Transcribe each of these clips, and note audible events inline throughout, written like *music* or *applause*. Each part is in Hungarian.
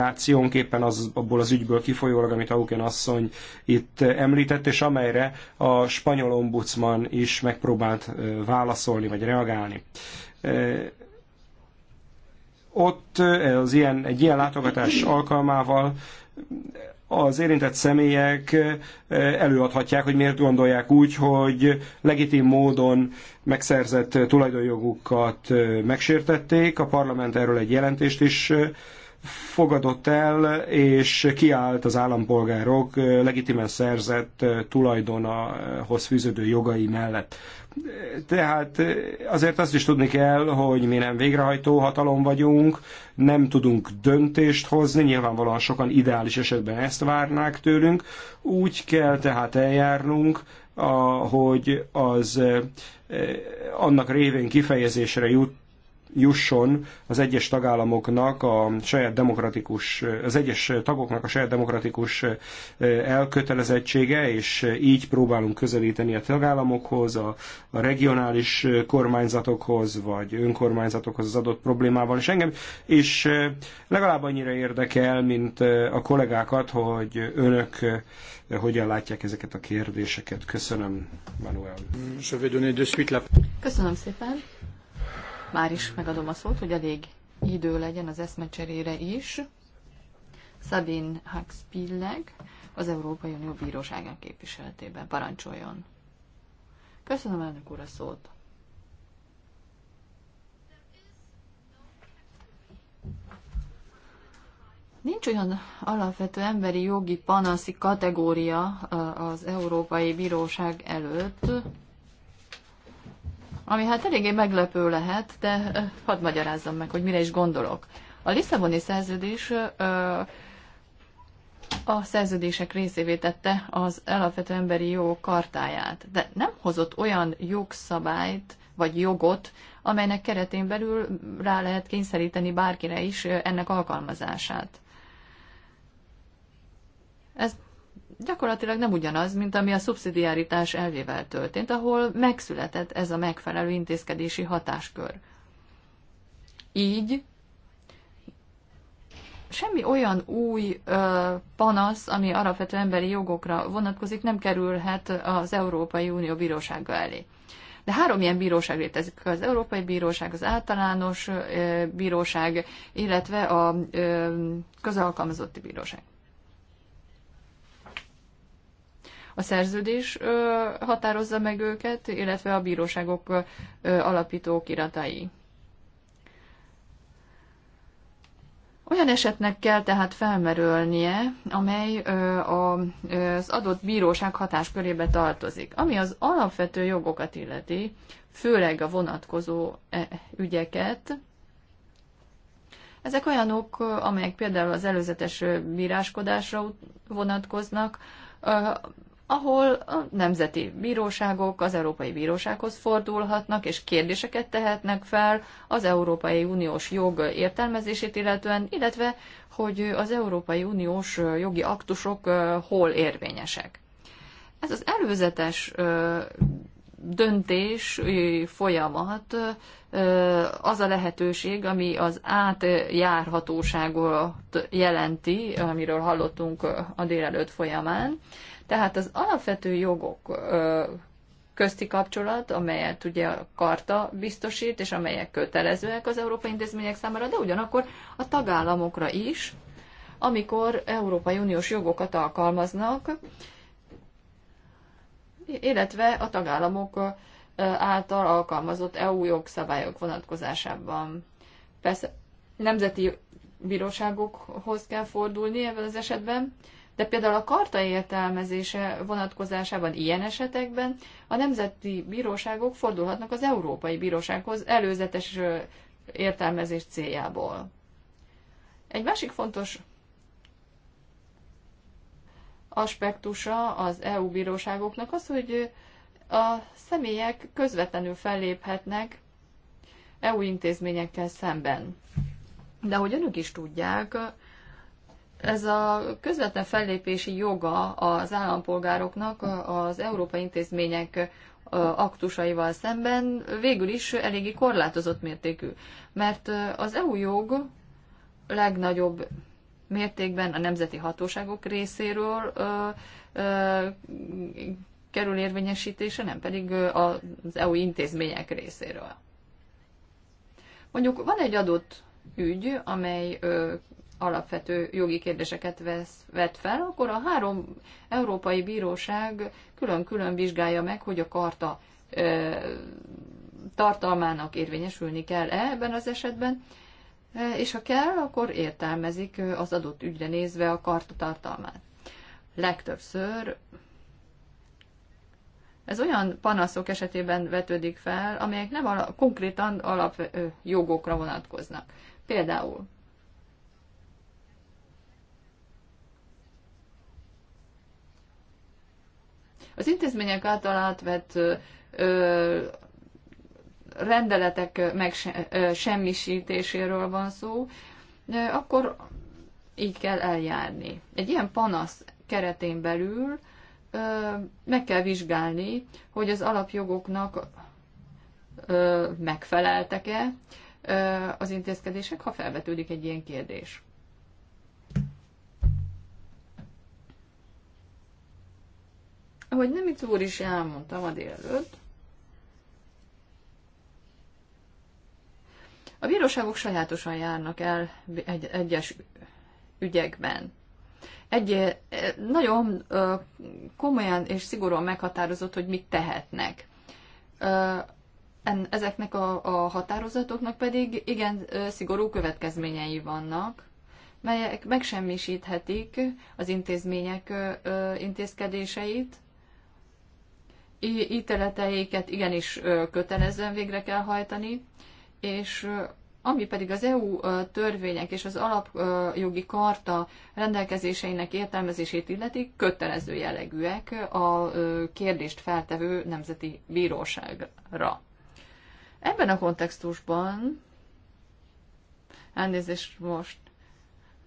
információnk éppen az, abból az ügyből kifolyólag, amit Auken asszony itt említett, és amelyre a spanyol ombudsman is megpróbált válaszolni vagy reagálni. Ott az ilyen, egy ilyen látogatás alkalmával az érintett személyek előadhatják, hogy miért gondolják úgy, hogy legitim módon megszerzett tulajdonjogukat megsértették. A parlament erről egy jelentést is fogadott el, és kiállt az állampolgárok legitimen szerzett tulajdonahoz fűződő jogai mellett. Tehát azért azt is tudni kell, hogy mi nem végrehajtó hatalom vagyunk, nem tudunk döntést hozni, nyilvánvalóan sokan ideális esetben ezt várnák tőlünk. Úgy kell tehát eljárnunk, hogy az annak révén kifejezésre jut jusson az egyes tagállamoknak a saját demokratikus, az egyes tagoknak a saját demokratikus elkötelezettsége, és így próbálunk közelíteni a tagállamokhoz, a, a regionális kormányzatokhoz, vagy önkormányzatokhoz az adott problémával, és engem és legalább annyira érdekel, mint a kollégákat, hogy önök hogyan látják ezeket a kérdéseket. Köszönöm, Manuel. Köszönöm szépen. Már is megadom a szót, hogy elég idő legyen az eszmecserére is. Szabin Haxpilleg az Európai Unió Bíróságán képviseletében parancsoljon. Köszönöm elnök úr a szót. Nincs olyan alapvető emberi jogi panaszi kategória az Európai Bíróság előtt, ami hát eléggé meglepő lehet, de hadd magyarázzam meg, hogy mire is gondolok. A Lisszaboni szerződés a szerződések részévé tette az alapvető emberi jó kartáját, de nem hozott olyan jogszabályt vagy jogot, amelynek keretén belül rá lehet kényszeríteni bárkire is ennek alkalmazását. Ez gyakorlatilag nem ugyanaz, mint ami a szubszidiáritás elvével történt, ahol megszületett ez a megfelelő intézkedési hatáskör. Így semmi olyan új ö, panasz, ami alapvető emberi jogokra vonatkozik, nem kerülhet az Európai Unió bírósága elé. De három ilyen bíróság létezik, az Európai Bíróság, az általános bíróság, illetve a közalkalmazotti bíróság. a szerződés határozza meg őket, illetve a bíróságok alapítók iratai. Olyan esetnek kell tehát felmerülnie, amely a az adott bíróság hatáskörébe tartozik. Ami az alapvető jogokat illeti, főleg a vonatkozó e, ügyeket, ezek olyanok, amelyek például az előzetes bíráskodásra vonatkoznak, ahol a nemzeti bíróságok az Európai Bírósághoz fordulhatnak, és kérdéseket tehetnek fel az Európai Uniós jog értelmezését illetően, illetve hogy az Európai Uniós jogi aktusok hol érvényesek. Ez az előzetes döntés folyamat az a lehetőség, ami az átjárhatóságot jelenti, amiről hallottunk a délelőtt folyamán. Tehát az alapvető jogok közti kapcsolat, amelyet ugye a karta biztosít, és amelyek kötelezőek az európai intézmények számára, de ugyanakkor a tagállamokra is, amikor Európai Uniós jogokat alkalmaznak, illetve a tagállamok által alkalmazott EU jogszabályok vonatkozásában. Persze nemzeti bíróságokhoz kell fordulni ebben az esetben, de például a karta értelmezése vonatkozásában ilyen esetekben a nemzeti bíróságok fordulhatnak az Európai Bírósághoz előzetes értelmezés céljából. Egy másik fontos aspektusa az EU bíróságoknak az, hogy a személyek közvetlenül felléphetnek EU intézményekkel szemben. De ahogy önök is tudják, ez a közvetlen fellépési joga az állampolgároknak az európai intézmények aktusaival szemben végül is eléggé korlátozott mértékű, mert az EU jog legnagyobb mértékben a nemzeti hatóságok részéről ö, ö, kerül érvényesítése, nem pedig az EU intézmények részéről. Mondjuk van egy adott ügy, amely ö, alapvető jogi kérdéseket vesz, vet fel, akkor a három európai bíróság külön-külön vizsgálja meg, hogy a karta ö, tartalmának érvényesülni kell-e ebben az esetben, és ha kell, akkor értelmezik az adott ügyre nézve a karta tartalmát. Legtöbbször ez olyan panaszok esetében vetődik fel, amelyek nem ala, konkrétan alapjogokra vonatkoznak. Például Az intézmények által átvett ö, rendeletek megsemmisítéséről van szó, akkor így kell eljárni. Egy ilyen panasz keretén belül ö, meg kell vizsgálni, hogy az alapjogoknak megfeleltek-e az intézkedések, ha felvetődik egy ilyen kérdés. Ahogy nem itt úr is elmondta ma délelőtt, a bíróságok sajátosan járnak el egy, egyes ügyekben. Egy, eh, nagyon eh, komolyan és szigorúan meghatározott, hogy mit tehetnek. Eh, en, ezeknek a, a határozatoknak pedig igen szigorú következményei vannak, melyek megsemmisíthetik az intézmények intézkedéseit, ítéleteiket igenis kötelezően végre kell hajtani, és ami pedig az EU törvények és az alapjogi karta rendelkezéseinek értelmezését illeti, kötelező jellegűek a kérdést feltevő nemzeti bíróságra. Ebben a kontextusban, elnézést most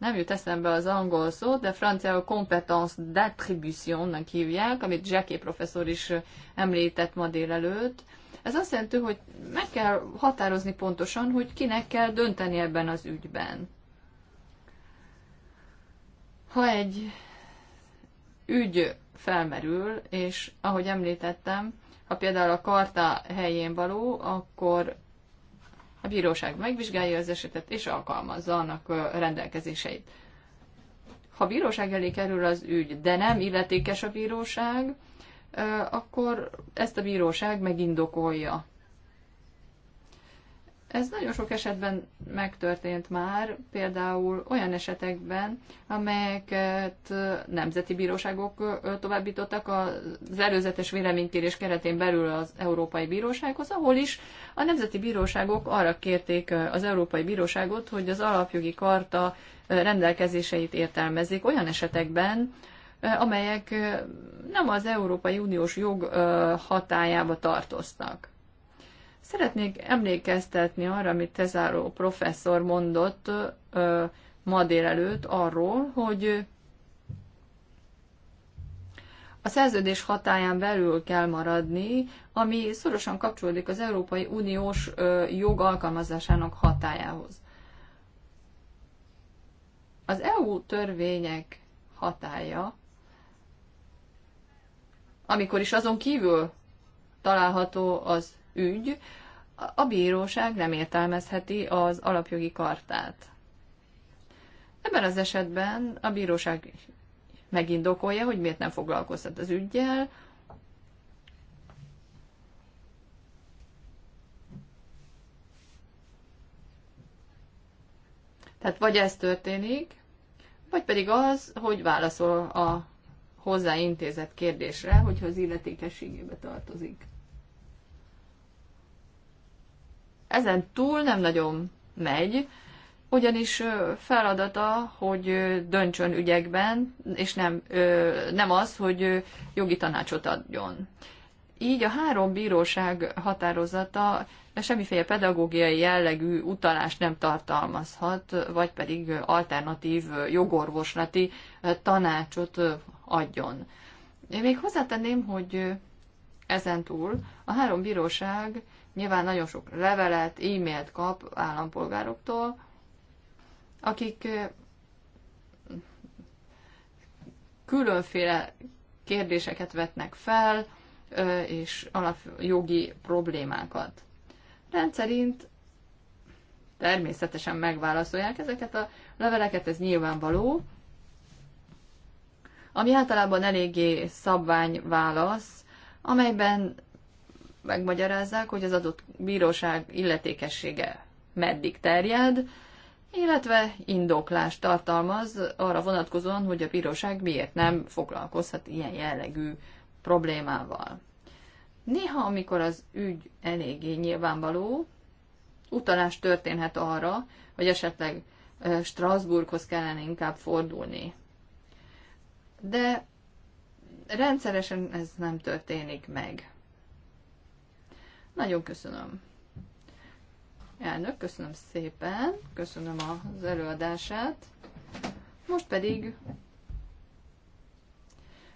nem jut eszembe az angol szó, de franciául compétence d'attributionnak hívják, amit Jackie professzor is említett ma délelőtt. Ez azt jelenti, hogy meg kell határozni pontosan, hogy kinek kell dönteni ebben az ügyben. Ha egy ügy felmerül, és ahogy említettem, ha például a karta helyén való, akkor a bíróság megvizsgálja az esetet és alkalmazza annak rendelkezéseit. Ha bíróság elé kerül az ügy, de nem illetékes a bíróság, akkor ezt a bíróság megindokolja. Ez nagyon sok esetben megtörtént már, például olyan esetekben, amelyeket nemzeti bíróságok továbbítottak az előzetes véleménykérés keretén belül az Európai Bírósághoz, ahol is a nemzeti bíróságok arra kérték az Európai Bíróságot, hogy az alapjogi karta rendelkezéseit értelmezzék olyan esetekben, amelyek nem az Európai Uniós jog hatájába tartoznak. Szeretnék emlékeztetni arra, amit Tezáró professzor mondott ö, ma délelőtt arról, hogy a szerződés hatáján belül kell maradni, ami szorosan kapcsolódik az Európai Uniós jog alkalmazásának hatájához. Az EU törvények hatája, amikor is azon kívül található az ügy, a bíróság nem értelmezheti az alapjogi kartát. Ebben az esetben a bíróság megindokolja, hogy miért nem foglalkoztat az ügyjel, Tehát vagy ez történik, vagy pedig az, hogy válaszol a hozzáintézett kérdésre, hogyha az illetékességébe tartozik. Ezen túl nem nagyon megy, ugyanis feladata, hogy döntsön ügyekben, és nem, nem az, hogy jogi tanácsot adjon. Így a három bíróság határozata semmiféle pedagógiai jellegű utalást nem tartalmazhat, vagy pedig alternatív jogorvoslati tanácsot adjon. Én még hozzátenném, hogy ezen túl a három bíróság Nyilván nagyon sok levelet, e-mailt kap állampolgároktól, akik különféle kérdéseket vetnek fel, és alapjogi problémákat. Rendszerint természetesen megválaszolják ezeket a leveleket, ez nyilvánvaló, ami általában eléggé szabványválasz, amelyben megmagyarázzák, hogy az adott bíróság illetékessége meddig terjed, illetve indoklást tartalmaz arra vonatkozóan, hogy a bíróság miért nem foglalkozhat ilyen jellegű problémával. Néha, amikor az ügy eléggé nyilvánvaló, utalás történhet arra, hogy esetleg Strasbourghoz kellene inkább fordulni. De rendszeresen ez nem történik meg. Nagyon köszönöm. Elnök, köszönöm szépen, köszönöm az előadását. Most pedig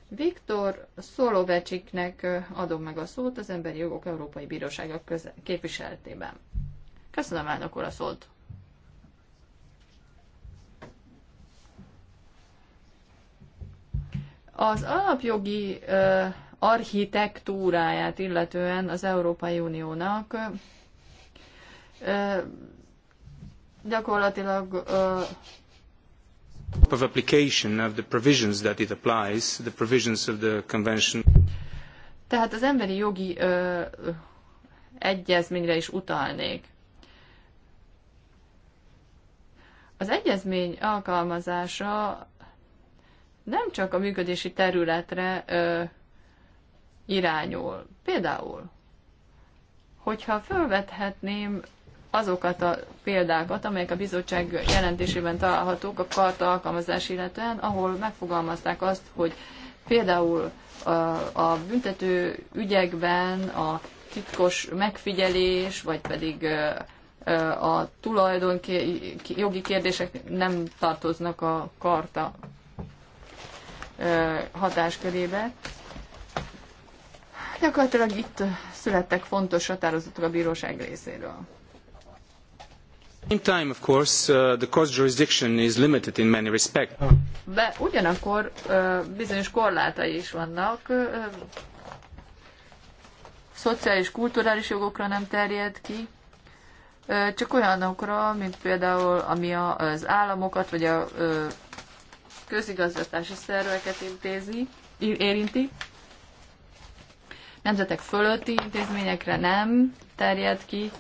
Viktor Szolovecsiknek adom meg a szót az Emberi Jogok Európai Bírósága képviseletében. Köszönöm elnök úr a szót. Az alapjogi architektúráját illetően az Európai Uniónak gyakorlatilag of application of the provisions that it applies, the provisions of the convention. Tehát az emberi jogi ö, egyezményre is utalnék. Az egyezmény alkalmazása nem csak a működési területre ö, irányul. Például, hogyha fölvethetném azokat a példákat, amelyek a bizottság jelentésében találhatók a karta alkalmazás illetően, ahol megfogalmazták azt, hogy például a büntető ügyekben a titkos megfigyelés, vagy pedig a tulajdon jogi kérdések nem tartoznak a karta hatáskörébe, Gyakorlatilag itt születtek fontos határozatok a bíróság részéről. Time, of course, uh, the court jurisdiction is limited in many respects. De ugyanakkor uh, bizonyos korlátai is vannak. Uh, szociális, kulturális jogokra nem terjed ki, csak olyanokra, mint például ami az államokat vagy a közigazgatási szerveket intézi, érinti nemzetek fölötti intézményekre nem terjed ki,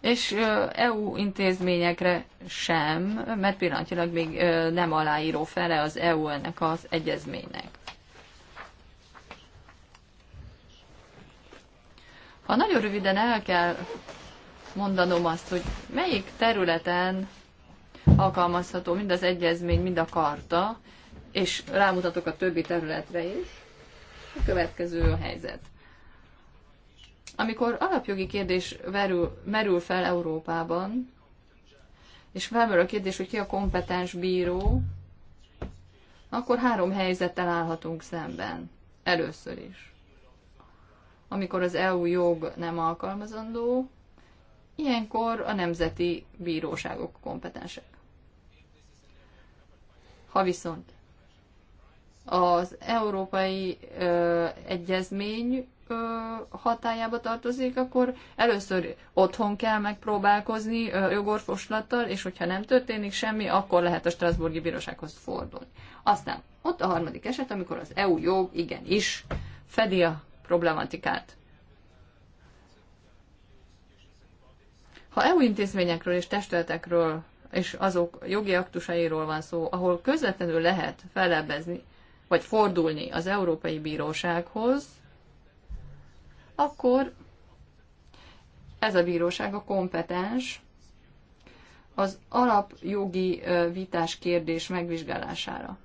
és EU intézményekre sem, mert pillanatilag még nem aláíró fele az EU ennek az egyezménynek. Ha nagyon röviden el kell mondanom azt, hogy melyik területen alkalmazható mind az egyezmény, mind a karta, és rámutatok a többi területre is, a következő a helyzet. Amikor alapjogi kérdés verül, merül fel Európában, és felmerül a kérdés, hogy ki a kompetens bíró, akkor három helyzettel állhatunk szemben. Először is. Amikor az EU jog nem alkalmazandó, ilyenkor a nemzeti bíróságok kompetensek. Ha viszont az európai ö, egyezmény ö, hatájába tartozik, akkor először otthon kell megpróbálkozni ö, jogorvoslattal, és hogyha nem történik semmi, akkor lehet a Strasburgi Bírósághoz fordulni. Aztán ott a harmadik eset, amikor az EU jog igenis fedi a problematikát. Ha EU intézményekről és testületekről és azok jogi aktusairól van szó, ahol közvetlenül lehet fellebezni vagy fordulni az Európai Bírósághoz, akkor ez a bíróság a kompetens az alapjogi vitás kérdés megvizsgálására.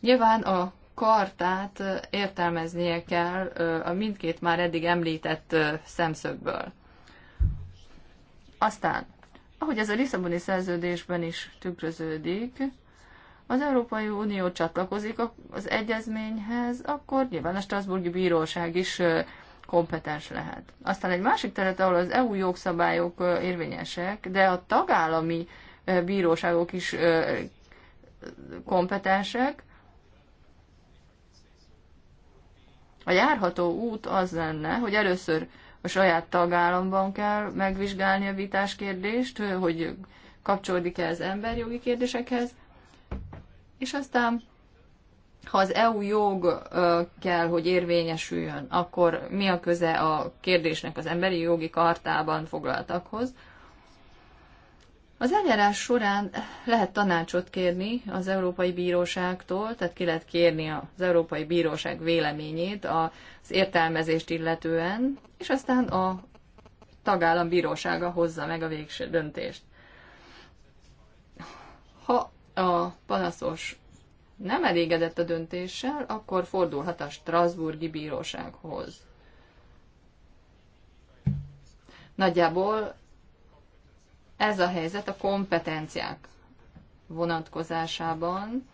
Nyilván a kartát értelmeznie kell a mindkét már eddig említett szemszögből. Aztán ahogy ez a Lisszaboni szerződésben is tükröződik, az Európai Unió csatlakozik az egyezményhez, akkor nyilván a Strasburgi Bíróság is kompetens lehet. Aztán egy másik terület, ahol az EU jogszabályok érvényesek, de a tagállami bíróságok is kompetensek, a járható út az lenne, hogy először a saját tagállamban kell megvizsgálni a vitás kérdést, hogy kapcsolódik-e ez emberjogi kérdésekhez, és aztán ha az EU jog kell, hogy érvényesüljön, akkor mi a köze a kérdésnek az emberi jogi kartában foglaltakhoz? Az eljárás során lehet tanácsot kérni az Európai Bíróságtól, tehát ki lehet kérni az Európai Bíróság véleményét az értelmezést illetően, és aztán a tagállam bírósága hozza meg a végső döntést. Ha a panaszos nem elégedett a döntéssel, akkor fordulhat a Strasburgi Bírósághoz. Nagyjából ez a helyzet a kompetenciák vonatkozásában.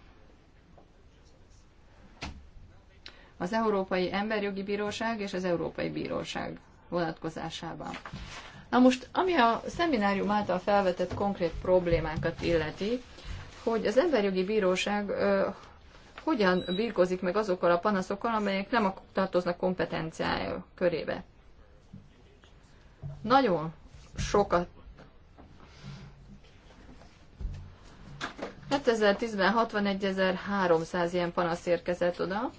Az Európai Emberjogi Bíróság és az Európai Bíróság vonatkozásában. Na most, ami a szeminárium által felvetett konkrét problémákat illeti, hogy az Emberjogi Bíróság ö, hogyan birkozik meg azokkal a panaszokkal, amelyek nem tartoznak kompetenciája körébe. Nagyon sokat 2010-ben 61.300 ilyen panasz érkezett oda.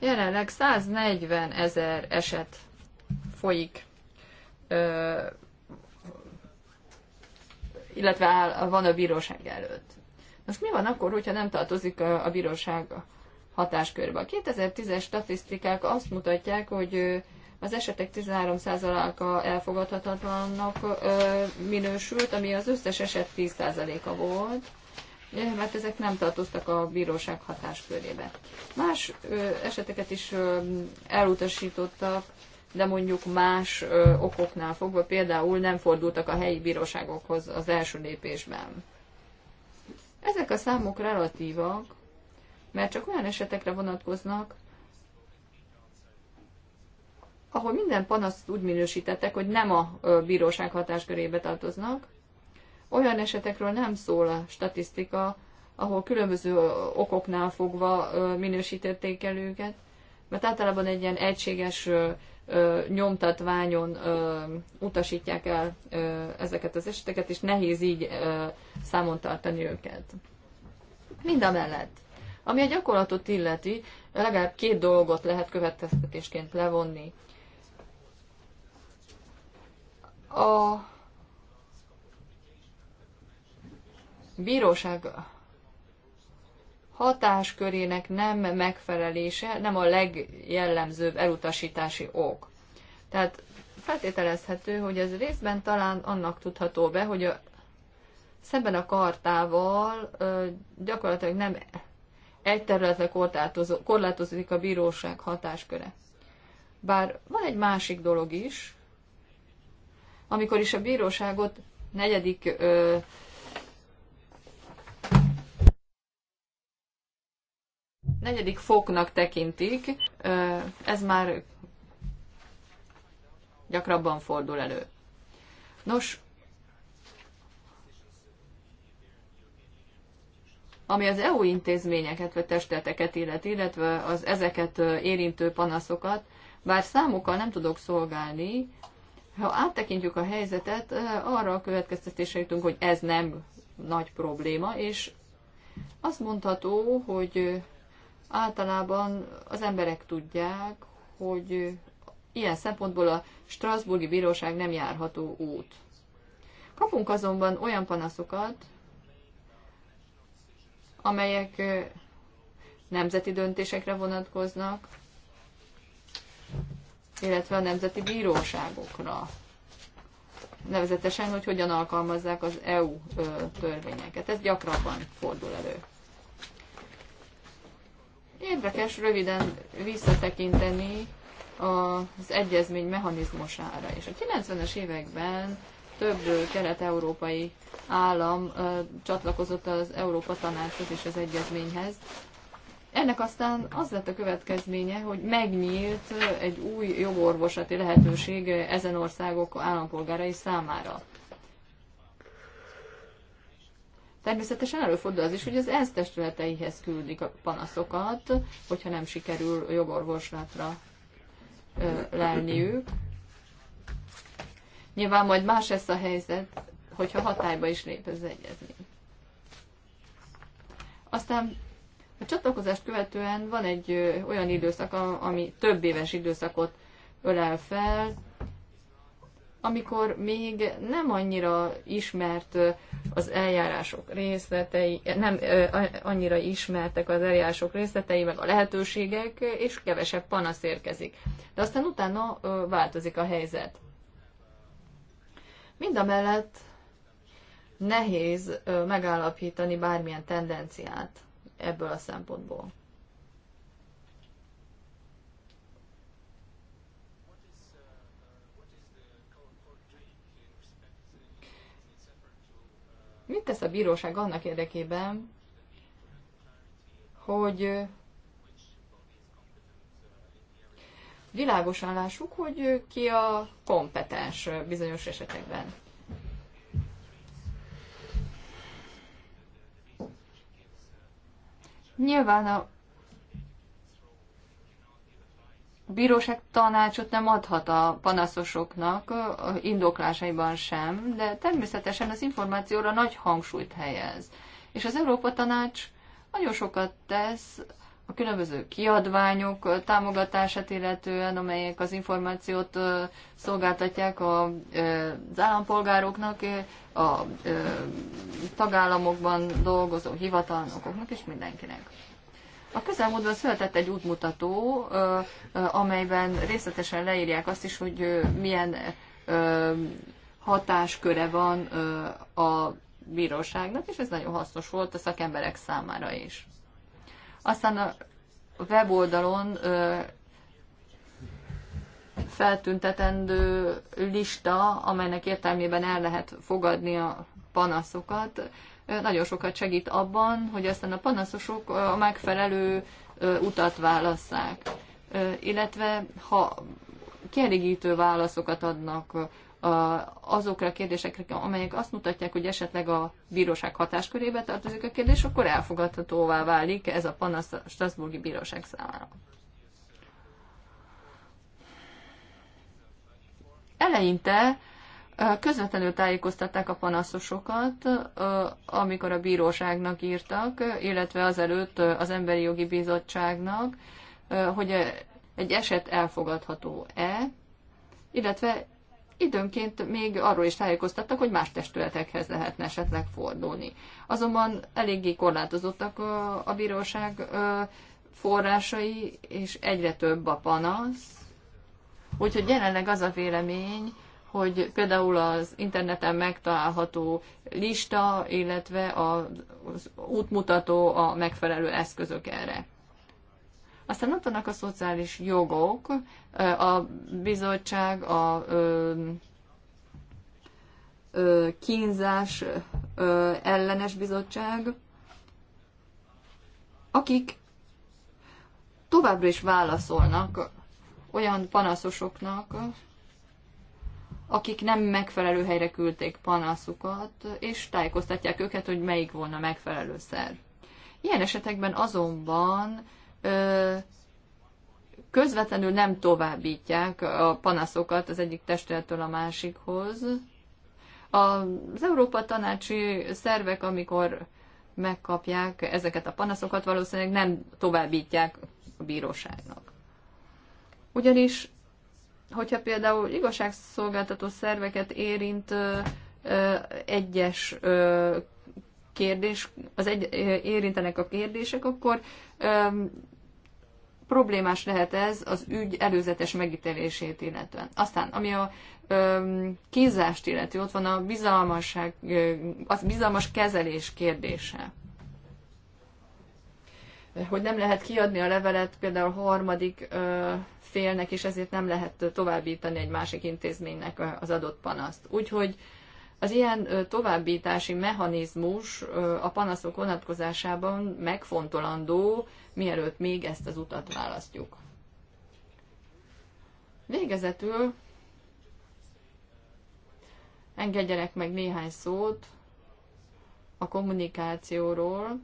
Jelenleg 140 ezer eset folyik, ö, illetve áll, van a bíróság előtt. Most mi van akkor, hogyha nem tartozik a, a bíróság hatáskörbe? A 2010-es statisztikák azt mutatják, hogy az esetek 13%-a elfogadhatatlannak minősült, ami az összes eset 10%-a volt, mert ezek nem tartoztak a bíróság hatáskörébe. Más eseteket is elutasítottak, de mondjuk más okoknál fogva, például nem fordultak a helyi bíróságokhoz az első lépésben. Ezek a számok relatívak, mert csak olyan esetekre vonatkoznak, ahol minden panaszt úgy minősítettek, hogy nem a bíróság hatáskörébe tartoznak, olyan esetekről nem szól a statisztika, ahol különböző okoknál fogva minősítették el őket, mert általában egy ilyen egységes nyomtatványon utasítják el ezeket az eseteket, és nehéz így számon tartani őket. Mind a mellett. Ami a gyakorlatot illeti, legalább két dolgot lehet következtetésként levonni. A bíróság hatáskörének nem megfelelése nem a legjellemzőbb elutasítási ok. Tehát feltételezhető, hogy ez részben talán annak tudható be, hogy a, szemben a kartával ö, gyakorlatilag nem egy területre korlátozó, korlátozik a bíróság hatásköre. Bár van egy másik dolog is, amikor is a bíróságot negyedik ö, negyedik foknak tekintik, ö, ez már gyakrabban fordul elő. Nos, ami az EU intézményeket vagy testeteket illet, illetve az ezeket érintő panaszokat, bár számukkal nem tudok szolgálni, ha áttekintjük a helyzetet, arra a következtetésre jutunk, hogy ez nem nagy probléma, és azt mondható, hogy általában az emberek tudják, hogy ilyen szempontból a Strasburgi Bíróság nem járható út. Kapunk azonban olyan panaszokat, amelyek nemzeti döntésekre vonatkoznak, illetve a nemzeti bíróságokra. Nevezetesen, hogy hogyan alkalmazzák az EU törvényeket. Ez gyakrabban fordul elő. Érdekes röviden visszatekinteni az egyezmény mechanizmusára. És a 90-es években több kelet-európai állam csatlakozott az Európa Tanácshoz és az egyezményhez, ennek aztán az lett a következménye, hogy megnyílt egy új jogorvosati lehetőség ezen országok állampolgárai számára. Természetesen előfordul az is, hogy az ENSZ testületeihez küldik a panaszokat, hogyha nem sikerül jogorvoslatra lelniük. Nyilván majd más lesz a helyzet, hogyha hatályba is lép ez az egyezmény. Aztán a csatlakozást követően van egy olyan időszak, ami több éves időszakot ölel fel, amikor még nem annyira ismert az eljárások részletei, nem annyira ismertek az eljárások részletei, meg a lehetőségek, és kevesebb panasz érkezik. De aztán utána változik a helyzet. Mind a mellett nehéz megállapítani bármilyen tendenciát ebből a szempontból. Mit tesz a bíróság annak érdekében, hogy világosan lássuk, hogy ki a kompetens bizonyos esetekben? Nyilván a bíróság tanácsot nem adhat a panaszosoknak, indoklásaiban sem, de természetesen az információra nagy hangsúlyt helyez. És az Európa Tanács nagyon sokat tesz a különböző kiadványok támogatását illetően, amelyek az információt szolgáltatják az állampolgároknak, a tagállamokban dolgozó hivatalnokoknak és mindenkinek. A közelmúltban született egy útmutató, amelyben részletesen leírják azt is, hogy milyen hatásköre van a bíróságnak, és ez nagyon hasznos volt a szakemberek számára is. Aztán a weboldalon feltüntetendő lista, amelynek értelmében el lehet fogadni a panaszokat, nagyon sokat segít abban, hogy aztán a panaszosok a megfelelő utat válasszák. Illetve ha kielégítő válaszokat adnak azokra a kérdésekre, amelyek azt mutatják, hogy esetleg a bíróság hatáskörébe tartozik a kérdés, akkor elfogadhatóvá válik ez a panasz a Strasburgi Bíróság számára. Eleinte közvetlenül tájékoztatták a panaszosokat, amikor a bíróságnak írtak, illetve azelőtt az Emberi Jogi Bizottságnak, hogy egy eset elfogadható-e, illetve időnként még arról is tájékoztattak, hogy más testületekhez lehetne esetleg fordulni. Azonban eléggé korlátozottak a, a bíróság forrásai, és egyre több a panasz. Úgyhogy jelenleg az a vélemény, hogy például az interneten megtalálható lista, illetve az útmutató a megfelelő eszközök erre. Aztán ott vannak a szociális jogok, a bizottság, a kínzás ellenes bizottság, akik továbbra is válaszolnak olyan panaszosoknak, akik nem megfelelő helyre küldték panaszukat, és tájékoztatják őket, hogy melyik volna megfelelő szerv. Ilyen esetekben azonban közvetlenül nem továbbítják a panaszokat az egyik testülettől a másikhoz. Az Európa Tanácsi szervek, amikor megkapják ezeket a panaszokat, valószínűleg nem továbbítják a bíróságnak. Ugyanis, hogyha például igazságszolgáltató szerveket érint egyes kérdés, az egy, érintenek a kérdések, akkor problémás lehet ez az ügy előzetes megítélését illetően. Aztán, ami a kínzást illeti, ott van a bizalmasság, az bizalmas kezelés kérdése. Hogy nem lehet kiadni a levelet például a harmadik félnek, és ezért nem lehet továbbítani egy másik intézménynek az adott panaszt. Úgyhogy az ilyen továbbítási mechanizmus a panaszok vonatkozásában megfontolandó, mielőtt még ezt az utat választjuk. Végezetül engedjenek meg néhány szót a kommunikációról,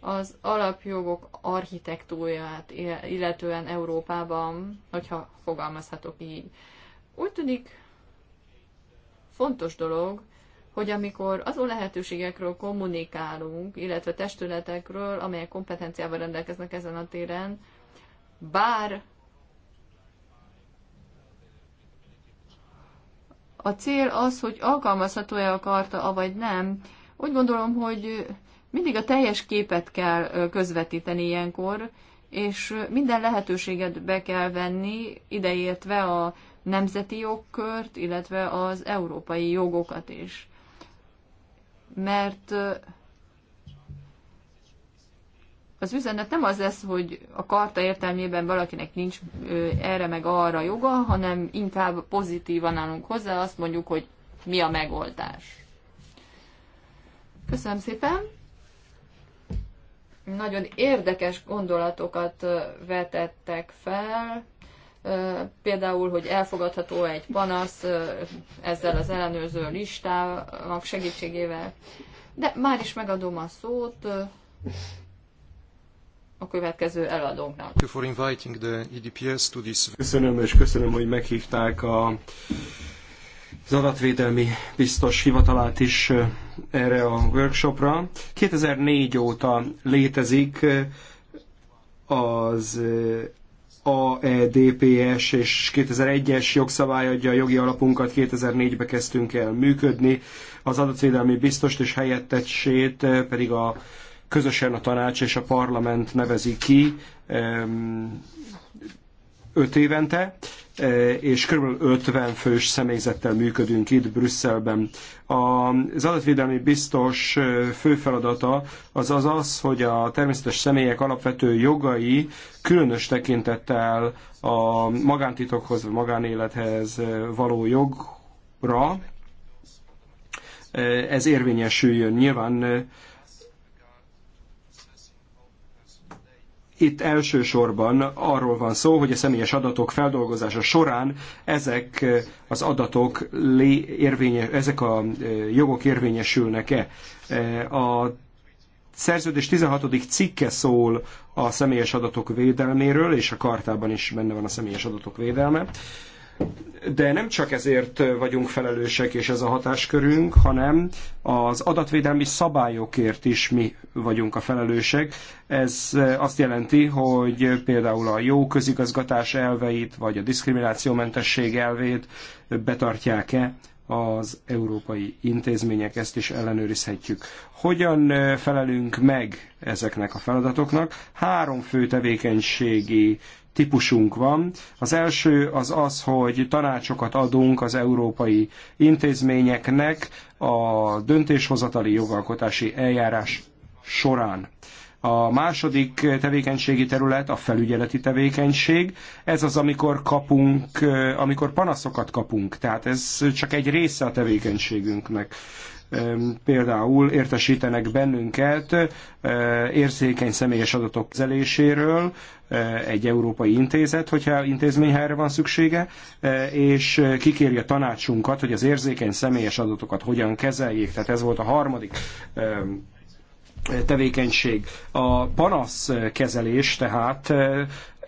az alapjogok architektúráját, illetően Európában, hogyha fogalmazhatok így. Úgy tűnik fontos dolog, hogy amikor azon lehetőségekről kommunikálunk, illetve testületekről, amelyek kompetenciával rendelkeznek ezen a téren, bár a cél az, hogy alkalmazható-e a karta, avagy nem, úgy gondolom, hogy mindig a teljes képet kell közvetíteni ilyenkor, és minden lehetőséget be kell venni, ideértve a nemzeti jogkört, illetve az európai jogokat is. Mert az üzenet nem az lesz, hogy a karta értelmében valakinek nincs erre meg arra joga, hanem inkább pozitívan állunk hozzá, azt mondjuk, hogy mi a megoldás. Köszönöm szépen! Nagyon érdekes gondolatokat vetettek fel például, hogy elfogadható egy panasz ezzel az ellenőrző listának segítségével. De már is megadom a szót a következő eladónknak. E köszönöm, és köszönöm, hogy meghívták a az adatvédelmi biztos hivatalát is erre a workshopra. 2004 óta létezik az a e DPS és 2001-es jogszabály adja a jogi alapunkat, 2004-be kezdtünk el működni, az adatvédelmi biztost és helyettesét eh, pedig a közösen a tanács és a parlament nevezi ki 5 évente, e, és kb. 50 fős személyzettel működünk itt Brüsszelben. Az adatvédelmi biztos e, fő feladata az az az, hogy a természetes személyek alapvető jogai különös tekintettel a magántitokhoz, vagy magánélethez e, való jogra, ez érvényesüljön. Nyilván Itt elsősorban arról van szó, hogy a személyes adatok feldolgozása során ezek az adatok érvényes, ezek a jogok érvényesülnek-e. A szerződés 16. cikke szól a személyes adatok védelméről, és a kartában is benne van a személyes adatok védelme de nem csak ezért vagyunk felelősek, és ez a hatáskörünk, hanem az adatvédelmi szabályokért is mi vagyunk a felelősek. Ez azt jelenti, hogy például a jó közigazgatás elveit, vagy a diszkriminációmentesség elvét betartják-e az európai intézmények, ezt is ellenőrizhetjük. Hogyan felelünk meg ezeknek a feladatoknak? Három fő tevékenységi típusunk van. Az első az az, hogy tanácsokat adunk az európai intézményeknek a döntéshozatali jogalkotási eljárás során. A második tevékenységi terület a felügyeleti tevékenység. Ez az, amikor kapunk, eh, amikor panaszokat kapunk. Tehát ez csak egy része a tevékenységünknek például értesítenek bennünket eh, érzékeny személyes adatok kezeléséről, eh, egy európai intézet, hogyha intézmény erre van szüksége, eh, és kikéri a tanácsunkat, hogy az érzékeny személyes adatokat hogyan kezeljék. Tehát ez volt a harmadik tevékenység. A panaszkezelés tehát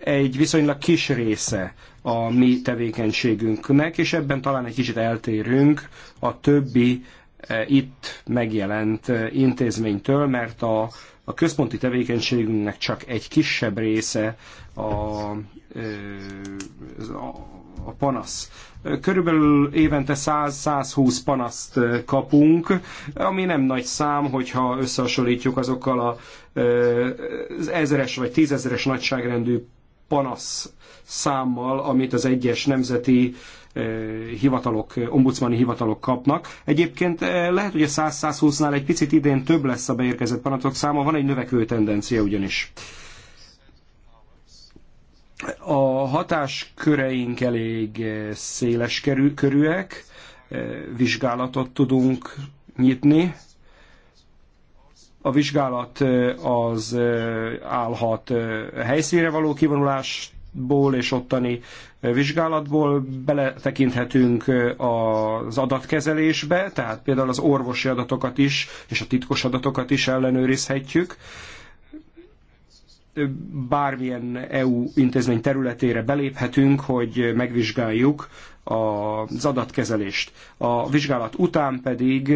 egy viszonylag kis része a mi tevékenységünknek, és ebben talán egy kicsit eltérünk a többi E, itt megjelent e, intézménytől, mert a, a központi tevékenységünknek csak egy kisebb része a, e, a, a panasz. Körülbelül évente 100-120 panaszt kapunk, ami nem nagy szám, hogyha összehasonlítjuk azokkal a, az ezeres vagy tízezeres nagyságrendű panasz számmal, amit az egyes nemzeti hivatalok, ombudsmani hivatalok kapnak. Egyébként lehet, hogy a 100-120-nál egy picit idén több lesz a beérkezett panatok száma, van egy növekvő tendencia ugyanis. A hatásköreink elég széles körűek, vizsgálatot tudunk nyitni, a vizsgálat az állhat helyszínre való kivonulás adatból és ottani vizsgálatból beletekinthetünk az adatkezelésbe, tehát például az orvosi adatokat is, és a titkos adatokat is ellenőrizhetjük. Bármilyen EU intézmény területére beléphetünk, hogy megvizsgáljuk az adatkezelést. A vizsgálat után pedig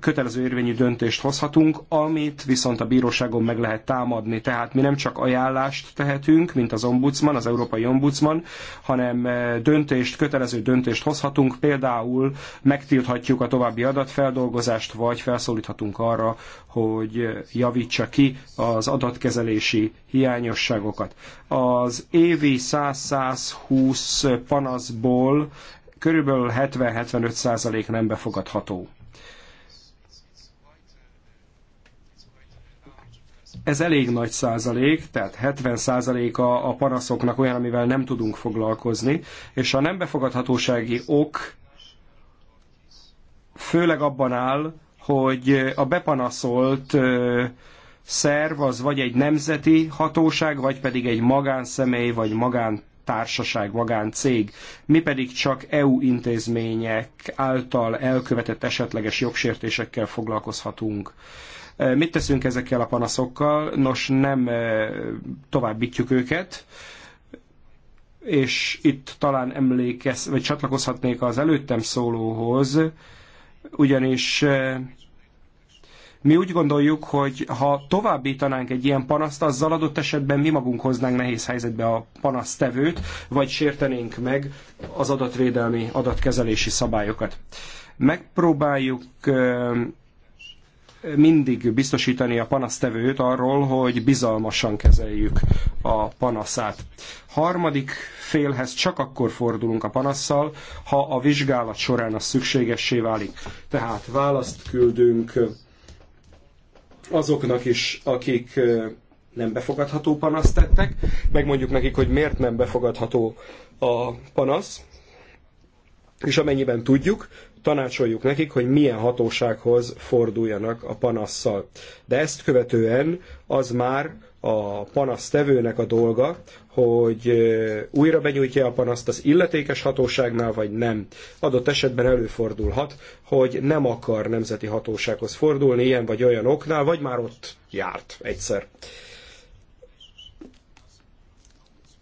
kötelező érvényű döntést hozhatunk, amit viszont a bíróságon meg lehet támadni. Tehát mi nem csak ajánlást tehetünk, mint az ombudsman, az európai ombudsman, hanem eh, döntést, kötelező döntést hozhatunk, például megtilthatjuk a további adatfeldolgozást, vagy felszólíthatunk arra, hogy eh, javítsa ki az adatkezelési hiányosságokat. Az évi 100-120 panaszból körülbelül 70-75 százalék nem befogadható. Ez elég nagy százalék, tehát 70 százaléka a panaszoknak olyan, amivel nem tudunk foglalkozni, és a nem befogadhatósági ok főleg abban áll, hogy a bepanaszolt szerv az vagy egy nemzeti hatóság, vagy pedig egy magánszemély, vagy magán társaság, magáncég, mi pedig csak EU intézmények által elkövetett esetleges jogsértésekkel foglalkozhatunk. E, mit teszünk ezekkel a panaszokkal? Nos, nem e, továbbítjuk őket, és itt talán emlékez, vagy csatlakozhatnék az előttem szólóhoz, ugyanis e, mi úgy gondoljuk, hogy ha továbbítanánk egy ilyen panaszt, azzal adott esetben mi magunk hoznánk nehéz helyzetbe a panasztevőt, vagy sértenénk meg az adatvédelmi, adatkezelési szabályokat. Megpróbáljuk mindig biztosítani a panasztevőt arról, hogy bizalmasan kezeljük a panaszát. Harmadik félhez csak akkor fordulunk a panasszal, ha a vizsgálat során az szükségessé válik. Tehát választ küldünk azoknak is, akik nem befogadható panaszt tettek, megmondjuk nekik, hogy miért nem befogadható a panasz, és amennyiben tudjuk, tanácsoljuk nekik, hogy milyen hatósághoz forduljanak a panasszal. De ezt követően az már a panasztevőnek a dolga, hogy újra benyújtja a panaszt az illetékes hatóságnál, vagy nem. Adott esetben előfordulhat, hogy nem akar nemzeti hatósághoz fordulni ilyen vagy olyan oknál, vagy már ott járt egyszer.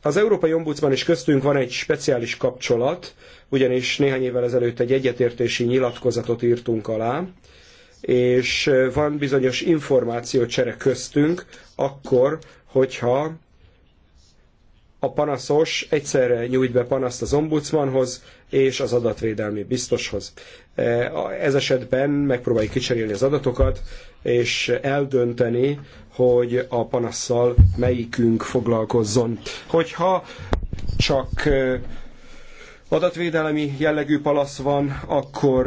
Az Európai Ombudsman is köztünk van egy speciális kapcsolat, ugyanis néhány évvel ezelőtt egy egyetértési nyilatkozatot írtunk alá, és van bizonyos információcsere köztünk, akkor, hogyha a panaszos egyszerre nyújt be panaszt az ombudsmanhoz és az adatvédelmi biztoshoz. E, ez esetben megpróbáljuk kicserélni az adatokat, és eldönteni, hogy a panasszal melyikünk foglalkozzon. Hogyha csak adatvédelmi jellegű palasz van, akkor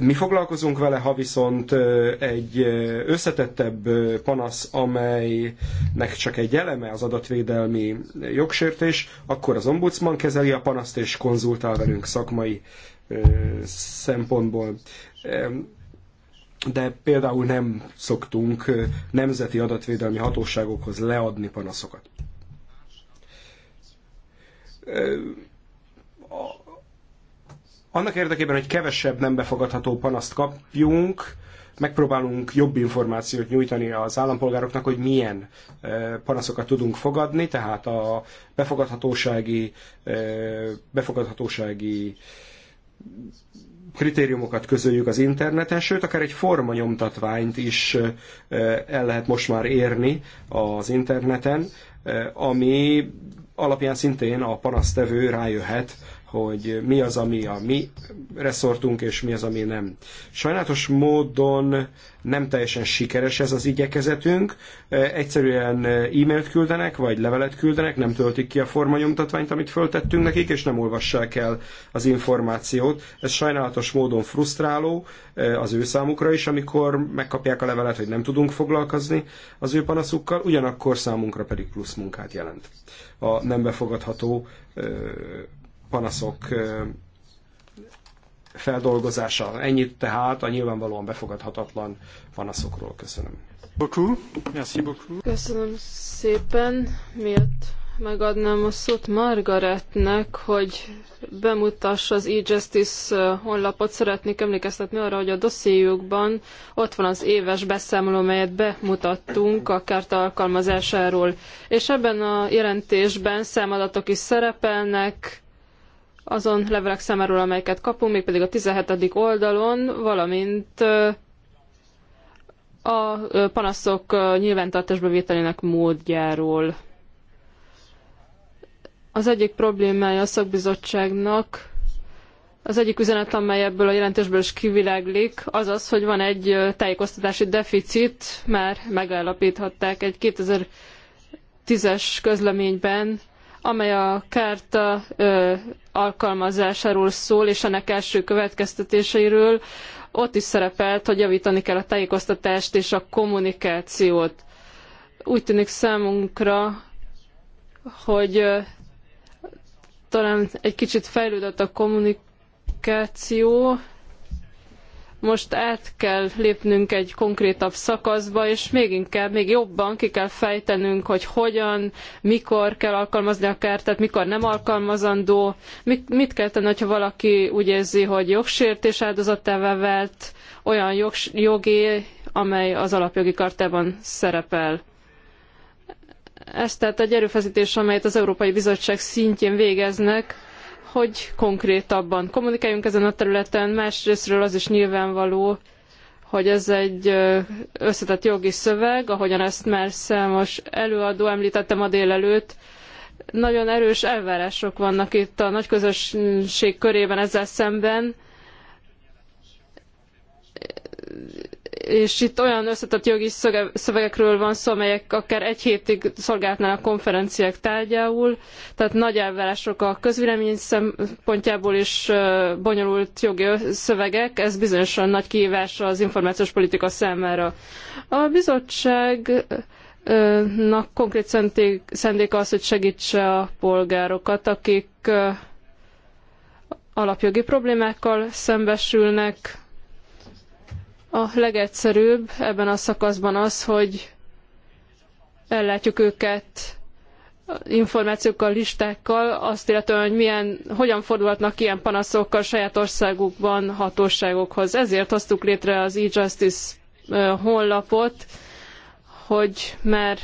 mi foglalkozunk vele, ha viszont egy összetettebb panasz, amelynek csak egy eleme az adatvédelmi jogsértés, akkor az ombudsman kezeli a panaszt és konzultál velünk szakmai szempontból de például nem szoktunk nemzeti adatvédelmi hatóságokhoz leadni panaszokat annak érdekében, hogy kevesebb nem befogadható panaszt kapjunk, megpróbálunk jobb információt nyújtani az állampolgároknak, hogy milyen e, panaszokat tudunk fogadni, tehát a befogadhatósági, e, befogadhatósági kritériumokat közöljük az interneten, sőt, akár egy formanyomtatványt is e, el lehet most már érni az interneten, ami alapján szintén a panasztevő rájöhet hogy mi az, ami a mi reszortunk, és mi az, ami nem. Sajnálatos módon nem teljesen sikeres ez az igyekezetünk. Egyszerűen e-mailt küldenek, vagy levelet küldenek, nem töltik ki a formanyomtatványt, amit föltettünk nekik, és nem olvassák el az információt. Ez sajnálatos módon frusztráló az ő számukra is, amikor megkapják a levelet, hogy nem tudunk foglalkozni az ő panaszukkal, ugyanakkor számunkra pedig plusz munkát jelent. A nem befogadható panaszok feldolgozása. Ennyit tehát a nyilvánvalóan befogadhatatlan panaszokról. Köszönöm. Köszönöm szépen, miért megadnám a szót Margaretnek, hogy bemutassa az e-justice honlapot. Szeretnék emlékeztetni arra, hogy a dossziéjukban ott van az éves beszámoló, melyet bemutattunk a kárta alkalmazásáról. És ebben a jelentésben számadatok is szerepelnek, azon levelek számáról, amelyeket kapunk, mégpedig a 17. oldalon, valamint a panaszok nyilvántartásba vételének módjáról. Az egyik problémája a szakbizottságnak, az egyik üzenet, amely ebből a jelentésből is kiviláglik, az az, hogy van egy tájékoztatási deficit, már megállapíthatták egy 2010-es közleményben amely a kárta alkalmazásáról szól, és ennek első következtetéseiről, ott is szerepelt, hogy javítani kell a tájékoztatást és a kommunikációt. Úgy tűnik számunkra, hogy talán egy kicsit fejlődött a kommunikáció, most át kell lépnünk egy konkrétabb szakaszba, és még inkább, még jobban ki kell fejtenünk, hogy hogyan, mikor kell alkalmazni a kertet, mikor nem alkalmazandó, mit, mit kell tenni, hogyha valaki úgy érzi, hogy jogsértés áldozatává vált, olyan jogs, jogi, amely az alapjogi kartában szerepel. Ez tehát egy erőfeszítés, amelyet az Európai Bizottság szintjén végeznek, hogy konkrétabban kommunikáljunk ezen a területen, másrésztről az is nyilvánvaló, hogy ez egy összetett jogi szöveg, ahogyan ezt már számos előadó említette ma délelőtt, nagyon erős elvárások vannak itt a nagy körében ezzel szemben és itt olyan összetett jogi szövegekről van szó, amelyek akár egy hétig a konferenciák tárgyául, tehát nagy elvárások a közvélemény szempontjából is bonyolult jogi szövegek, ez bizonyosan nagy kihívás az információs politika számára. A bizottság na, konkrét szenték, az, hogy segítse a polgárokat, akik alapjogi problémákkal szembesülnek, a legegyszerűbb ebben a szakaszban az, hogy ellátjuk őket információkkal, listákkal, azt illetően, hogy milyen, hogyan fordulhatnak ilyen panaszokkal saját országukban hatóságokhoz. Ezért hoztuk létre az e-justice honlapot, hogy már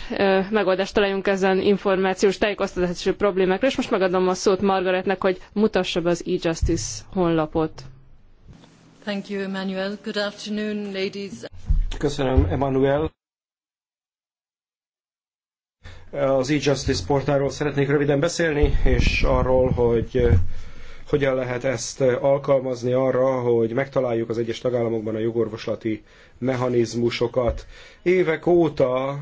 megoldást találjunk ezen információs tájékoztatási problémákra, és most megadom a szót Margaretnek, hogy mutassa be az e-justice honlapot. Thank you, Emmanuel. Good afternoon, ladies. Köszönöm, Emmanuel. Az e-justice portáról szeretnék röviden beszélni, és arról, hogy eh, hogyan lehet ezt eh, alkalmazni arra, hogy megtaláljuk az egyes tagállamokban a jogorvoslati mechanizmusokat. Évek óta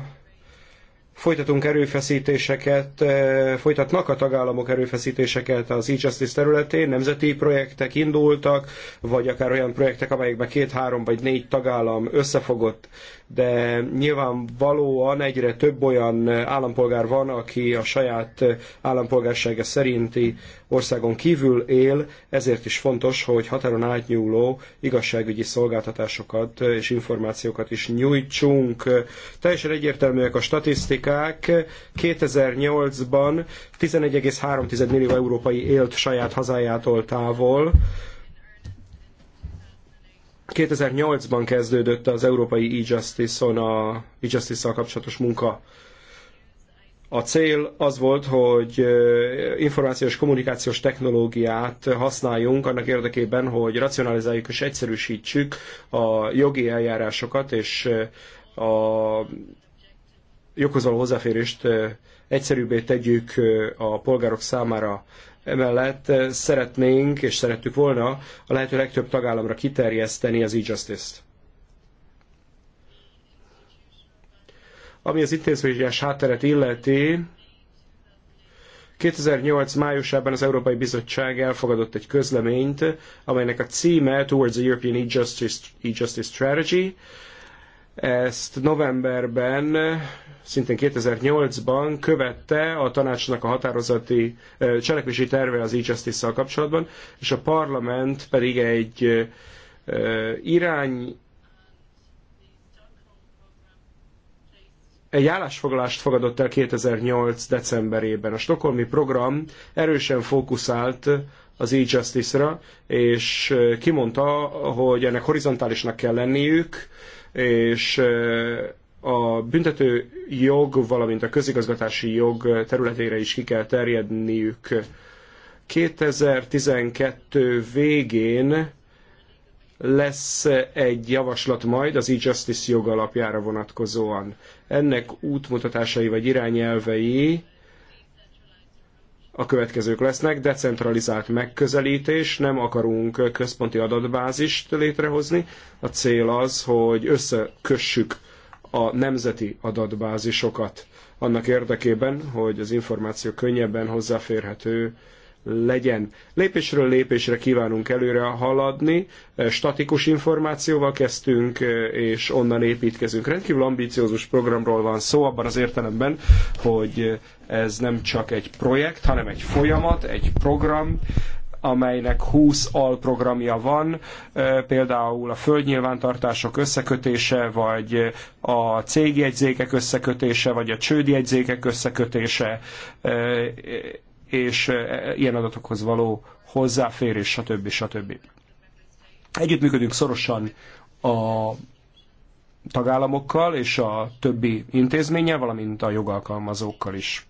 Folytatunk erőfeszítéseket, eh, folytatnak a tagállamok erőfeszítéseket az e-justice területén, nemzeti projektek indultak, vagy akár olyan projektek, amelyekben két-három vagy négy tagállam összefogott de nyilvánvalóan egyre több olyan állampolgár van, aki a saját állampolgársága szerinti országon kívül él, ezért is fontos, hogy határon átnyúló igazságügyi szolgáltatásokat és információkat is nyújtsunk. Teljesen egyértelműek a statisztikák. 2008-ban 11,3 millió európai élt saját hazájától távol, 2008-ban kezdődött az Európai E-Justice-on a e kapcsolatos munka. A cél az volt, hogy információs kommunikációs technológiát használjunk annak érdekében, hogy racionalizáljuk és egyszerűsítsük a jogi eljárásokat, és a joghoz való hozzáférést egyszerűbbé tegyük a polgárok számára. Emellett eh, szeretnénk és szerettük volna a lehető legtöbb tagállamra kiterjeszteni az e-justice-t. Ami az intézményes hátteret illeti, 2008. májusában az Európai Bizottság elfogadott egy közleményt, amelynek a címe Towards the European E-Justice e Strategy, ezt novemberben, szintén 2008-ban követte a tanácsnak a határozati cselekvési terve az e-justice-szal kapcsolatban, és a parlament pedig egy irány egy állásfoglalást fogadott el 2008. decemberében. A Stokholmi program erősen fókuszált az e-justice-ra, és kimondta, hogy ennek horizontálisnak kell lenniük, és a büntető jog, valamint a közigazgatási jog területére is ki kell terjedniük. 2012 végén lesz egy javaslat majd az e-justice jogalapjára vonatkozóan. Ennek útmutatásai vagy irányelvei a következők lesznek. Decentralizált megközelítés, nem akarunk központi adatbázist létrehozni. A cél az, hogy összekössük a nemzeti adatbázisokat annak érdekében, hogy az információ könnyebben hozzáférhető legyen. Lépésről lépésre kívánunk előre haladni, eh, statikus információval kezdtünk, eh, és onnan építkezünk. Rendkívül ambíciózus programról van szó, abban az értelemben, hogy eh, ez nem csak egy projekt, hanem egy folyamat, egy program, amelynek 20 alprogramja van, például a földnyilvántartások összekötése, vagy a cégjegyzékek összekötése, vagy a csődjegyzékek összekötése, és e, e, ilyen adatokhoz való hozzáférés, stb. stb. Együttműködünk szorosan a tagállamokkal és a többi intézménnyel, valamint a jogalkalmazókkal is.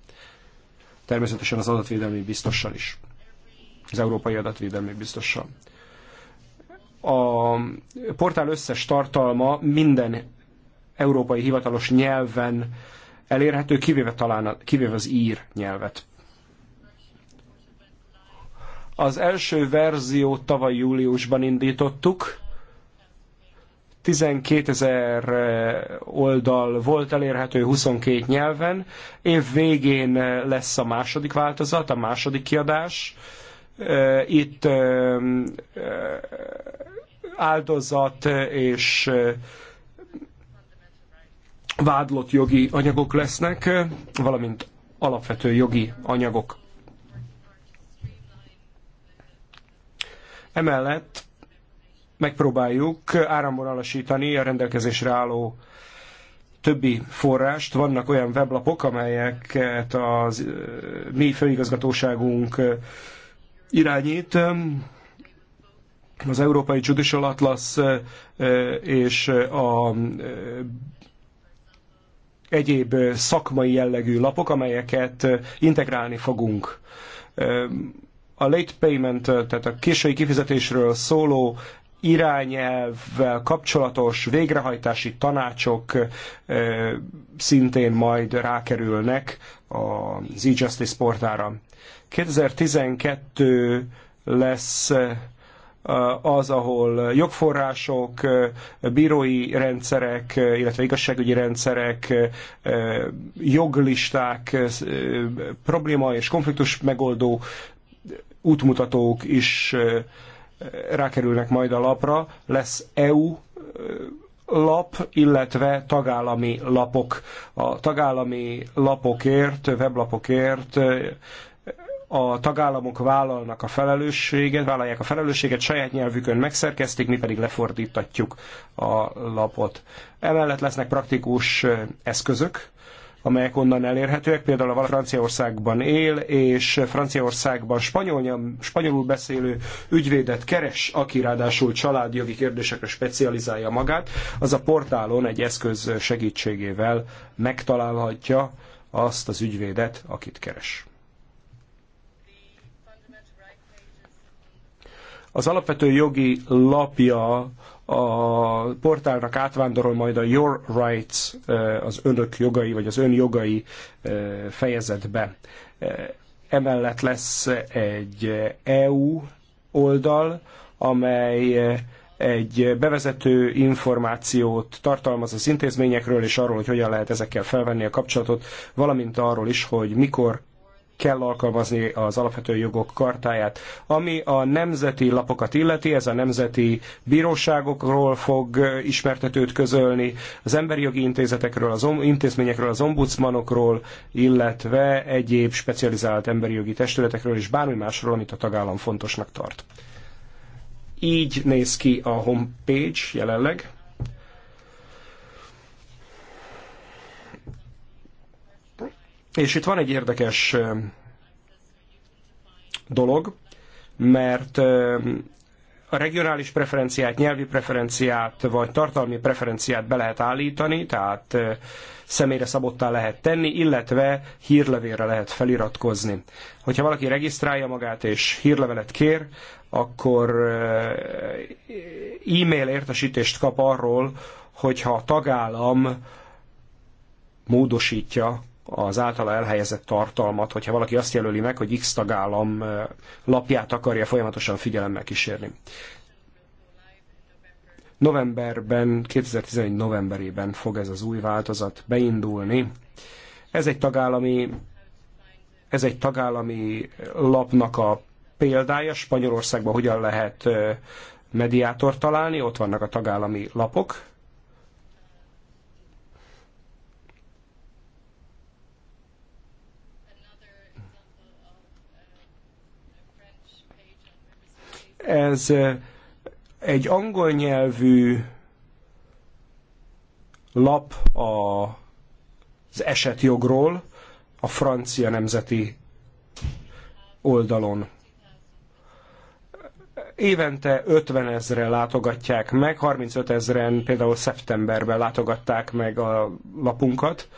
Természetesen az adatvédelmi biztossal is. Az Európai Adatvédelmi Biztossal. A portál összes tartalma minden európai hivatalos nyelven elérhető, kivéve, talán, kivéve az ír nyelvet. Az első verziót tavaly júliusban indítottuk, 12 ezer eh, oldal volt elérhető 22 nyelven. Év végén eh, lesz a második változat, a második kiadás. Eh, itt áldozat és vádlott jogi anyagok lesznek, valamint alapvető jogi anyagok. Emellett megpróbáljuk alasítani a rendelkezésre álló többi forrást. Vannak olyan weblapok, amelyeket a mi főigazgatóságunk irányít. Az Európai Judicial Atlas és a egyéb szakmai jellegű lapok, amelyeket integrálni fogunk a late payment, tehát a késői kifizetésről szóló irányelvvel kapcsolatos végrehajtási tanácsok szintén majd rákerülnek az e-justice portára. 2012 lesz az, ahol jogforrások, bírói rendszerek, illetve igazságügyi rendszerek, joglisták, probléma és konfliktus megoldó útmutatók is rákerülnek majd a lapra. Lesz EU lap, illetve tagállami lapok. A tagállami lapokért, weblapokért a tagállamok vállalnak a felelősséget, vállalják a felelősséget, saját nyelvükön megszerkeztik, mi pedig lefordítatjuk a lapot. Emellett lesznek praktikus eszközök, amelyek onnan elérhetőek. Például a Franciaországban él, és Franciaországban spanyol, spanyolul beszélő ügyvédet keres, aki ráadásul családjogi kérdésekre specializálja magát, az a portálon egy eszköz segítségével megtalálhatja azt az ügyvédet, akit keres. Az alapvető jogi lapja a portálnak átvándorol majd a Your Rights, az önök jogai, vagy az ön jogai fejezetbe. Emellett lesz egy EU oldal, amely egy bevezető információt tartalmaz az intézményekről, és arról, hogy hogyan lehet ezekkel felvenni a kapcsolatot, valamint arról is, hogy mikor kell alkalmazni az alapvető jogok kartáját. Ami a nemzeti lapokat illeti, ez a nemzeti bíróságokról fog ismertetőt közölni, az emberi jogi intézetekről, az intézményekről, az ombudsmanokról, illetve egyéb specializált emberi jogi testületekről és bármi másról, amit a tagállam fontosnak tart. Így néz ki a homepage jelenleg. És itt van egy érdekes dolog, mert a regionális preferenciát, nyelvi preferenciát vagy tartalmi preferenciát be lehet állítani, tehát személyre szabottá lehet tenni, illetve hírlevélre lehet feliratkozni. Hogyha valaki regisztrálja magát és hírlevelet kér, akkor e-mail értesítést kap arról, hogyha a tagállam módosítja az általa elhelyezett tartalmat, hogyha valaki azt jelöli meg, hogy X tagállam lapját akarja folyamatosan figyelemmel kísérni. Novemberben, 2011 novemberében fog ez az új változat beindulni. Ez egy tagállami, ez egy tagállami lapnak a példája. Spanyolországban hogyan lehet mediátor találni, ott vannak a tagállami lapok, Ez eh, egy angol nyelvű lap a, az esetjogról a francia nemzeti oldalon. Évente 50 ezre látogatják meg, 35 ezeren például szeptemberben látogatták meg a lapunkat.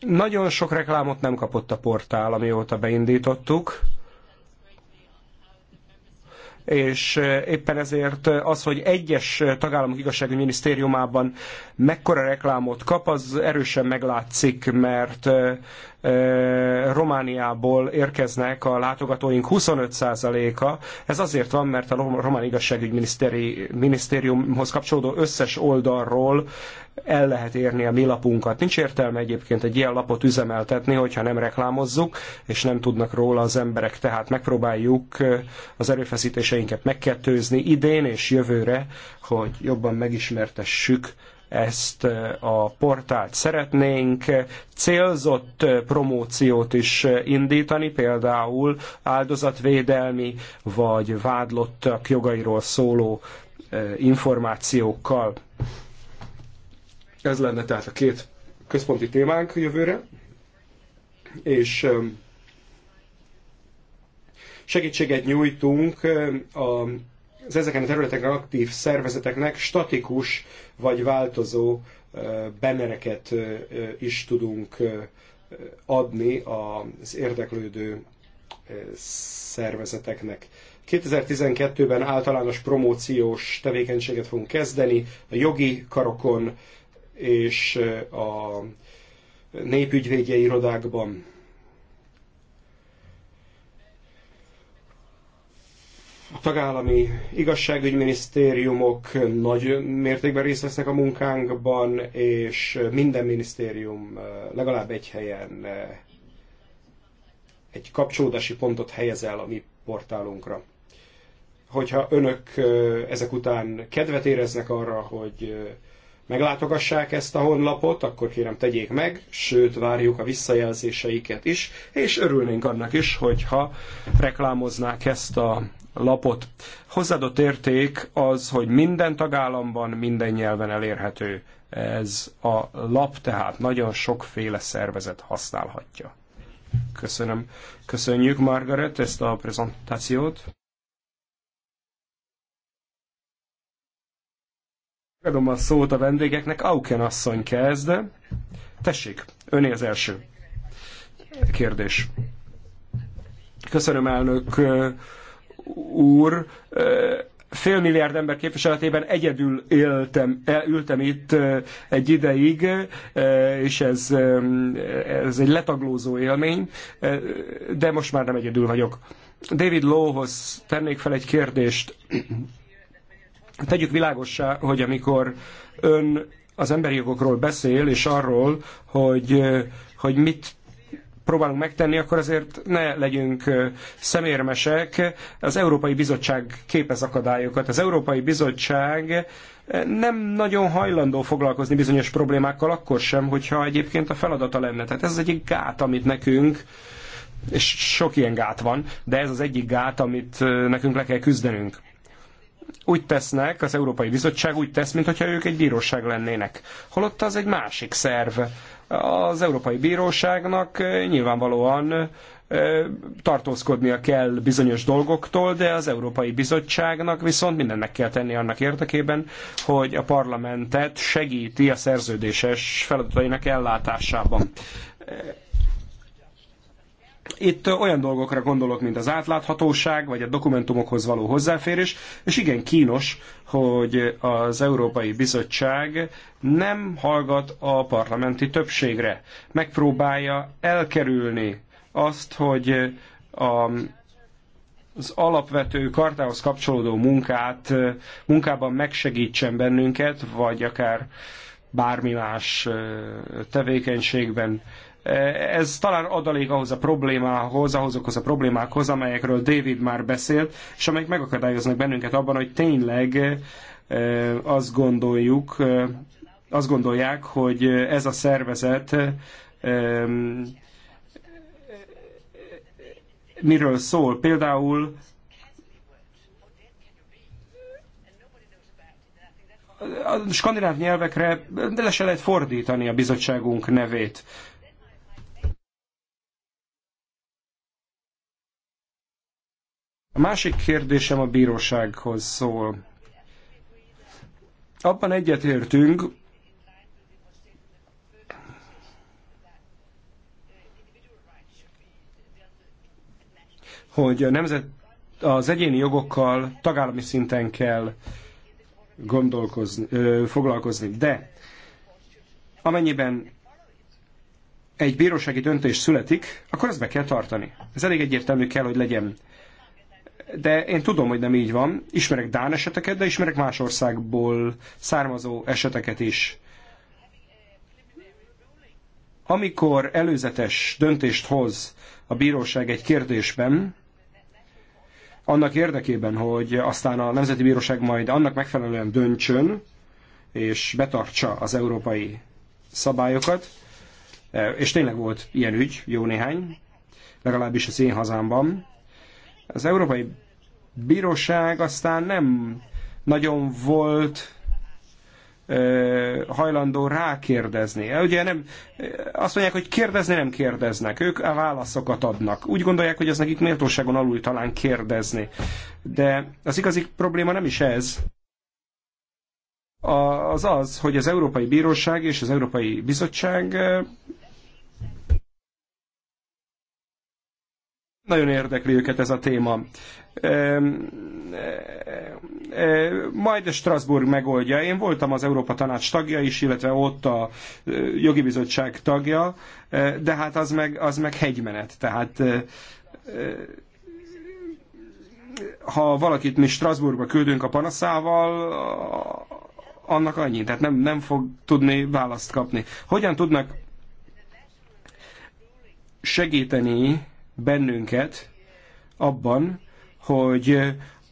Nagyon sok reklámot nem kapott a portál, amióta beindítottuk és éppen ezért az, hogy egyes tagállamok igazságügyi minisztériumában mekkora reklámot kap, az erősen meglátszik, mert Romániából érkeznek a látogatóink 25%-a. Ez azért van, mert a Román Igazságügyi Minisztériumhoz kapcsolódó összes oldalról el lehet érni a mi lapunkat. Nincs értelme egyébként egy ilyen lapot üzemeltetni, hogyha nem reklámozzuk, és nem tudnak róla az emberek. Tehát megpróbáljuk az erőfeszítéseinket megkettőzni idén és jövőre, hogy jobban megismertessük ezt a portált szeretnénk célzott promóciót is indítani, például áldozatvédelmi vagy vádlottak jogairól szóló információkkal. Ez lenne tehát a két központi témánk jövőre, és um, segítséget nyújtunk um, az ezeken a területeken aktív szervezeteknek statikus vagy változó uh, bennereket uh, uh, is tudunk adni az érdeklődő szervezeteknek. 2012-ben általános promóciós tevékenységet fogunk kezdeni, a jogi karokon és a népügyvédje irodákban. A tagállami igazságügyminisztériumok nagy mértékben részt vesznek a munkánkban, és minden minisztérium legalább egy helyen egy kapcsolódási pontot helyez el a mi portálunkra. Hogyha önök ezek után kedvet éreznek arra, hogy meglátogassák ezt a honlapot, akkor kérem tegyék meg, sőt várjuk a visszajelzéseiket is, és örülnénk annak is, hogyha reklámoznák ezt a lapot. Hozzáadott érték az, hogy minden tagállamban, minden nyelven elérhető ez a lap, tehát nagyon sokféle szervezet használhatja. Köszönöm. Köszönjük, Margaret, ezt a prezentációt. Megadom a szót a vendégeknek. Auken asszony kezd. Tessék, öné az első kérdés. Köszönöm, elnök úr. Fél milliárd ember képviseletében egyedül éltem, e, ültem itt egy ideig, és ez, ez egy letaglózó élmény, de most már nem egyedül vagyok. David Lowhoz tennék fel egy kérdést. Tegyük világossá, hogy amikor ön az emberi jogokról beszél, és arról, hogy, hogy mit próbálunk megtenni, akkor azért ne legyünk szemérmesek. Az Európai Bizottság képez akadályokat. Az Európai Bizottság nem nagyon hajlandó foglalkozni bizonyos problémákkal akkor sem, hogyha egyébként a feladata lenne. Tehát ez az egyik gát, amit nekünk, és sok ilyen gát van, de ez az egyik gát, amit nekünk le kell küzdenünk úgy tesznek, az Európai Bizottság úgy tesz, mintha ők egy bíróság lennének. Holott az egy másik szerv. Az Európai Bíróságnak nyilvánvalóan tartózkodnia kell bizonyos dolgoktól, de az Európai Bizottságnak viszont mindennek kell tenni annak érdekében, hogy a parlamentet segíti a szerződéses feladatainak ellátásában. Itt olyan dolgokra gondolok, mint az átláthatóság, vagy a dokumentumokhoz való hozzáférés, és igen kínos, hogy az Európai Bizottság nem hallgat a parlamenti többségre. Megpróbálja elkerülni azt, hogy a az alapvető kartához kapcsolódó munkát, munkában megsegítsen bennünket, vagy akár bármi más tevékenységben ez talán adalék ahhoz a problémához, ahhozokhoz a problémákhoz, amelyekről David már beszélt, és amelyek megakadályoznak bennünket abban, hogy tényleg azt gondoljuk, azt gondolják, hogy ez a szervezet miről szól. Például a skandináv nyelvekre le se lehet fordítani a bizottságunk nevét. másik kérdésem a bírósághoz szól. Abban egyetértünk, hogy a nemzet, az egyéni jogokkal tagállami szinten kell gondolkozni, ö, foglalkozni. De amennyiben egy bírósági döntés születik, akkor ezt be kell tartani. Ez elég egyértelmű kell, hogy legyen de én tudom, hogy nem így van. Ismerek Dán eseteket, de ismerek más országból származó eseteket is. Amikor előzetes döntést hoz a bíróság egy kérdésben, annak érdekében, hogy aztán a Nemzeti Bíróság majd annak megfelelően döntsön, és betartsa az európai szabályokat, e, és tényleg volt ilyen ügy, jó néhány, legalábbis az én hazámban, az Európai Bíróság aztán nem nagyon volt hajlandó rákérdezni. Ugye nem, azt mondják, hogy kérdezni nem kérdeznek, ők a válaszokat adnak. Úgy gondolják, hogy ez nekik méltóságon alul talán kérdezni. De az igazi probléma nem is ez. Az az, hogy az Európai Bíróság és az Európai Bizottság nagyon érdekli őket ez a téma. Majd Strasbourg megoldja. Én voltam az Európa Tanács tagja is, illetve ott a jogi bizottság tagja, de hát az meg, az meg hegymenet. Tehát ha valakit mi Strasbourgba küldünk a panaszával, annak annyi, tehát nem, nem fog tudni választ kapni. Hogyan tudnak segíteni bennünket abban, hogy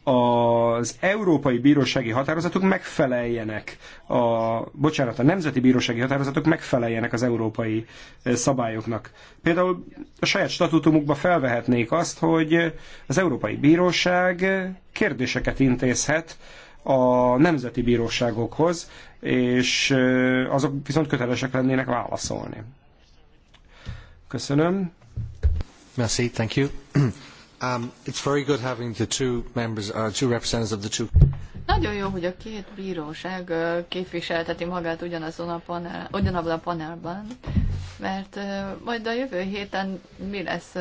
az európai bírósági határozatok megfeleljenek, a, bocsánat, a nemzeti bírósági határozatok megfeleljenek az európai eh, szabályoknak. Például a saját statutumukba felvehetnék azt, hogy az Európai Bíróság kérdéseket intézhet a nemzeti bíróságokhoz, és eh, azok viszont kötelesek lennének válaszolni. Köszönöm. Merci, thank you. *clears throat* Um, it's very good having the two members, uh, two representatives of the two. Nagyon jó, hogy a két bíróság uh, képviselteti magát ugyanazon a panel, uh, ugyanabban a panelban, mert uh, majd a jövő héten mi lesz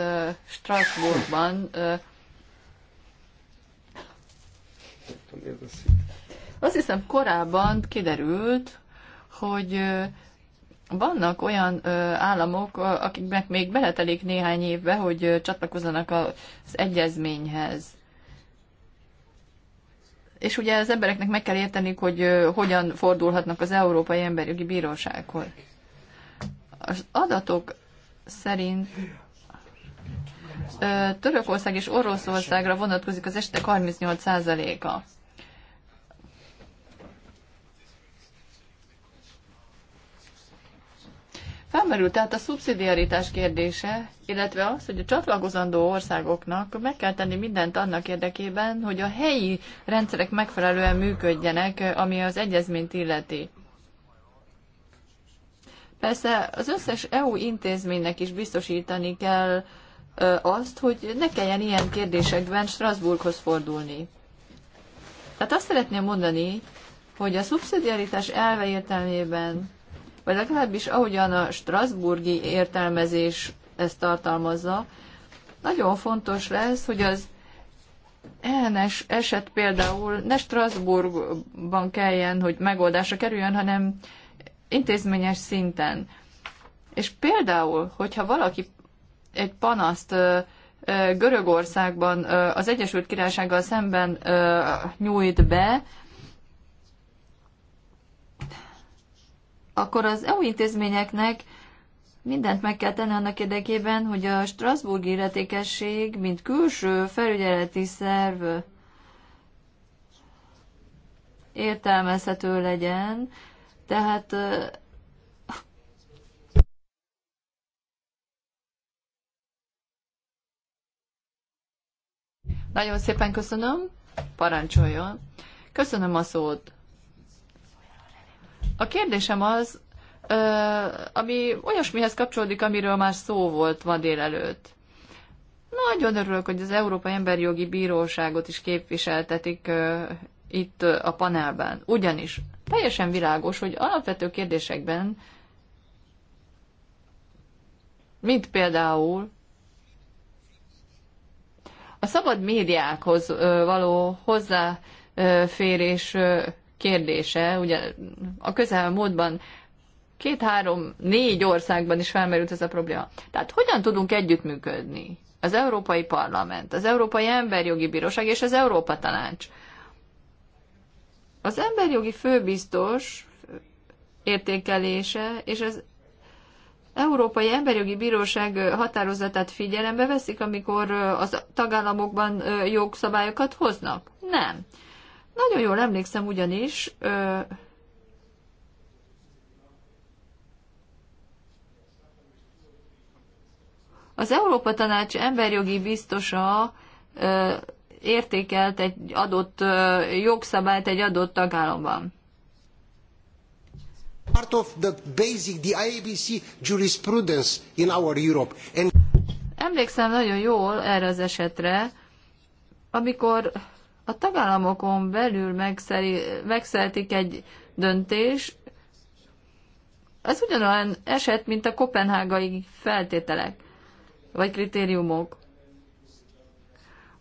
Strasbourgban. Azt hiszem korábban kiderült, hogy vannak olyan ö, államok, akiknek még beletelik néhány évbe, hogy ö, csatlakozzanak az egyezményhez. És ugye az embereknek meg kell érteni, hogy ö, hogyan fordulhatnak az Európai Emberjogi Bírósághoz. Az adatok szerint ö, Törökország és Oroszországra vonatkozik az esetek 38%-a. Felmerült tehát a szubszidiaritás kérdése, illetve az, hogy a csatlakozandó országoknak meg kell tenni mindent annak érdekében, hogy a helyi rendszerek megfelelően működjenek, ami az egyezményt illeti. Persze az összes EU intézménynek is biztosítani kell azt, hogy ne kelljen ilyen kérdésekben Strasbourghoz fordulni. Tehát azt szeretném mondani, hogy a szubszidiaritás elve értelmében vagy legalábbis ahogyan a Strasburgi értelmezés ezt tartalmazza, nagyon fontos lesz, hogy az ENS eset például ne Strasbourgban kelljen, hogy megoldásra kerüljön, hanem intézményes szinten. És például, hogyha valaki egy panaszt Görögországban az Egyesült Királysággal szemben nyújt be, akkor az EU intézményeknek mindent meg kell tenni annak érdekében, hogy a Strasbourg illetékesség, mint külső felügyeleti szerv értelmezhető legyen, tehát Nagyon szépen köszönöm, parancsoljon. Köszönöm a szót. A kérdésem az, ami olyasmihez kapcsolódik, amiről már szó volt ma délelőtt. Nagyon örülök, hogy az Európai Emberi Jogi Bíróságot is képviseltetik itt a panelben. Ugyanis teljesen világos, hogy alapvető kérdésekben, mint például a szabad médiákhoz való hozzáférés kérdése. Ugye a közelmúltban két-három-négy országban is felmerült ez a probléma. Tehát hogyan tudunk együttműködni? Az Európai Parlament, az Európai Emberjogi Bíróság és az Európa Tanács. Az emberjogi főbiztos értékelése és az Európai Emberjogi Bíróság határozatát figyelembe veszik, amikor az tagállamokban jogszabályokat hoznak? Nem. Nagyon jól emlékszem ugyanis, ö, az Európa Tanács emberjogi biztosa ö, értékelt egy adott ö, jogszabályt egy adott tagállamban. Part of the basic, the IABC jurisprudence in our Europe. And... Emlékszem nagyon jól erre az esetre, amikor a tagállamokon belül megszeri, megszeltik egy döntés, ez ugyanolyan eset, mint a kopenhágai feltételek, vagy kritériumok.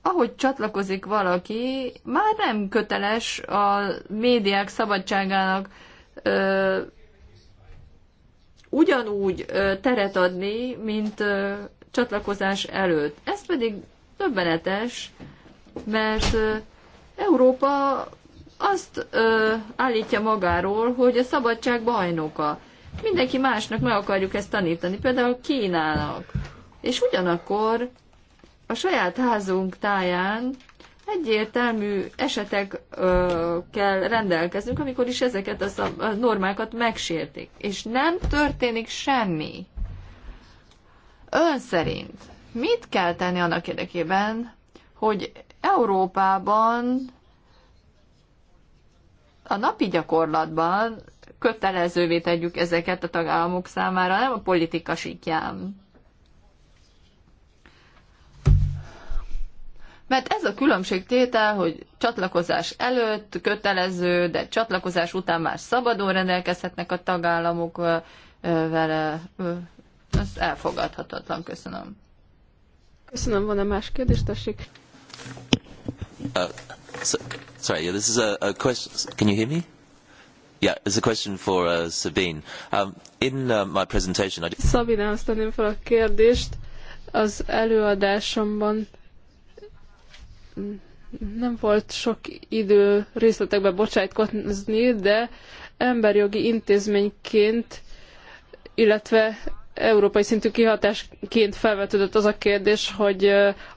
Ahogy csatlakozik valaki, már nem köteles a médiák szabadságának ö, ugyanúgy ö, teret adni, mint ö, csatlakozás előtt. Ez pedig többenetes, mert ö, Európa azt ö, állítja magáról, hogy a szabadság bajnoka. Mindenki másnak meg akarjuk ezt tanítani, például Kínának. És ugyanakkor a saját házunk táján egyértelmű esetekkel rendelkezünk, amikor is ezeket a, szab- a normákat megsértik. És nem történik semmi. Ön szerint mit kell tenni annak érdekében, hogy Európában a napi gyakorlatban kötelezővé tegyük ezeket a tagállamok számára, nem a politika sikján. Mert ez a különbségtétel, hogy csatlakozás előtt kötelező, de csatlakozás után már szabadon rendelkezhetnek a tagállamok vele, ez elfogadhatatlan. Köszönöm. Köszönöm, van-e más kérdés, tessék? Uh, so, sorry, yeah, this is a, a question. Can you hear me? Yeah, it's a question for uh, Sabine. Um, in uh, my presentation, I... Sabine, azt tenném fel a kérdést. Az előadásomban nem volt sok idő részletekbe bocsájtkozni, de emberjogi intézményként, illetve európai szintű kihatásként felvetődött az a kérdés, hogy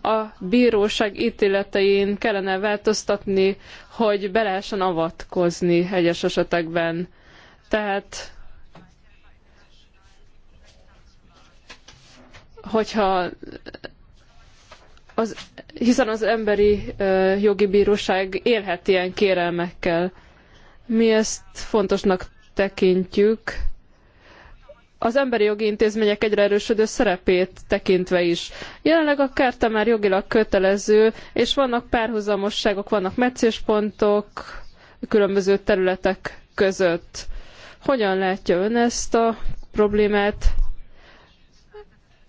a bíróság ítéletein kellene változtatni, hogy be lehessen avatkozni egyes esetekben. Tehát hogyha az, hiszen az emberi jogi bíróság élhet ilyen kérelmekkel. Mi ezt fontosnak tekintjük az emberi jogi intézmények egyre erősödő szerepét tekintve is. Jelenleg a kárta már jogilag kötelező, és vannak párhuzamosságok, vannak meccéspontok különböző területek között. Hogyan látja ön ezt a problémát?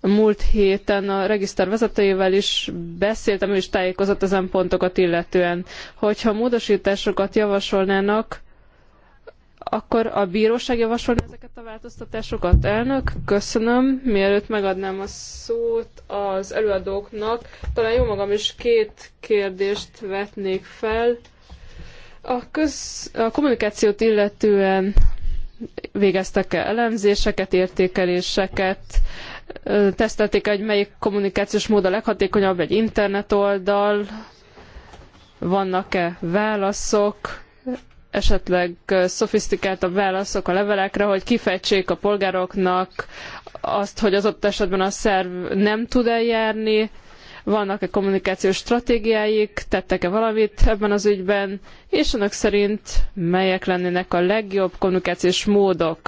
Múlt héten a regiszter vezetőjével is beszéltem, ő is tájékozott ezen pontokat illetően. Hogyha módosításokat javasolnának, akkor a bíróság javasolja ezeket a változtatásokat. Elnök, köszönöm. Mielőtt megadnám a szót az előadóknak, talán jó magam is két kérdést vetnék fel. A, köz, a kommunikációt illetően végeztek-e elemzéseket, értékeléseket, tesztelték hogy melyik kommunikációs mód a leghatékonyabb, egy internetoldal, vannak-e válaszok, esetleg szofisztikáltabb válaszok a levelekre, hogy kifejtsék a polgároknak azt, hogy az ott esetben a szerv nem tud eljárni, vannak-e kommunikációs stratégiáik, tettek-e valamit ebben az ügyben, és önök szerint melyek lennének a legjobb kommunikációs módok.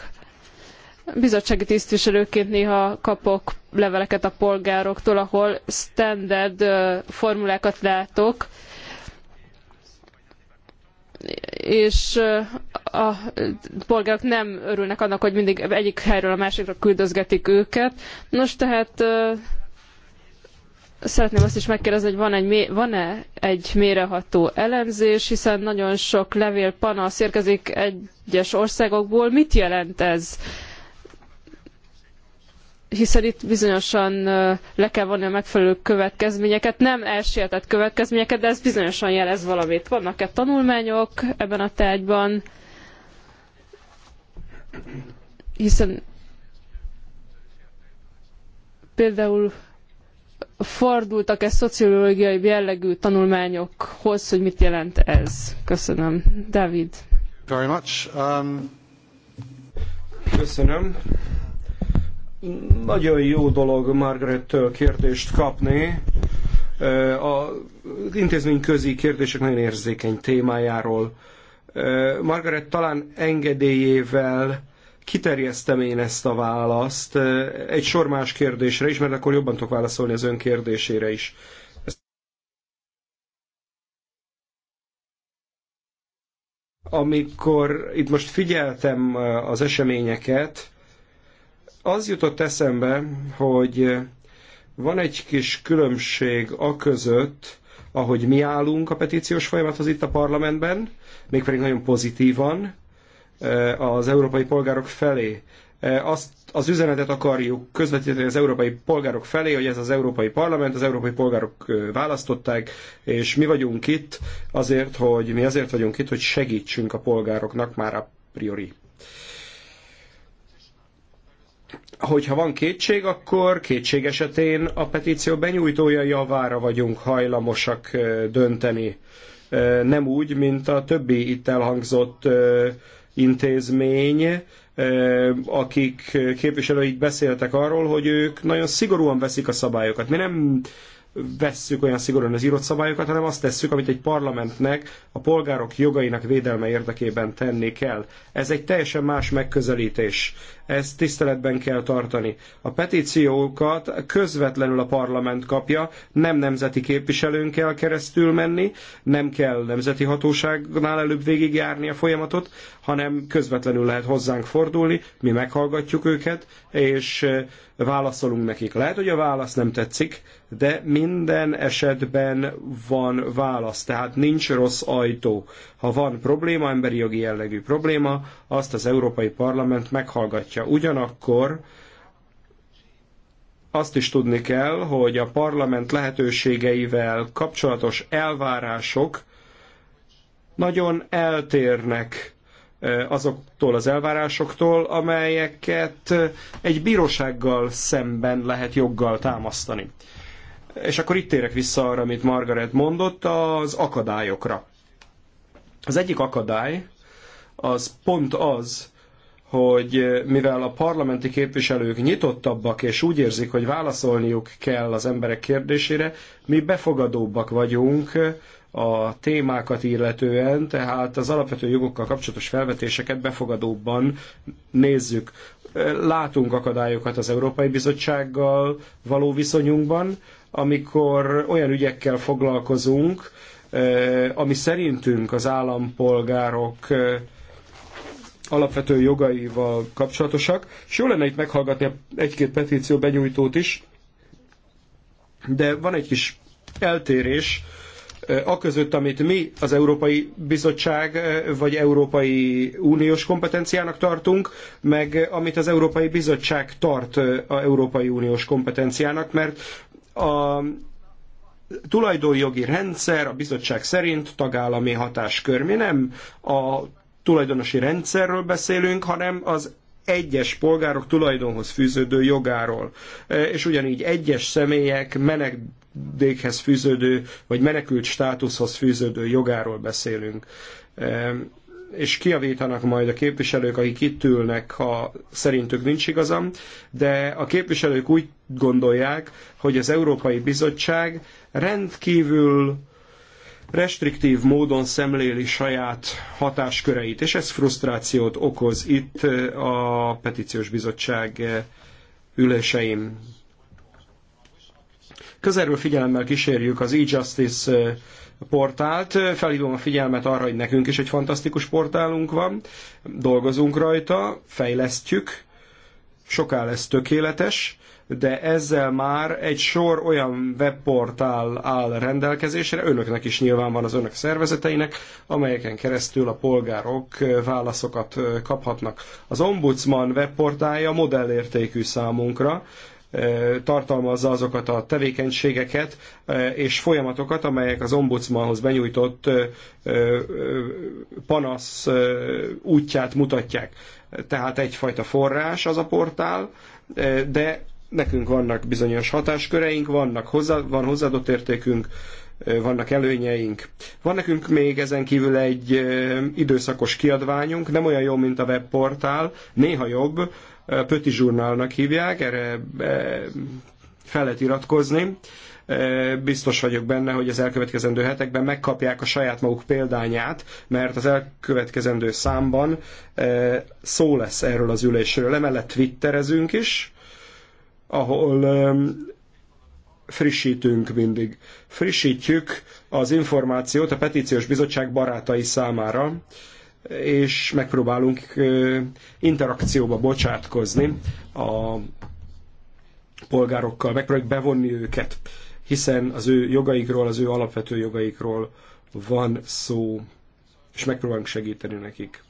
Bizottsági tisztviselőként néha kapok leveleket a polgároktól, ahol standard formulákat látok, és a polgárok nem örülnek annak, hogy mindig egyik helyről a másikra küldözgetik őket. Nos, tehát szeretném azt is megkérdezni, hogy van egy, van-e egy méreható elemzés, hiszen nagyon sok levél panasz érkezik egyes országokból. Mit jelent ez? hiszen itt bizonyosan le kell vonni a megfelelő következményeket, nem elsértett következményeket, de ez bizonyosan jelez valamit. Vannak-e tanulmányok ebben a tárgyban? Hiszen például fordultak-e szociológiai jellegű tanulmányokhoz, hogy mit jelent ez? Köszönöm. David. Very much. Um... Köszönöm. Nagyon jó dolog Margaret-től kérdést kapni. A intézményközi kérdések nagyon érzékeny témájáról. Margaret talán engedélyével kiterjesztem én ezt a választ egy sor más kérdésre is, mert akkor jobban tudok válaszolni az ön kérdésére is. Amikor itt most figyeltem az eseményeket, az jutott eszembe, hogy eh, van egy kis különbség a között, ahogy mi állunk a petíciós folyamathoz itt a parlamentben, mégpedig nagyon pozitívan eh, az európai polgárok felé. Eh, azt az üzenetet akarjuk közvetíteni az európai polgárok felé, hogy ez az európai parlament, az európai polgárok választották, és mi vagyunk itt azért, hogy mi azért vagyunk itt, hogy segítsünk a polgároknak már a priori. hogyha van kétség, akkor kétség esetén a petíció benyújtója javára vagyunk hajlamosak dönteni. Nem úgy, mint a többi itt elhangzott intézmény, akik képviselőik beszéltek arról, hogy ők nagyon szigorúan veszik a szabályokat. Mi nem vesszük olyan szigorúan az írott szabályokat, hanem azt tesszük, amit egy parlamentnek a polgárok jogainak védelme érdekében tenni kell. Ez egy teljesen más megközelítés ezt tiszteletben kell tartani. A petíciókat közvetlenül a parlament kapja, nem nemzeti képviselőn kell keresztül menni, nem kell nemzeti hatóságnál előbb végigjárni a folyamatot, hanem közvetlenül lehet hozzánk fordulni, mi meghallgatjuk őket, és válaszolunk nekik. Lehet, hogy a válasz nem tetszik, de minden esetben van válasz, tehát nincs rossz ajtó. Ha van probléma, emberi jogi jellegű probléma, azt az Európai Parlament meghallgatja támogatja. Ugyanakkor azt is tudni kell, hogy a parlament lehetőségeivel kapcsolatos elvárások nagyon eltérnek azoktól az elvárásoktól, amelyeket egy bírósággal szemben lehet joggal támasztani. És akkor itt térek vissza arra, amit Margaret mondott, az akadályokra. Az egyik akadály az pont az, hogy eh, mivel a parlamenti képviselők nyitottabbak és úgy érzik, hogy válaszolniuk kell az emberek kérdésére, mi befogadóbbak vagyunk eh, a témákat illetően, tehát az alapvető jogokkal kapcsolatos felvetéseket befogadóbban nézzük. Eh, látunk akadályokat az Európai Bizottsággal való viszonyunkban, amikor olyan ügyekkel foglalkozunk, ami szerintünk az állampolgárok alapvető jogaival kapcsolatosak, és jó lenne itt meghallgatni egy-két petíció benyújtót is, de van egy kis eltérés, eh, aközött, amit mi az Európai Bizottság eh, vagy Európai Uniós kompetenciának tartunk, meg amit az Európai Bizottság tart eh, a Európai Uniós kompetenciának, mert a tulajdonjogi rendszer a bizottság szerint tagállami hatáskör. Mi nem a tulajdonosi rendszerről beszélünk, hanem az egyes polgárok tulajdonhoz fűződő jogáról, e, és ugyanígy egyes személyek menedékhez fűződő, vagy menekült státuszhoz fűződő jogáról beszélünk. E, és kiavítanak majd a képviselők, akik itt ülnek, ha szerintük nincs igazam, de a képviselők úgy gondolják, hogy az Európai Bizottság rendkívül restriktív módon szemléli saját hatásköreit, és ez frusztrációt okoz itt a petíciós bizottság üléseim. Közelről figyelemmel kísérjük az e-justice portált. Felhívom a figyelmet arra, hogy nekünk is egy fantasztikus portálunk van. Dolgozunk rajta, fejlesztjük, soká lesz tökéletes, de ezzel már egy sor olyan webportál áll rendelkezésre, önöknek is nyilván van az önök szervezeteinek, amelyeken keresztül a polgárok válaszokat kaphatnak. Az Ombudsman webportálja modellértékű számunkra, tartalmazza azokat a tevékenységeket és folyamatokat, amelyek az ombudsmanhoz benyújtott panasz útját mutatják. Tehát egyfajta forrás az a portál, de nekünk vannak bizonyos hatásköreink, vannak hozzá, van hozzáadott értékünk, vannak előnyeink. Van nekünk még ezen kívül egy időszakos kiadványunk, nem olyan jó, mint a webportál, néha jobb, Pöti Zsurnálnak hívják, erre fel lehet iratkozni. Biztos vagyok benne, hogy az elkövetkezendő hetekben megkapják a saját maguk példányát, mert az elkövetkezendő számban szó lesz erről az ülésről. Emellett twitterezünk is, ahol frissítünk mindig. Frissítjük az információt a petíciós bizottság barátai számára, és megpróbálunk interakcióba bocsátkozni a polgárokkal, megpróbáljuk bevonni őket, hiszen az ő jogaikról, az ő alapvető jogaikról van szó, és megpróbálunk segíteni nekik.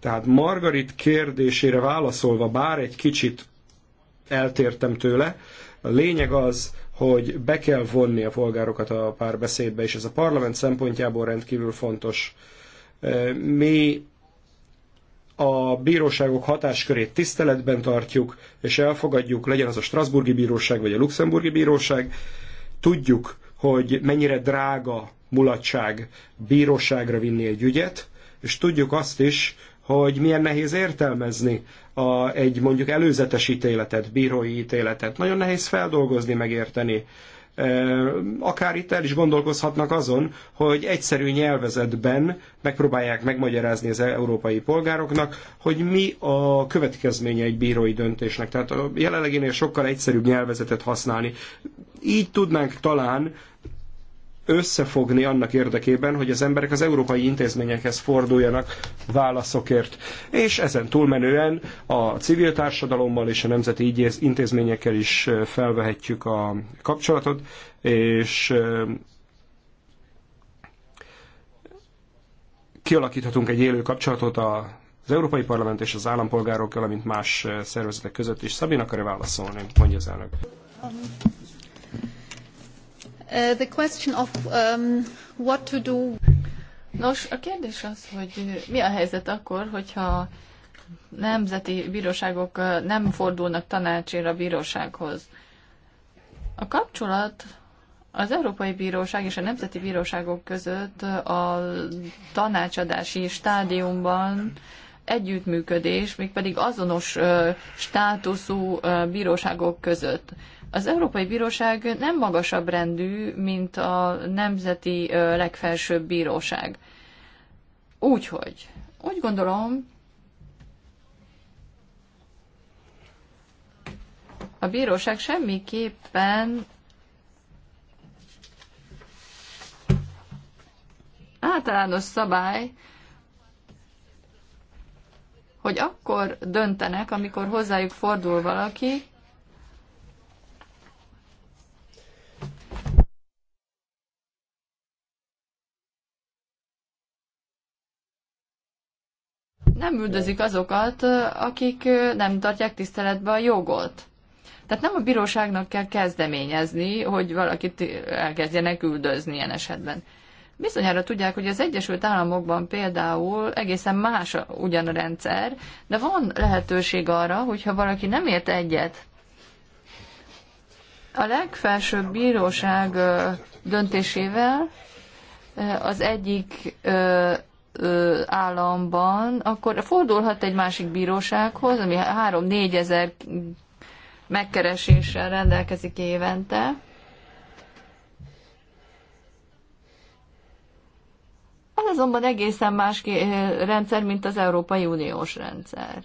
Tehát Margarit kérdésére válaszolva, bár egy kicsit eltértem tőle. A lényeg az, hogy be kell vonni a polgárokat a párbeszédbe, és ez a parlament szempontjából rendkívül fontos. Mi a bíróságok hatáskörét tiszteletben tartjuk, és elfogadjuk, legyen az a Strasburgi Bíróság vagy a Luxemburgi Bíróság, tudjuk, hogy mennyire drága mulatság bíróságra vinni egy ügyet, és tudjuk azt is, hogy milyen nehéz értelmezni a, egy mondjuk előzetes ítéletet, bírói ítéletet. Nagyon nehéz feldolgozni, megérteni. Akár itt el is gondolkozhatnak azon, hogy egyszerű nyelvezetben megpróbálják megmagyarázni az európai polgároknak, hogy mi a következménye egy bírói döntésnek. Tehát a jelenleginél sokkal egyszerűbb nyelvezetet használni. Így tudnánk talán összefogni annak érdekében, hogy az emberek az európai intézményekhez forduljanak válaszokért. És ezen túlmenően a civil társadalommal és a nemzeti intézményekkel is felvehetjük a kapcsolatot, és kialakíthatunk egy élő kapcsolatot a az Európai Parlament és az állampolgárok, valamint más szervezetek között is. Szabina akar -e válaszolni, mondja az elnök. Uh, the question of um, what to do. Nos, a kérdés az, hogy mi a helyzet akkor, hogyha nemzeti bíróságok uh, nem fordulnak tanácsért a bírósághoz. A kapcsolat az Európai Bíróság és a Nemzeti Bíróságok között a tanácsadási stádiumban együttműködés, mégpedig azonos uh, státuszú bíróságok között. Az Európai Bíróság nem magasabb rendű, mint a nemzeti legfelsőbb bíróság. Úgyhogy úgy gondolom, a bíróság semmiképpen általános szabály, hogy akkor döntenek, amikor hozzájuk fordul valaki, nem üldözik azokat, akik nem tartják tiszteletbe a jogot. Tehát nem a bíróságnak kell kezdeményezni, hogy valakit elkezdjenek üldözni ilyen esetben. Bizonyára tudják, hogy az Egyesült Államokban például egészen más ugyan a rendszer, de van lehetőség arra, hogyha valaki nem ért egyet a legfelsőbb bíróság döntésével az egyik államban, akkor fordulhat egy másik bírósághoz, ami 3-4 ezer megkereséssel rendelkezik évente. Ez azonban egészen más rendszer, mint az Európai Uniós rendszer.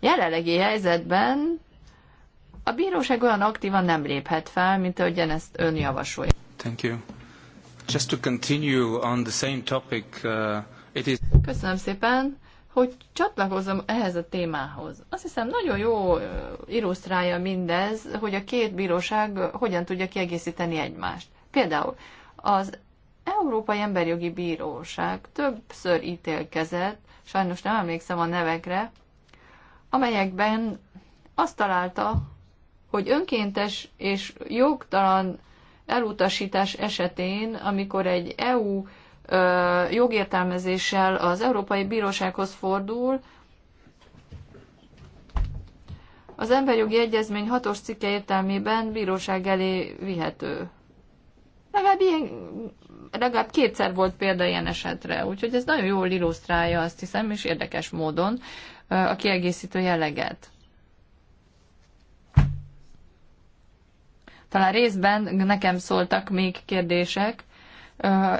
Jelenlegi helyzetben a bíróság olyan aktívan nem léphet fel, mint ahogyan ezt ön javasolja. Thank you. Just to continue on the same topic, uh, it is... Köszönöm szépen, hogy csatlakozom ehhez a témához. Azt hiszem, nagyon jó uh, illusztrálja mindez, hogy a két bíróság hogyan tudja kiegészíteni egymást. Például az Európai Emberjogi Bíróság többször ítélkezett, sajnos nem emlékszem a nevekre, amelyekben azt találta, hogy önkéntes és jogtalan elutasítás esetén, amikor egy EU jogértelmezéssel az Európai Bírósághoz fordul, az emberjogi egyezmény hatos cikke értelmében bíróság elé vihető. Legalább, ilyen, legalább kétszer volt példa ilyen esetre, úgyhogy ez nagyon jól illusztrálja azt hiszem, és érdekes módon a kiegészítő jelleget. Talán részben nekem szóltak még kérdések,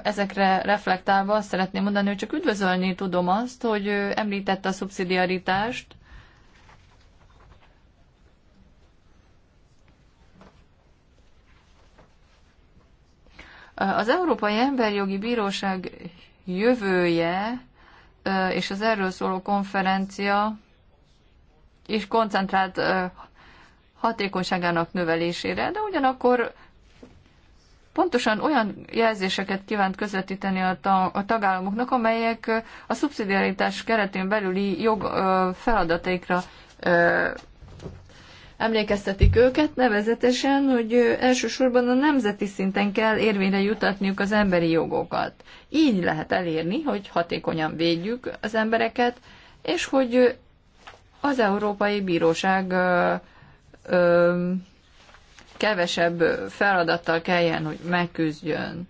ezekre reflektálva azt szeretném mondani, hogy csak üdvözölni tudom azt, hogy említette a szubszidiaritást, Az Európai Emberjogi Bíróság jövője és az erről szóló konferencia is koncentrált hatékonyságának növelésére, de ugyanakkor pontosan olyan jelzéseket kívánt közvetíteni a, ta, a tagállamoknak, amelyek a szubszidiaritás keretén belüli jog ö, feladataikra ö, emlékeztetik őket, nevezetesen, hogy elsősorban a nemzeti szinten kell érvényre jutatniuk az emberi jogokat. Így lehet elérni, hogy hatékonyan védjük az embereket, és hogy az Európai Bíróság ö, kevesebb feladattal kelljen, hogy megküzdjön.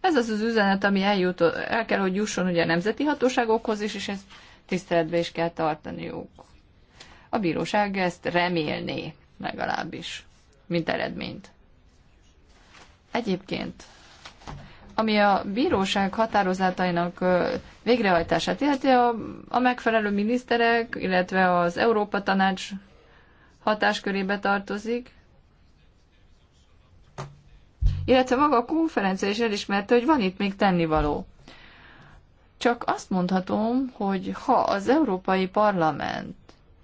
Ez az az üzenet, ami eljut, el kell, hogy jusson ugye a nemzeti hatóságokhoz is, és ezt tiszteletbe is kell tartaniuk. A bíróság ezt remélné legalábbis, mint eredményt. Egyébként, ami a bíróság határozatainak végrehajtását illeti, a, a megfelelő miniszterek, illetve az Európa Tanács hatáskörébe tartozik, illetve maga a konferencia is elismerte, hogy van itt még tennivaló. Csak azt mondhatom, hogy ha az Európai Parlament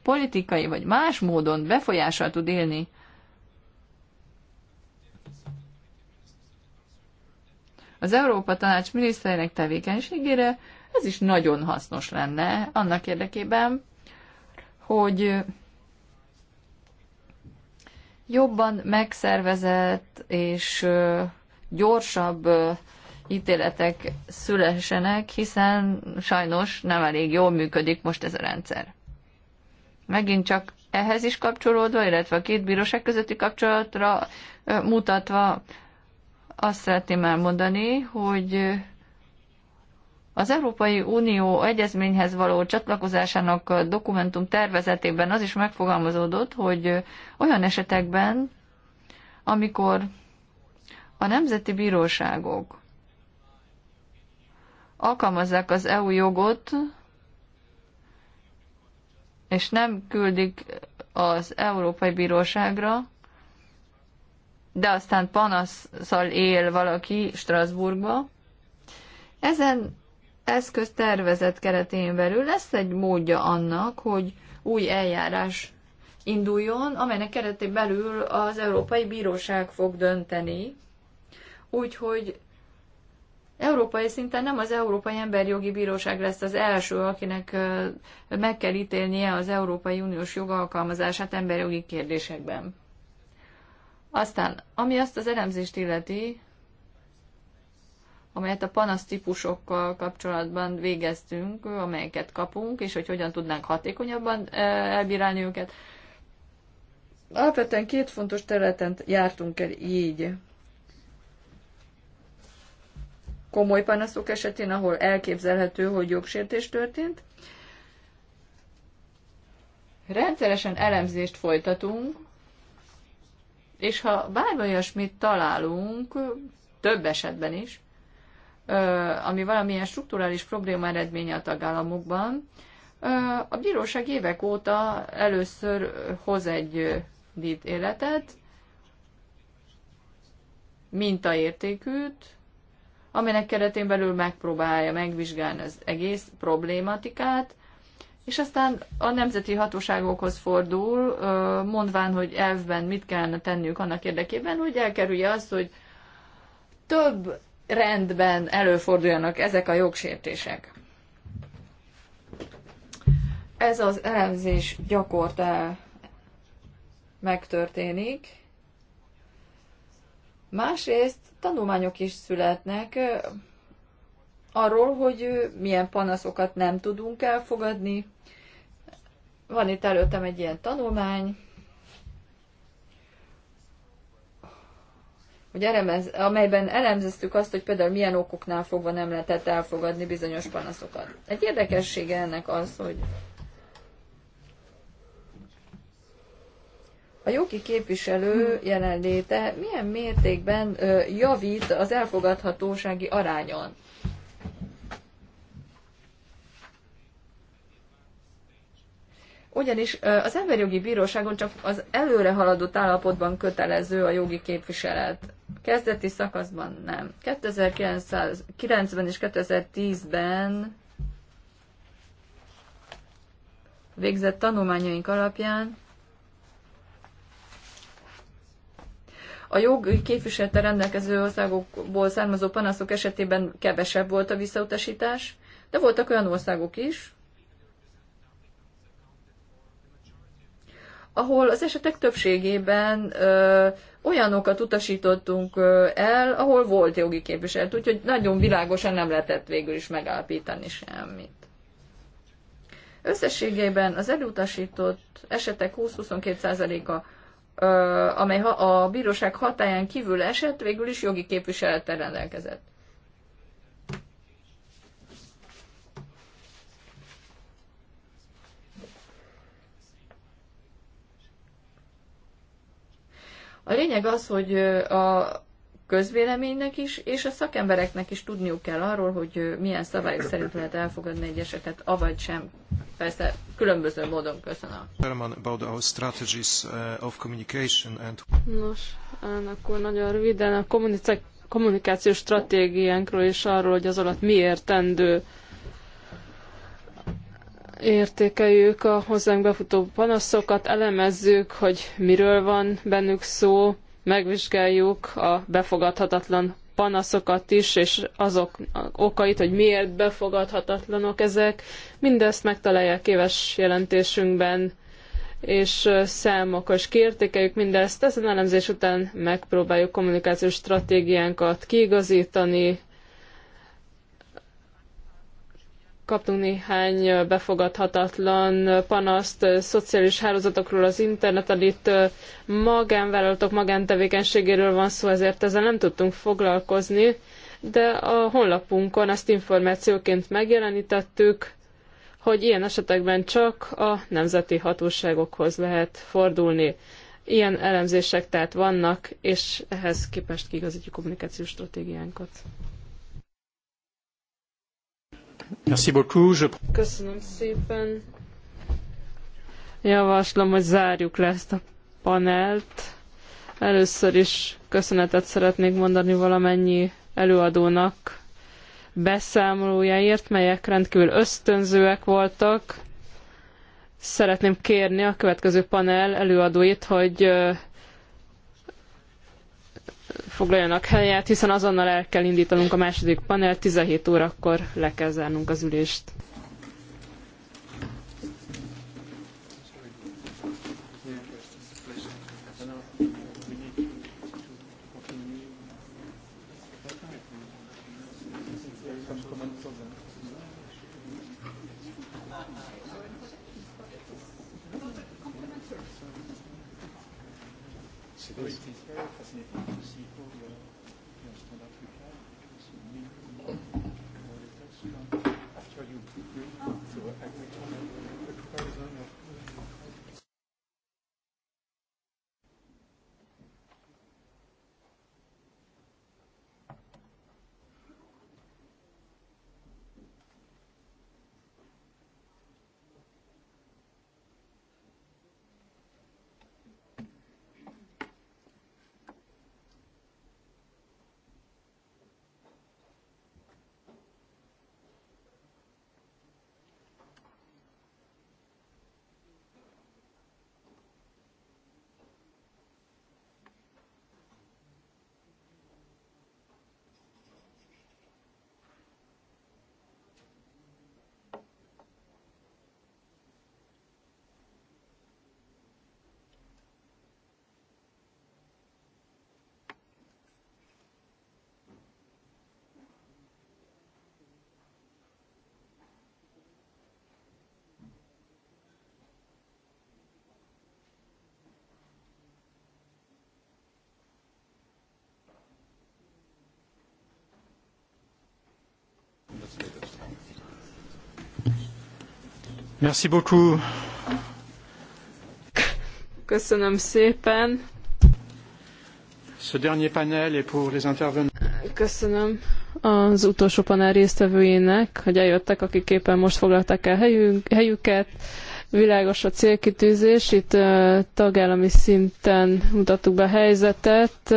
politikai vagy más módon befolyással tud élni az Európa Tanács miniszterének tevékenységére, ez is nagyon hasznos lenne annak érdekében, hogy jobban megszervezett és gyorsabb ítéletek szülessenek, hiszen sajnos nem elég jól működik most ez a rendszer. Megint csak ehhez is kapcsolódva, illetve a két bíróság közötti kapcsolatra mutatva azt szeretném elmondani, hogy az Európai Unió egyezményhez való csatlakozásának dokumentum tervezetében az is megfogalmazódott, hogy olyan esetekben, amikor a nemzeti bíróságok alkalmazzák az EU jogot, és nem küldik az Európai Bíróságra, de aztán panaszszal él valaki Strasbourgba. Ezen eszköz tervezet keretén belül lesz egy módja annak, hogy új eljárás induljon, amelynek keretén belül az Európai Bíróság fog dönteni. Úgyhogy európai szinten nem az Európai Emberjogi Bíróság lesz az első, akinek meg kell ítélnie az Európai Uniós jogalkalmazását emberjogi kérdésekben. Aztán, ami azt az elemzést illeti, amelyet a panasz típusokkal kapcsolatban végeztünk, amelyeket kapunk, és hogy hogyan tudnánk hatékonyabban elbírálni őket. Alapvetően két fontos területen jártunk el így. Komoly panaszok esetén, ahol elképzelhető, hogy jogsértés történt. Rendszeresen elemzést folytatunk, és ha bármi olyasmit találunk, több esetben is, ami valamilyen strukturális probléma eredménye a tagállamokban, a bíróság évek óta először hoz egy életet, mintaértékűt, aminek keretén belül megpróbálja megvizsgálni az egész problématikát, és aztán a nemzeti hatóságokhoz fordul, mondván, hogy elvben mit kellene tenniük annak érdekében, hogy elkerülje azt, hogy több rendben előforduljanak ezek a jogsértések. Ez az elemzés gyakorta eh, megtörténik. Másrészt tanulmányok is születnek eh, arról, hogy eh, milyen panaszokat nem tudunk elfogadni. Van itt előttem egy ilyen tanulmány, hogy elemez, amelyben elemzeztük azt, hogy például milyen okoknál fogva nem lehetett elfogadni bizonyos panaszokat. Egy érdekessége ennek az, hogy a jogi képviselő jelenléte milyen mértékben javít az elfogadhatósági arányon. Ugyanis az emberjogi bíróságon csak az előre haladott állapotban kötelező a jogi képviselet. Kezdeti szakaszban nem. 2009-ben és 2010-ben végzett tanulmányaink alapján a jog képviselete rendelkező országokból származó panaszok esetében kevesebb volt a visszautasítás, de voltak olyan országok is, ahol az esetek többségében ö, olyanokat utasítottunk ö, el, ahol volt jogi képviselet, úgyhogy nagyon világosan nem lehetett végül is megállapítani semmit. Összességében az elutasított esetek 20-22%-a, amely a bíróság hatáján kívül esett, végül is jogi képviselettel rendelkezett. A lényeg az, hogy a közvéleménynek is, és a szakembereknek is tudniuk kell arról, hogy milyen szabályok szerint lehet elfogadni egy esetet, avagy sem. Persze különböző módon köszönöm. About our strategies uh, of communication and... Nos, akkor nagyon röviden a kommunikációs stratégiánkról és arról, hogy az alatt mi értendő értékeljük a hozzánk befutó panaszokat, elemezzük, hogy miről van bennük szó, megvizsgáljuk a befogadhatatlan panaszokat is, és azok okait, hogy miért befogadhatatlanok ezek. Mindezt megtalálják éves jelentésünkben, és számokkal is kiértékeljük mindezt. Ezen elemzés után megpróbáljuk kommunikációs stratégiánkat kiigazítani, kaptunk néhány befogadhatatlan panaszt szociális hálózatokról az interneten. Itt magánvállalatok magántevékenységéről van szó, ezért ezzel nem tudtunk foglalkozni, de a honlapunkon ezt információként megjelenítettük, hogy ilyen esetekben csak a nemzeti hatóságokhoz lehet fordulni. Ilyen elemzések tehát vannak, és ehhez képest kiigazítjuk kommunikációs stratégiánkat. Merci beaucoup. Je... Köszönöm szépen. Javaslom, hogy zárjuk le ezt a panelt. Először is köszönetet szeretnék mondani valamennyi előadónak beszámolójáért, melyek rendkívül ösztönzőek voltak. Szeretném kérni a következő panel előadóit, hogy foglaljanak helyet, hiszen azonnal el kell indtanunk a második panelt, 17 órakor le kell zárnunk az ülést. Merci beaucoup. Köszönöm szépen. Ce dernier panel est pour les intervenants. Köszönöm az utolsó panel résztvevőjének, hogy eljöttek, akik éppen most foglalták el helyük, helyüket. Világos a célkitűzés, itt tagállami szinten mutattuk be a helyzetet,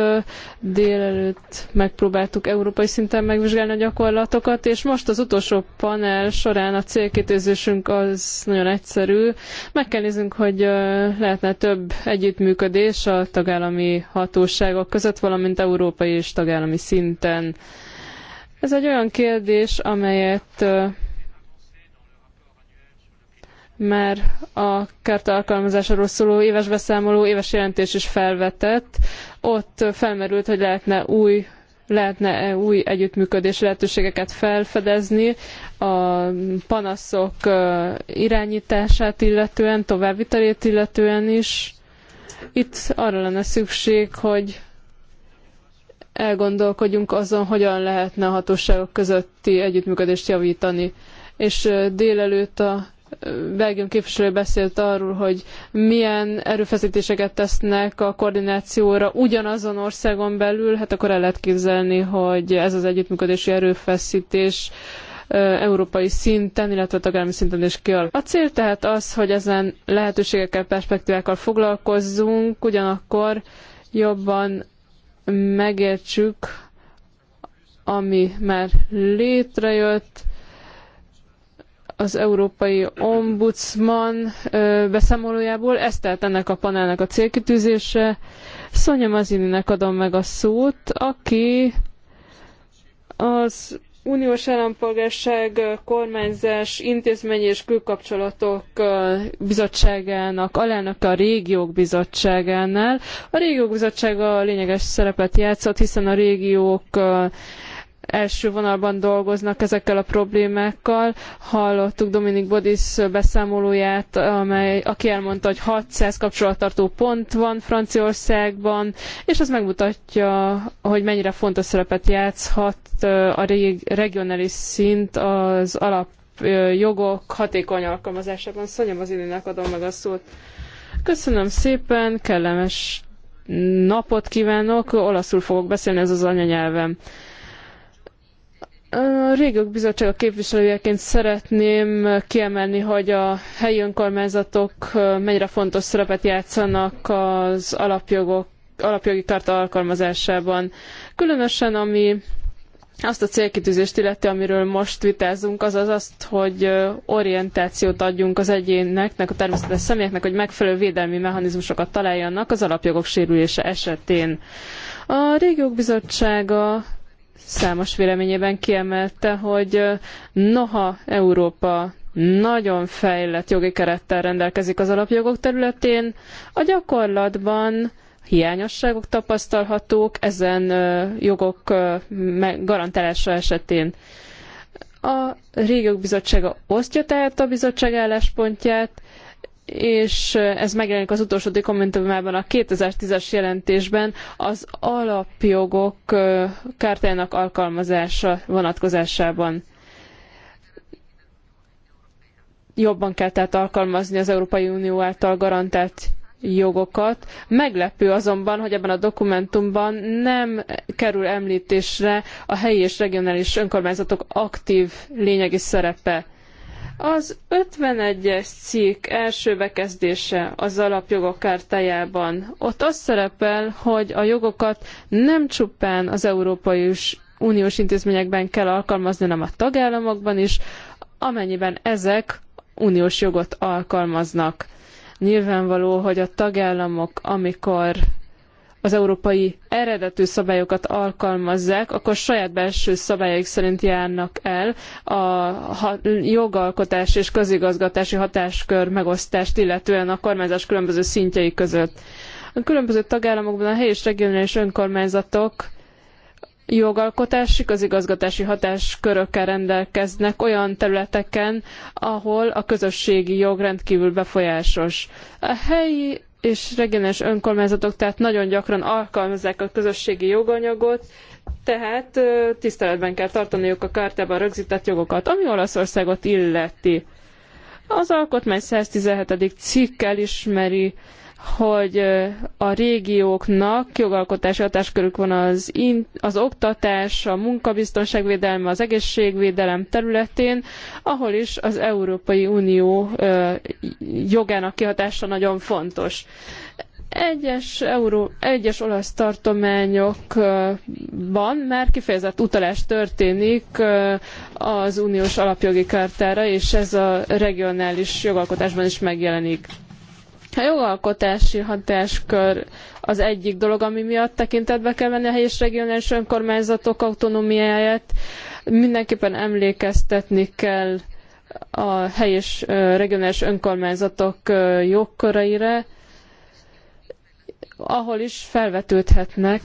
délelőtt megpróbáltuk európai szinten megvizsgálni a gyakorlatokat, és most az utolsó panel során a célkitűzésünk az nagyon egyszerű. Meg kell néznünk, hogy lehetne több együttműködés a tagállami hatóságok között, valamint európai és tagállami szinten. Ez egy olyan kérdés, amelyet mert a kárta alkalmazásáról szóló éves beszámoló, éves jelentés is felvetett. Ott felmerült, hogy lehetne új lehetne e új együttműködés lehetőségeket felfedezni a panaszok irányítását illetően, továbbvitelét illetően is. Itt arra lenne szükség, hogy elgondolkodjunk azon, hogyan lehetne a hatóságok közötti együttműködést javítani. És délelőtt a Belgium képviselő beszélt arról, hogy milyen erőfeszítéseket tesznek a koordinációra ugyanazon országon belül, hát akkor el lehet képzelni, hogy ez az együttműködési erőfeszítés európai szinten, illetve tagállami szinten is kial. A cél tehát az, hogy ezen lehetőségekkel, perspektívákkal foglalkozzunk, ugyanakkor jobban megértsük, ami már létrejött, az Európai Ombudsman beszámolójából. Ez tehát ennek a panelnek a célkitűzése. Szonya Mazininek adom meg a szót, aki az uniós állampolgárság kormányzás intézmény és külkapcsolatok bizottságának alelnöke a régiók bizottságánál. A régiók bizottsága lényeges szerepet játszott, hiszen a régiók első vonalban dolgoznak ezekkel a problémákkal. Hallottuk Dominik Bodis beszámolóját, amely, aki elmondta, hogy 600 kapcsolattartó pont van Franciaországban, és ez megmutatja, hogy mennyire fontos szerepet játszhat a regionális szint az alapjogok hatékony alkalmazásában. Szanyam az Ilinek adom meg a szót. Köszönöm szépen, kellemes napot kívánok, olaszul fogok beszélni, ez az anyanyelvem. A régiók bizottsága képviselőjeként szeretném kiemelni, hogy a helyi önkormányzatok mennyire fontos szerepet játszanak az alapjogok, alapjogi karta alkalmazásában. Különösen ami azt a célkitűzést illeti, amiről most vitázunk, az az azt, hogy orientációt adjunk az egyéneknek, a természetes személyeknek, hogy megfelelő védelmi mechanizmusokat találjanak az alapjogok sérülése esetén. A régiók bizottsága számos véleményében kiemelte, hogy noha Európa nagyon fejlett jogi kerettel rendelkezik az alapjogok területén, a gyakorlatban hiányosságok tapasztalhatók ezen jogok garantálása esetén. A régiók bizottsága osztja tehát a bizottság álláspontját, és ez megjelenik az utolsó dokumentumában a 2010-es jelentésben az alapjogok kártyának alkalmazása vonatkozásában. Jobban kell tehát alkalmazni az Európai Unió által garantált jogokat. Meglepő azonban, hogy ebben a dokumentumban nem kerül említésre a helyi és regionális önkormányzatok aktív lényegi szerepe az 51-es cikk első bekezdése az alapjogok kártájában. Ott az szerepel, hogy a jogokat nem csupán az Európai Uniós intézményekben kell alkalmazni, hanem a tagállamokban is, amennyiben ezek uniós jogot alkalmaznak. Nyilvánvaló, hogy a tagállamok, amikor az európai eredetű szabályokat alkalmazzák, akkor saját belső szabályaik szerint járnak el a jogalkotás és közigazgatási hatáskör megosztást, illetően a kormányzás különböző szintjei között. A különböző tagállamokban a helyi és regionális önkormányzatok jogalkotási, közigazgatási hatáskörökkel rendelkeznek olyan területeken, ahol a közösségi jog rendkívül befolyásos. A helyi és regionális önkormányzatok tehát nagyon gyakran alkalmazzák a közösségi joganyagot, tehát tiszteletben kell tartaniuk a kártában rögzített jogokat, ami Olaszországot illeti. Az alkotmány 117. cikkel ismeri hogy a régióknak jogalkotási hatáskörük van az, in, az oktatás, a munkabiztonságvédelme, az egészségvédelem területén, ahol is az Európai Unió jogának kihatása nagyon fontos. Egyes, Euró, egyes olasz tartományokban már kifejezett utalás történik az uniós alapjogi kártára, és ez a regionális jogalkotásban is megjelenik. A jogalkotási hatáskör az egyik dolog, ami miatt tekintetbe kell venni a helyi és regionális önkormányzatok autonómiáját. Mindenképpen emlékeztetni kell a helyi és regionális önkormányzatok jogköreire, ahol is felvetődhetnek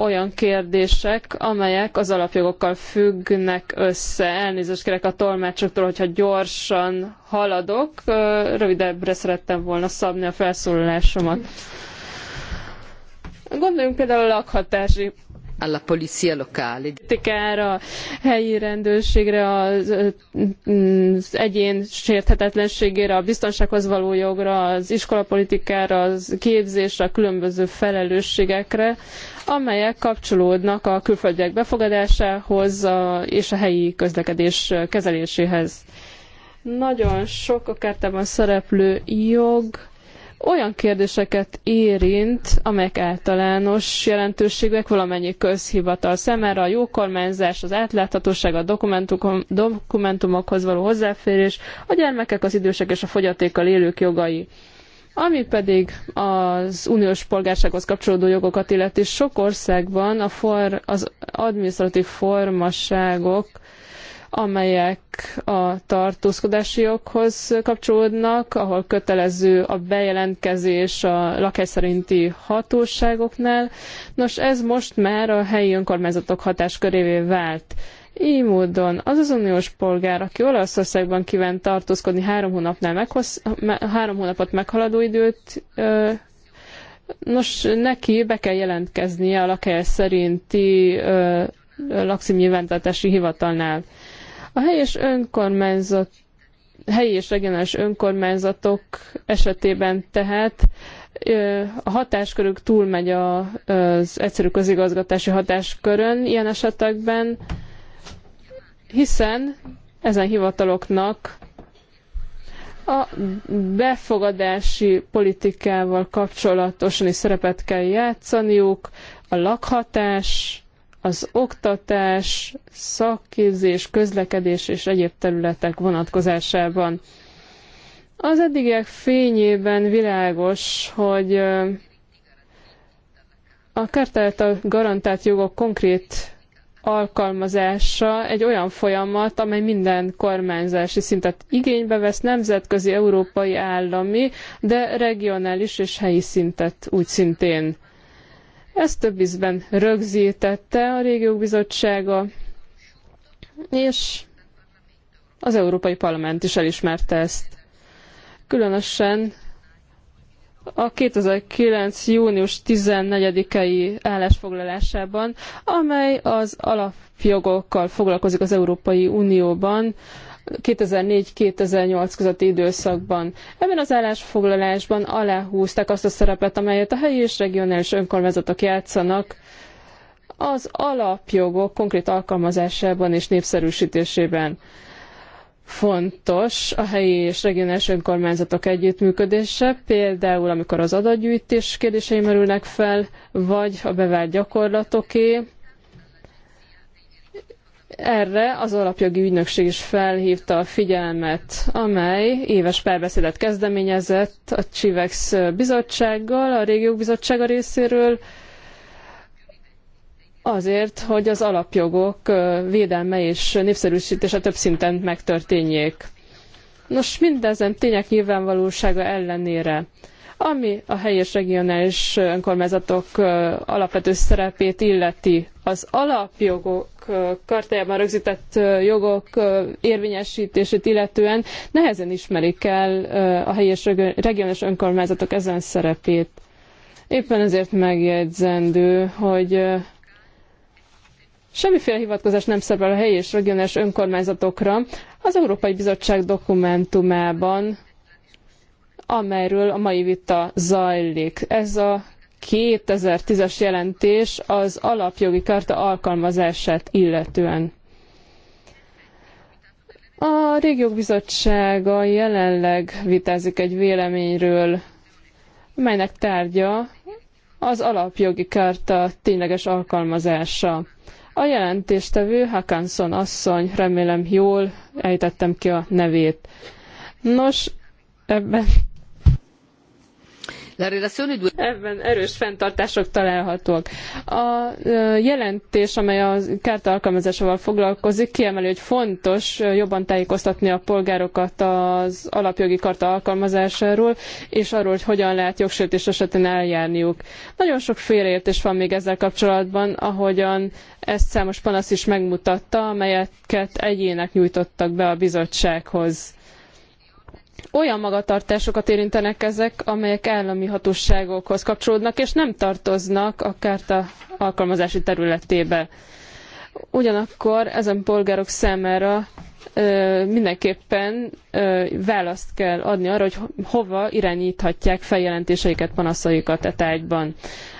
olyan kérdések, amelyek az alapjogokkal függnek össze. Elnézést kérek a tolmácsoktól, hogyha gyorsan haladok. Rövidebbre szerettem volna szabni a felszólalásomat. Gondoljunk például a lakhatási alla polizia locale. Kritikára, helyi rendőrségre, az, mm, az egyén sérthetetlenségére, a biztonsághoz való jogra, az iskolapolitikára, az képzésre, a különböző felelősségekre amelyek kapcsolódnak a külföldiek befogadásához és a helyi közlekedés kezeléséhez. Nagyon sok a kertában szereplő jog olyan kérdéseket érint, amelyek általános jelentőségűek valamennyi közhivatal számára, a jó kormányzás, az átláthatóság, a dokumentumokhoz való hozzáférés, a gyermekek, az idősek és a fogyatékkal élők jogai. Ami pedig az uniós polgársághoz kapcsolódó jogokat illeti, sok országban a for, az administratív formaságok, amelyek a tartózkodási joghoz kapcsolódnak, ahol kötelező a bejelentkezés a lakhely szerinti hatóságoknál. Nos, ez most már a helyi önkormányzatok hatáskörévé vált. Így módon az az uniós polgár, aki Olaszországban kíván tartózkodni három, hónapnál meghoz, három hónapot meghaladó időt, ö, nos, neki be kell jelentkeznie a lakás szerinti lakszim nyilvántartási hivatalnál. A helyes önkormányzat helyi és regionális önkormányzatok esetében tehát a hatáskörük túlmegy az egyszerű közigazgatási hatáskörön ilyen esetekben, hiszen ezen hivataloknak a befogadási politikával kapcsolatosan is szerepet kell játszaniuk, a lakhatás, az oktatás, szakképzés, közlekedés és egyéb területek vonatkozásában. Az eddigiek fényében világos, hogy a a garantált jogok konkrét alkalmazása egy olyan folyamat, amely minden kormányzási szintet igénybe vesz, nemzetközi, európai, állami, de regionális és helyi szintet úgy szintén. Ezt több ízben rögzítette a régiók bizottsága, és az Európai Parlament is elismerte ezt. Különösen a 2009. június 14-i állásfoglalásában, amely az alapjogokkal foglalkozik az Európai Unióban, 2004-2008 közötti időszakban. Ebben az állásfoglalásban aláhúzták azt a szerepet, amelyet a helyi és regionális önkormányzatok játszanak az alapjogok konkrét alkalmazásában és népszerűsítésében fontos a helyi és regionális önkormányzatok együttműködése, például amikor az adatgyűjtés kérdései merülnek fel, vagy a bevált gyakorlatoké. Erre az alapjogi ügynökség is felhívta a figyelmet, amely éves párbeszédet kezdeményezett a CSIVEX bizottsággal, a régiók bizottsága részéről, azért, hogy az alapjogok védelme és népszerűsítése több szinten megtörténjék. Nos, mindezen tények nyilvánvalósága ellenére, ami a helyi és regionális önkormányzatok alapvető szerepét illeti, az alapjogok kartájában rögzített jogok érvényesítését illetően nehezen ismerik el a helyi és regionális önkormányzatok ezen szerepét. Éppen ezért megjegyzendő, hogy Semmiféle hivatkozás nem szerepel a helyi és regionális önkormányzatokra az Európai Bizottság dokumentumában, amelyről a mai vita zajlik. Ez a 2010-es jelentés az alapjogi karta alkalmazását illetően. A Régiók Bizottsága jelenleg vitázik egy véleményről, melynek tárgya az alapjogi karta tényleges alkalmazása. A jelentéstevő Hakanson asszony, remélem jól ejtettem ki a nevét. Nos, ebben Ebben erős fenntartások találhatók. A jelentés, amely a kárta alkalmazásával foglalkozik, kiemeli, hogy fontos jobban tájékoztatni a polgárokat az alapjogi karta alkalmazásáról, és arról, hogy hogyan lehet jogsértés esetén eljárniuk. Nagyon sok félreértés van még ezzel kapcsolatban, ahogyan ezt számos panasz is megmutatta, amelyeket egyének nyújtottak be a bizottsághoz olyan magatartásokat érintenek ezek, amelyek állami hatóságokhoz kapcsolódnak, és nem tartoznak a kárta alkalmazási területébe. Ugyanakkor ezen polgárok számára ö, mindenképpen ö, választ kell adni arra, hogy hova irányíthatják feljelentéseiket, panaszaikat e tárgyban.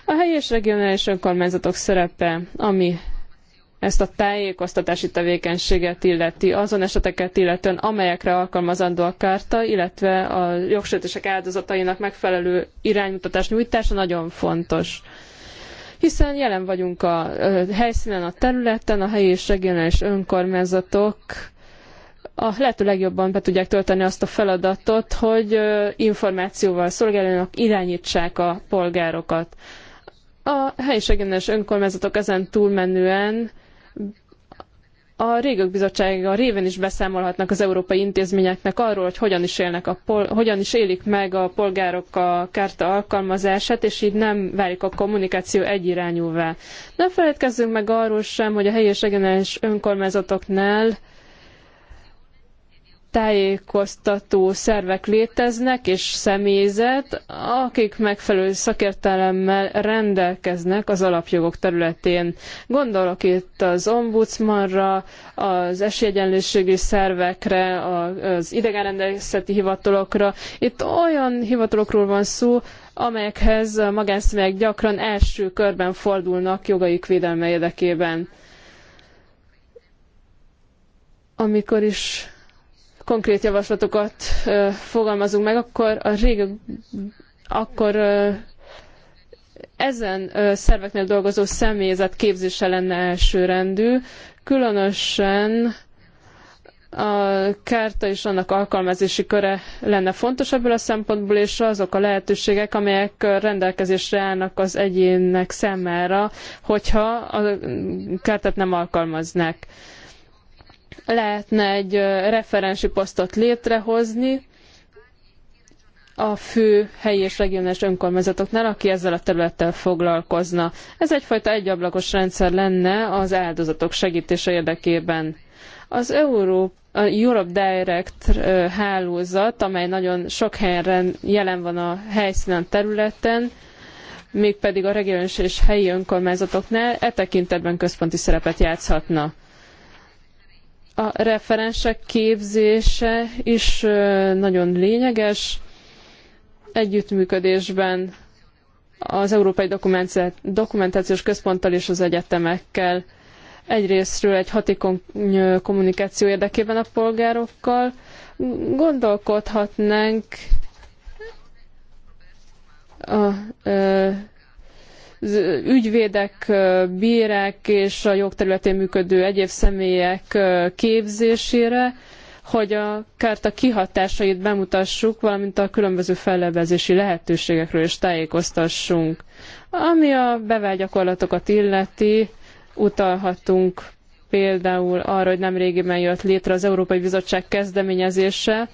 A helyi és regionális önkormányzatok szerepe, ami ezt a tájékoztatási tevékenységet illeti, azon eseteket illetően, amelyekre alkalmazandó a kárta, illetve a jogsértések áldozatainak megfelelő iránymutatás nyújtása nagyon fontos hiszen jelen vagyunk a helyszínen, a területen, a helyi és regionális önkormányzatok a lehető legjobban be tudják tölteni azt a feladatot, hogy információval szolgáljanak, irányítsák a polgárokat. A helyi és regionális önkormányzatok ezen túlmenően a Régők Bizottsága révén is beszámolhatnak az európai intézményeknek arról, hogy hogyan is, élnek a pol- hogyan is élik meg a polgárok a kárta alkalmazását, és így nem válik a kommunikáció egyirányúvá. Ne feledkezzünk meg arról sem, hogy a helyi és regionális önkormányzatoknál tájékoztató szervek léteznek és személyzet, akik megfelelő szakértelemmel rendelkeznek az alapjogok területén. Gondolok itt az ombudsmanra, az esélyegyenlőségű szervekre, az idegenrendelészeti hivatalokra. Itt olyan hivatalokról van szó, amelyekhez a magánszemélyek gyakran első körben fordulnak jogaik védelme érdekében. Amikor is konkrét javaslatokat fogalmazunk meg, akkor a régi, akkor ezen szerveknél dolgozó személyzet képzése lenne elsőrendű, különösen a kárta és annak alkalmazási köre lenne fontos ebből a szempontból, és azok a lehetőségek, amelyek rendelkezésre állnak az egyének számára, hogyha a kártát nem alkalmaznák lehetne egy referensi posztot létrehozni a fő helyi és regionális önkormányzatoknál, aki ezzel a területtel foglalkozna. Ez egyfajta egyablakos rendszer lenne az áldozatok segítése érdekében. Az Európa a Europe Direct hálózat, amely nagyon sok helyen jelen van a helyszínen területen, mégpedig a regionális és helyi önkormányzatoknál e tekintetben központi szerepet játszhatna. A referensek képzése is nagyon lényeges. Együttműködésben az Európai Dokumentációs Központtal és az egyetemekkel egyrésztről egy hatékony kommunikáció érdekében a polgárokkal. Gondolkodhatnánk a ügyvédek, bírák és a jogterületén működő egyéb személyek képzésére, hogy a kárta kihatásait bemutassuk, valamint a különböző fellebezési lehetőségekről is tájékoztassunk. Ami a bevált gyakorlatokat illeti, utalhatunk például arra, hogy nemrégiben jött létre az Európai Bizottság kezdeményezése,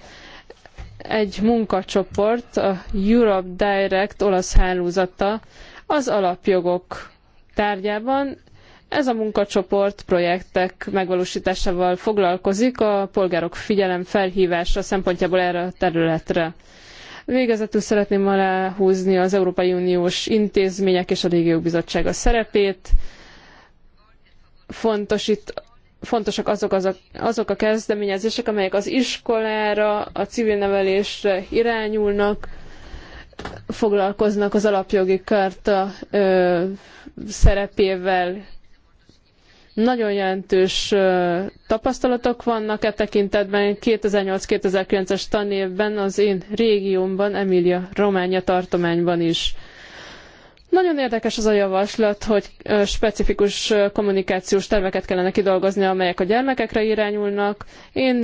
egy munkacsoport, a Europe Direct olasz hálózata, az alapjogok tárgyában. Ez a munkacsoport projektek megvalósításával foglalkozik a polgárok figyelem felhívása szempontjából erre a területre. Végezetül szeretném aláhúzni az Európai Uniós intézmények és a Régiók Bizottsága szerepét. Fontos itt fontosak azok, azok, azok a kezdeményezések, amelyek az iskolára, a civil nevelésre irányulnak, foglalkoznak az alapjogi karta ö, szerepével. Nagyon jelentős ö, tapasztalatok vannak e tekintetben. 2008-2009-es tanévben az én régiómban, emilia Románia tartományban is. Nagyon érdekes az a javaslat, hogy specifikus kommunikációs terveket kellene kidolgozni, amelyek a gyermekekre irányulnak. Én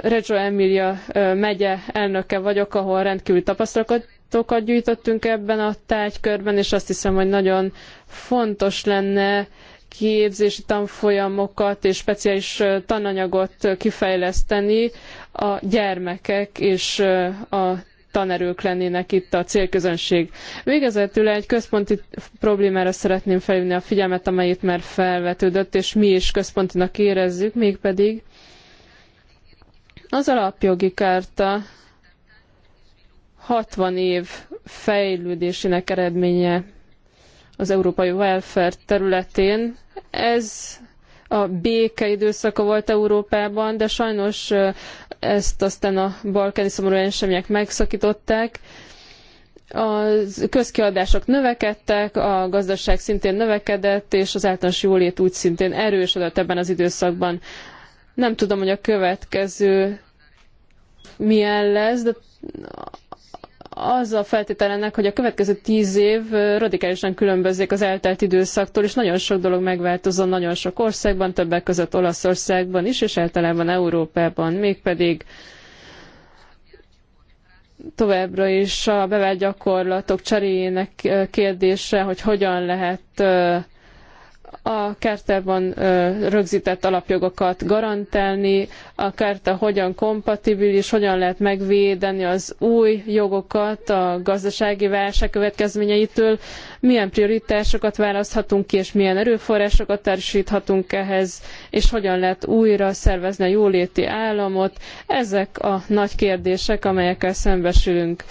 Reggio Emilia megye elnöke vagyok, ahol rendkívül tapasztalatokat tapasztalatokat gyűjtöttünk ebben a tárgykörben, és azt hiszem, hogy nagyon fontos lenne képzési tanfolyamokat és speciális tananyagot kifejleszteni a gyermekek és a tanerők lennének itt a célközönség. Végezetül egy központi problémára szeretném felhívni a figyelmet, amelyet már felvetődött, és mi is központinak érezzük, mégpedig az alapjogi kárta, 60 év fejlődésének eredménye az európai welfare területén. Ez a béke időszaka volt Európában, de sajnos ezt aztán a balkáni szomorú események megszakították. A közkiadások növekedtek, a gazdaság szintén növekedett, és az általános jólét úgy szintén erősödött ebben az időszakban. Nem tudom, hogy a következő milyen lesz, de az a feltételenek, ennek, hogy a következő tíz év radikálisan különbözik az eltelt időszaktól, és nagyon sok dolog megváltozon nagyon sok országban, többek között Olaszországban is, és általában Európában, mégpedig továbbra is a bevált gyakorlatok cseréjének kérdése, hogy hogyan lehet a kertában rögzített alapjogokat garantálni, a kerte hogyan kompatibilis, hogyan lehet megvédeni az új jogokat a gazdasági válság következményeitől, milyen prioritásokat választhatunk ki, és milyen erőforrásokat társíthatunk ehhez, és hogyan lehet újra szervezni a jóléti államot. Ezek a nagy kérdések, amelyekkel szembesülünk.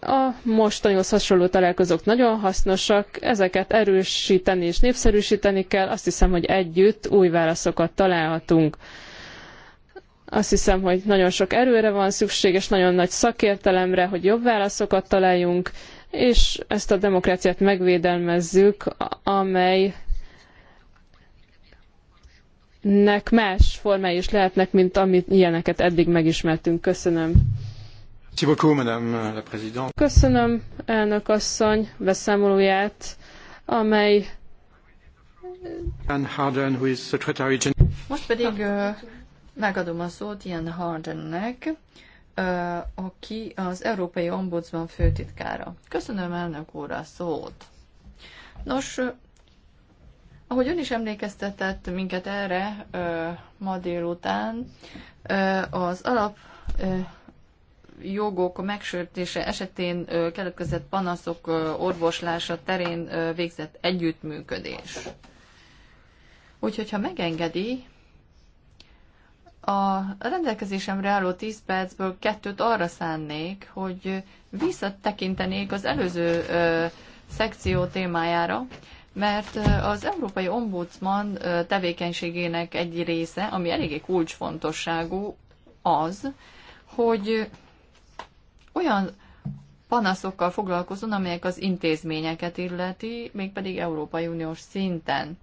A mostanihoz hasonló találkozók nagyon hasznosak, ezeket erősíteni és népszerűsíteni kell. Azt hiszem, hogy együtt új válaszokat találhatunk. Azt hiszem, hogy nagyon sok erőre van szükség, és nagyon nagy szakértelemre, hogy jobb válaszokat találjunk, és ezt a demokráciát megvédelmezzük, amelynek más formái is lehetnek, mint amit ilyeneket eddig megismertünk. Köszönöm. Köszönöm elnök asszony beszámolóját, amely most pedig megadom a szót Ian Hardennek, aki az Európai Ombudsman főtitkára. Köszönöm elnök úr a szót. Nos, ahogy ön is emlékeztetett minket erre ma délután, az alap jogok megsértése esetén keletkezett panaszok orvoslása terén végzett együttműködés. Úgyhogy, ha megengedi, a rendelkezésemre álló 10 percből kettőt arra szánnék, hogy visszatekintenék az előző szekció témájára, mert az Európai Ombudsman tevékenységének egy része, ami eléggé kulcsfontosságú, az, hogy olyan panaszokkal foglalkozon, amelyek az intézményeket illeti, mégpedig Európai Uniós szinten.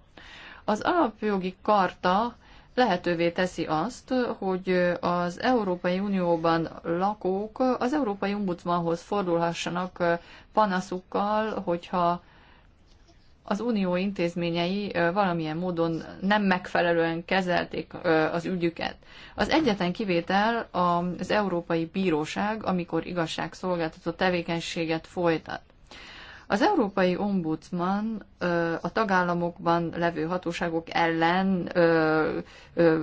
Az alapjogi karta lehetővé teszi azt, hogy az Európai Unióban lakók az Európai Ombudsmanhoz fordulhassanak panaszukkal, hogyha az unió intézményei valamilyen módon nem megfelelően kezelték az ügyüket. Az egyetlen kivétel az Európai Bíróság, amikor igazságszolgáltató tevékenységet folytat. Az Európai Ombudsman a tagállamokban levő hatóságok ellen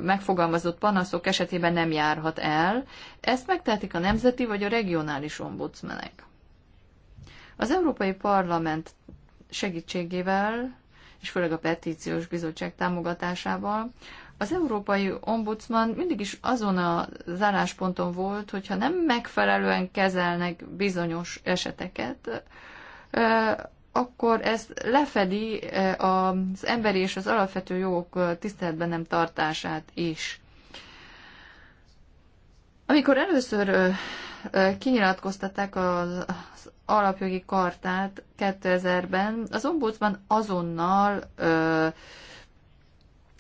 megfogalmazott panaszok esetében nem járhat el, ezt megtehetik a nemzeti vagy a regionális ombudsmanek. Az Európai Parlament segítségével, és főleg a Petíciós Bizottság támogatásával az Európai Ombudsman mindig is azon a zárásponton volt, hogyha nem megfelelően kezelnek bizonyos eseteket, akkor ez lefedi az emberi és az alapvető jogok tiszteletben nem tartását is. Amikor először kinyilatkoztatták az alapjogi kartát 2000-ben, az ombudsman azonnal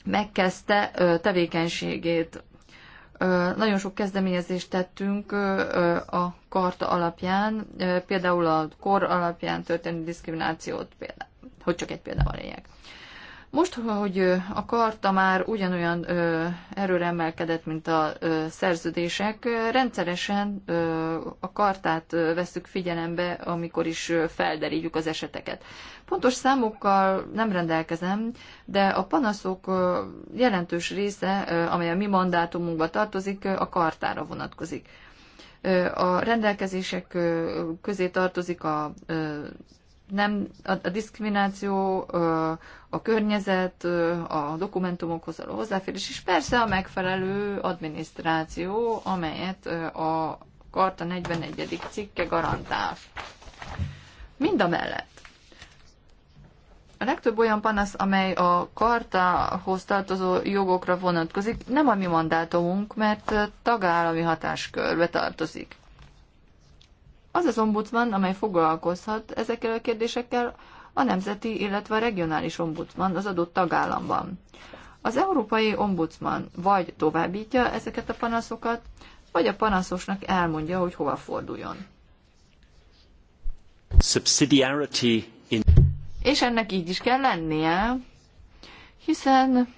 megkezdte tevékenységét. Nagyon sok kezdeményezést tettünk a karta alapján, például a kor alapján történő diszkriminációt, például, hogy csak egy példával éljek. Most, hogy a karta már ugyanolyan erőre emelkedett, mint a szerződések, rendszeresen a kartát veszük figyelembe, amikor is felderítjük az eseteket. Pontos számokkal nem rendelkezem, de a panaszok jelentős része, amely a mi mandátumunkba tartozik, a kartára vonatkozik. A rendelkezések közé tartozik a nem a, a diszkrimináció, a környezet, a dokumentumokhoz való hozzáférés, és persze a megfelelő adminisztráció, amelyet a Karta 41. cikke garantál. Mind a mellett. A legtöbb olyan panasz, amely a kartahoz tartozó jogokra vonatkozik, nem a mi mandátumunk, mert tagállami hatáskörbe tartozik. Az az ombudsman, amely foglalkozhat ezekkel a kérdésekkel, a nemzeti, illetve a regionális ombudsman az adott tagállamban. Az európai ombudsman vagy továbbítja ezeket a panaszokat, vagy a panaszosnak elmondja, hogy hova forduljon. Subsidiarity in... És ennek így is kell lennie, hiszen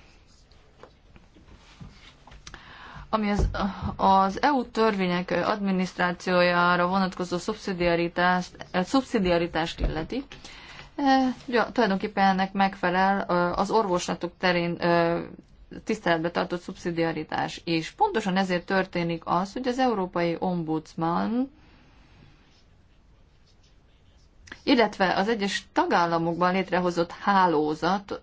ami az, az EU törvények adminisztrációjára vonatkozó szubszidiaritást, eh, szubszidiaritást illeti, eh, ja, tulajdonképpen ennek megfelel eh, az orvoslatok terén tiszteletbe tartott szubszidiaritás. És pontosan ezért történik az, hogy az Európai Ombudsman, illetve az egyes tagállamokban létrehozott hálózat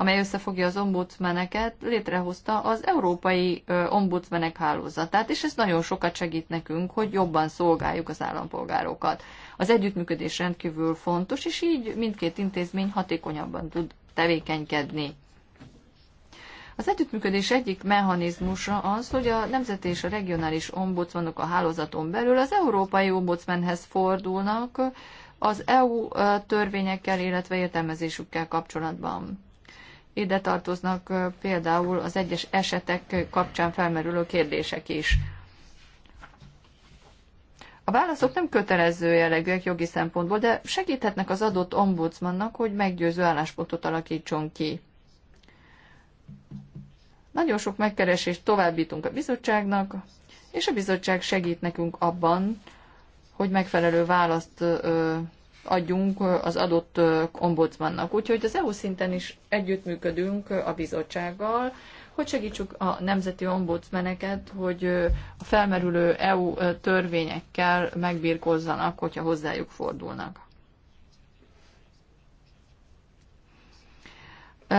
amely összefogja az ombudsmeneket, létrehozta az Európai Ombudsmenek Hálózatát, és ez nagyon sokat segít nekünk, hogy jobban szolgáljuk az állampolgárokat. Az együttműködés rendkívül fontos, és így mindkét intézmény hatékonyabban tud tevékenykedni. Az együttműködés egyik mechanizmusa az, hogy a nemzeti és a regionális ombudsmanok a hálózaton belül az európai ombudsmanhez fordulnak az EU törvényekkel, illetve értelmezésükkel kapcsolatban. Ide tartoznak például az egyes esetek kapcsán felmerülő kérdések is. A válaszok nem kötelező jellegűek jogi szempontból, de segíthetnek az adott ombudsmannak, hogy meggyőző álláspontot alakítson ki. Nagyon sok megkeresést továbbítunk a bizottságnak, és a bizottság segít nekünk abban, hogy megfelelő választ ö, adjunk az adott ombudsmannak. Úgyhogy az EU szinten is együttműködünk a bizottsággal, hogy segítsük a nemzeti ombudsmeneket, hogy a felmerülő EU törvényekkel megbírkozzanak, hogyha hozzájuk fordulnak.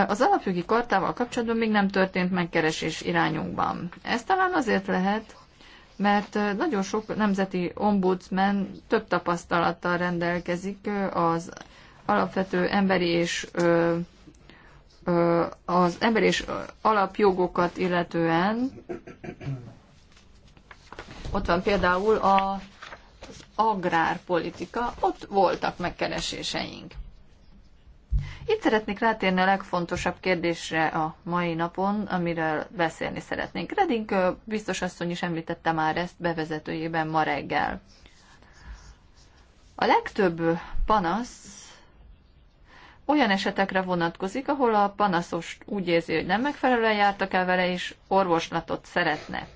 Az alapjogi kartával kapcsolatban még nem történt megkeresés irányunkban. Ez talán azért lehet, mert nagyon sok nemzeti ombudsman több tapasztalattal rendelkezik az alapvető emberi és az emberi és alapjogokat illetően. Ott van például az agrárpolitika, ott voltak megkereséseink. Itt szeretnék rátérni a legfontosabb kérdésre a mai napon, amiről beszélni szeretnénk. Redink biztos asszony is említette már ezt bevezetőjében ma reggel. A legtöbb panasz olyan esetekre vonatkozik, ahol a panaszos úgy érzi, hogy nem megfelelően jártak el vele, és orvoslatot szeretne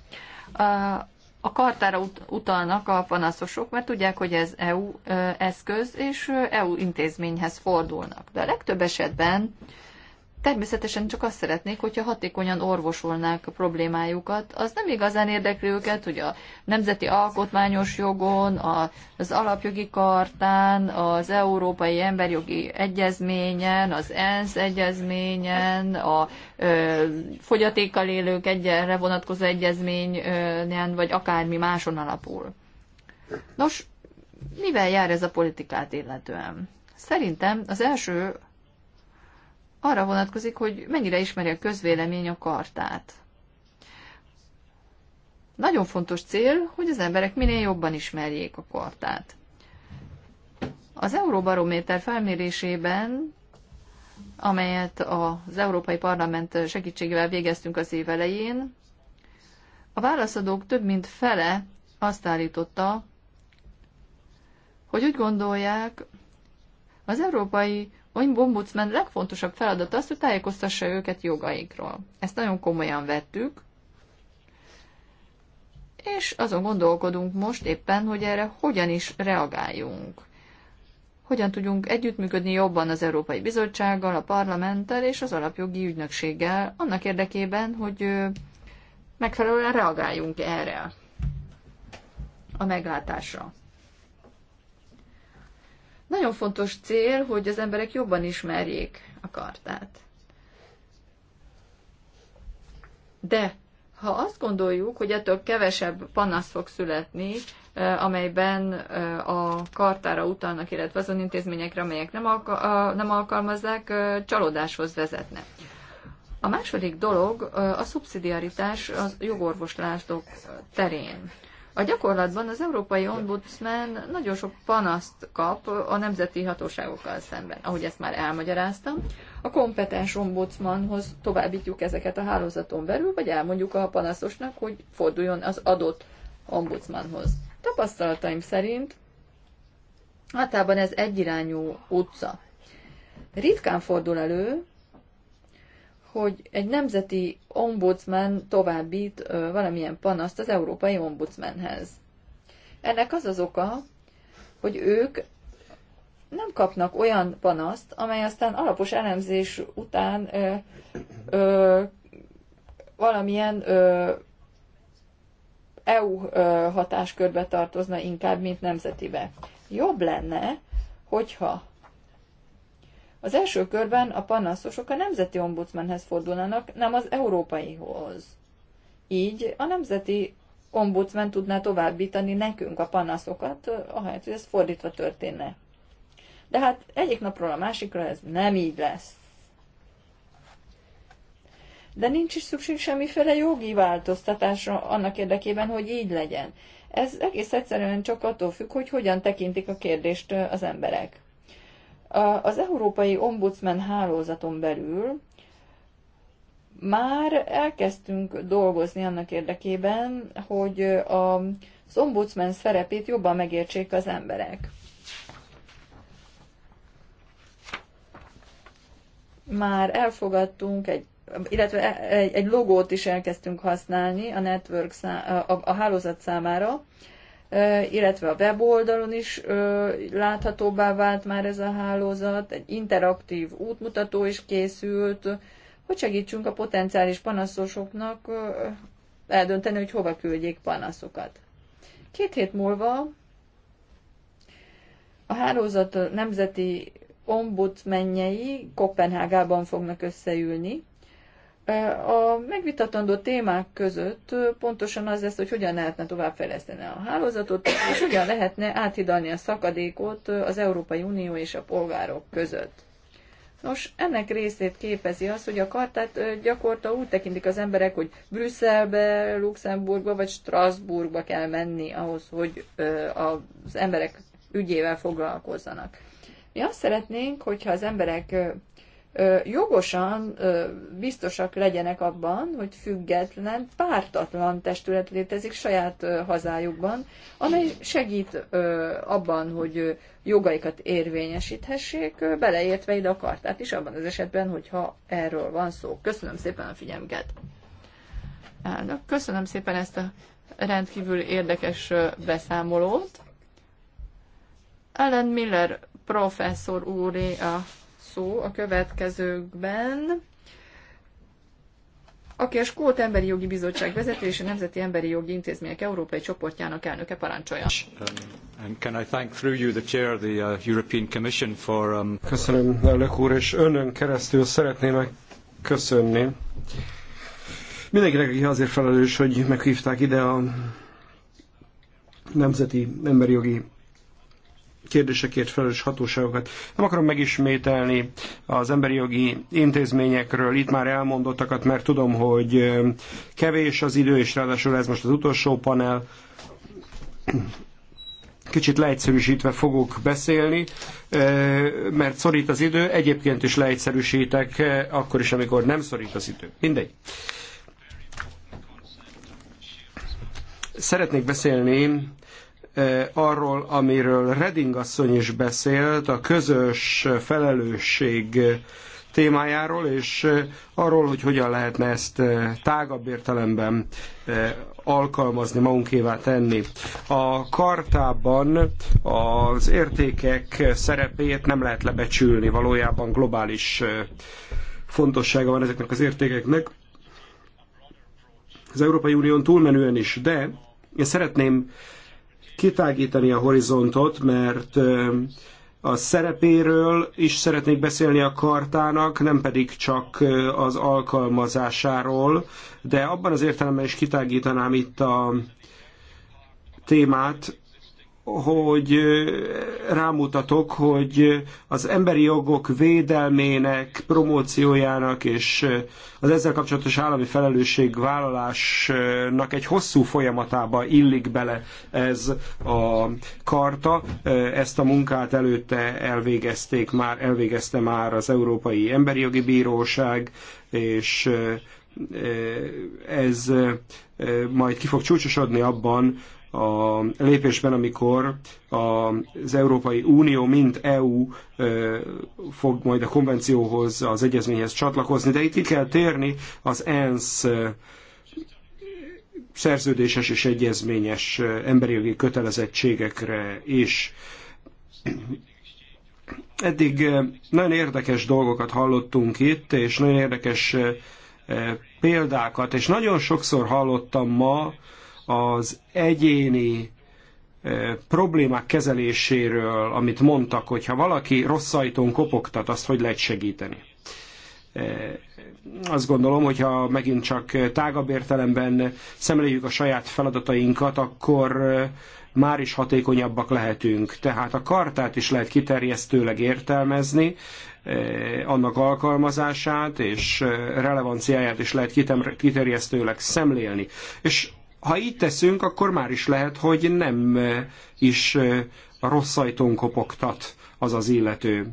a kartára ut- utalnak a panaszosok, mert tudják, hogy ez EU eszköz, és EU intézményhez fordulnak. De a legtöbb esetben természetesen csak azt szeretnék, hogyha hatékonyan orvosolnák a problémájukat. Az nem igazán érdekli őket, hogy a nemzeti alkotmányos jogon, az alapjogi kartán, az Európai Emberjogi Egyezményen, az ENSZ egyezményen, a ö, fogyatékkal élők egyenre vonatkozó egyezményen, vagy akármi máson alapul. Nos, mivel jár ez a politikát illetően? Szerintem az első arra vonatkozik, hogy mennyire ismeri a közvélemény a kartát. Nagyon fontos cél, hogy az emberek minél jobban ismerjék a kartát. Az Euróbarométer felmérésében, amelyet az Európai Parlament segítségével végeztünk az év elején, a válaszadók több mint fele azt állította, hogy úgy gondolják, az Európai ombudsman legfontosabb feladat az, hogy tájékoztassa őket jogaikról. Ezt nagyon komolyan vettük, és azon gondolkodunk most éppen, hogy erre hogyan is reagáljunk. Hogyan tudjunk együttműködni jobban az Európai Bizottsággal, a parlamenttel és az alapjogi ügynökséggel annak érdekében, hogy megfelelően reagáljunk erre a meglátásra. Nagyon fontos cél, hogy az emberek jobban ismerjék a kartát. De ha azt gondoljuk, hogy ettől kevesebb panasz fog születni, amelyben a kartára utalnak, illetve azon intézményekre, amelyek nem, alka- nem alkalmazzák, csalódáshoz vezetne. A második dolog a szubszidiaritás az jogorvoslások terén. A gyakorlatban az Európai Ombudsman nagyon sok panaszt kap a nemzeti hatóságokkal szemben, ahogy ezt már elmagyaráztam. A kompetens ombudsmanhoz továbbítjuk ezeket a hálózaton belül, vagy elmondjuk a panaszosnak, hogy forduljon az adott ombudsmanhoz. Tapasztalataim szerint általában ez egyirányú utca. Ritkán fordul elő, hogy egy nemzeti ombudsman továbbít valamilyen panaszt az európai ombudsmanhez. Ennek az az oka, hogy ők nem kapnak olyan panaszt, amely aztán alapos elemzés után ö, ö, valamilyen ö, EU ö, hatáskörbe tartozna inkább, mint nemzetibe. Jobb lenne, hogyha az első körben a panaszosok a nemzeti ombudsmanhez fordulnának, nem az európaihoz. Így a nemzeti ombudsman tudná továbbítani nekünk a panaszokat, ahelyett, hogy ez fordítva történne. De hát egyik napról a másikra ez nem így lesz. De nincs is szükség semmiféle jogi változtatásra annak érdekében, hogy így legyen. Ez egész egyszerűen csak attól függ, hogy hogyan tekintik a kérdést az emberek. Az Európai Ombudsman hálózaton belül már elkezdtünk dolgozni annak érdekében, hogy az ombudsman szerepét jobban megértsék az emberek. Már elfogadtunk egy illetve e, egy, logót is elkezdtünk használni a network szá- a, a hálózat számára, illetve a weboldalon is láthatóbbá vált már ez a hálózat, egy interaktív útmutató is készült, hogy segítsünk a potenciális panaszosoknak eldönteni, hogy hova küldjék panaszokat. Két hét múlva a hálózat nemzeti ombudsmenjei Kopenhágában fognak összeülni, a megvitatandó témák között pontosan az lesz, hogy hogyan lehetne továbbfejleszteni a hálózatot, és hogyan lehetne áthidalni a szakadékot az Európai Unió és a polgárok között. Nos, ennek részét képezi az, hogy a kartát gyakorta úgy tekintik az emberek, hogy Brüsszelbe, Luxemburgba vagy Strasbourgba kell menni ahhoz, hogy az emberek ügyével foglalkozzanak. Mi azt szeretnénk, hogyha az emberek jogosan biztosak legyenek abban, hogy független, pártatlan testület létezik saját hazájukban, amely segít abban, hogy jogaikat érvényesíthessék, beleértve ide a kartát is, abban az esetben, hogyha erről van szó. Köszönöm szépen a figyelmüket! Elnök, köszönöm szépen ezt a rendkívül érdekes beszámolót. Ellen Miller professzor úré a szó a következőkben. Aki a Skót Emberi Jogi Bizottság vezető és a Nemzeti Emberi Jogi Intézmények Európai Csoportjának elnöke parancsolja. Um, uh, um, Köszönöm, elnök úr, és önön keresztül szeretném megköszönni mindenkinek, aki azért felelős, hogy meghívták ide a Nemzeti Emberi Jogi kérdésekért felelős hatóságokat. Nem akarom megismételni az emberi jogi intézményekről, itt már elmondottakat, mert tudom, hogy kevés az idő, és ráadásul ez most az utolsó panel. Kicsit leegyszerűsítve fogok beszélni, mert szorít az idő, egyébként is leegyszerűsítek, akkor is, amikor nem szorít az idő. Mindegy. Szeretnék beszélni Eh, arról, amiről Reding asszony is beszélt, a közös felelősség eh, témájáról, és eh, arról, hogy hogyan lehetne ezt tágabb értelemben alkalmazni, magunkévá tenni. A kartában az értékek szerepét nem lehet lebecsülni, valójában globális fontossága van ezeknek az értékeknek. Az Európai Unión túlmenően is, de én szeretném kitágítani a horizontot, mert a szerepéről is szeretnék beszélni a kartának, nem pedig csak az alkalmazásáról, de abban az értelemben is kitágítanám itt a témát, hogy rámutatok, hogy az emberi jogok védelmének, promóciójának és az ezzel kapcsolatos állami felelősségvállalásnak egy hosszú folyamatába illik bele ez a karta. Ezt a munkát előtte elvégezték már, elvégezte már az Európai Emberi Jogi Bíróság, és ez majd ki fog csúcsosodni abban, a lépésben, amikor az Európai Unió, mint EU fog majd a konvencióhoz, az egyezményhez csatlakozni, de itt ki kell térni az ENSZ szerződéses és egyezményes emberi jogi kötelezettségekre is. Eddig nagyon érdekes dolgokat hallottunk itt, és nagyon érdekes példákat, és nagyon sokszor hallottam ma az egyéni eh, problémák kezeléséről, amit mondtak, hogy ha valaki rossz ajtón kopogtat, azt hogy lehet segíteni. Eh, azt gondolom, hogy ha megint csak tágabb értelemben szemléljük a saját feladatainkat, akkor eh, már is hatékonyabbak lehetünk. Tehát a kartát is lehet kiterjesztőleg értelmezni, annak alkalmazását és relevanciáját is lehet kiterjesztőleg szemlélni. És ha így teszünk, akkor már is lehet, hogy nem is a rossz ajtón kopogtat az az illető.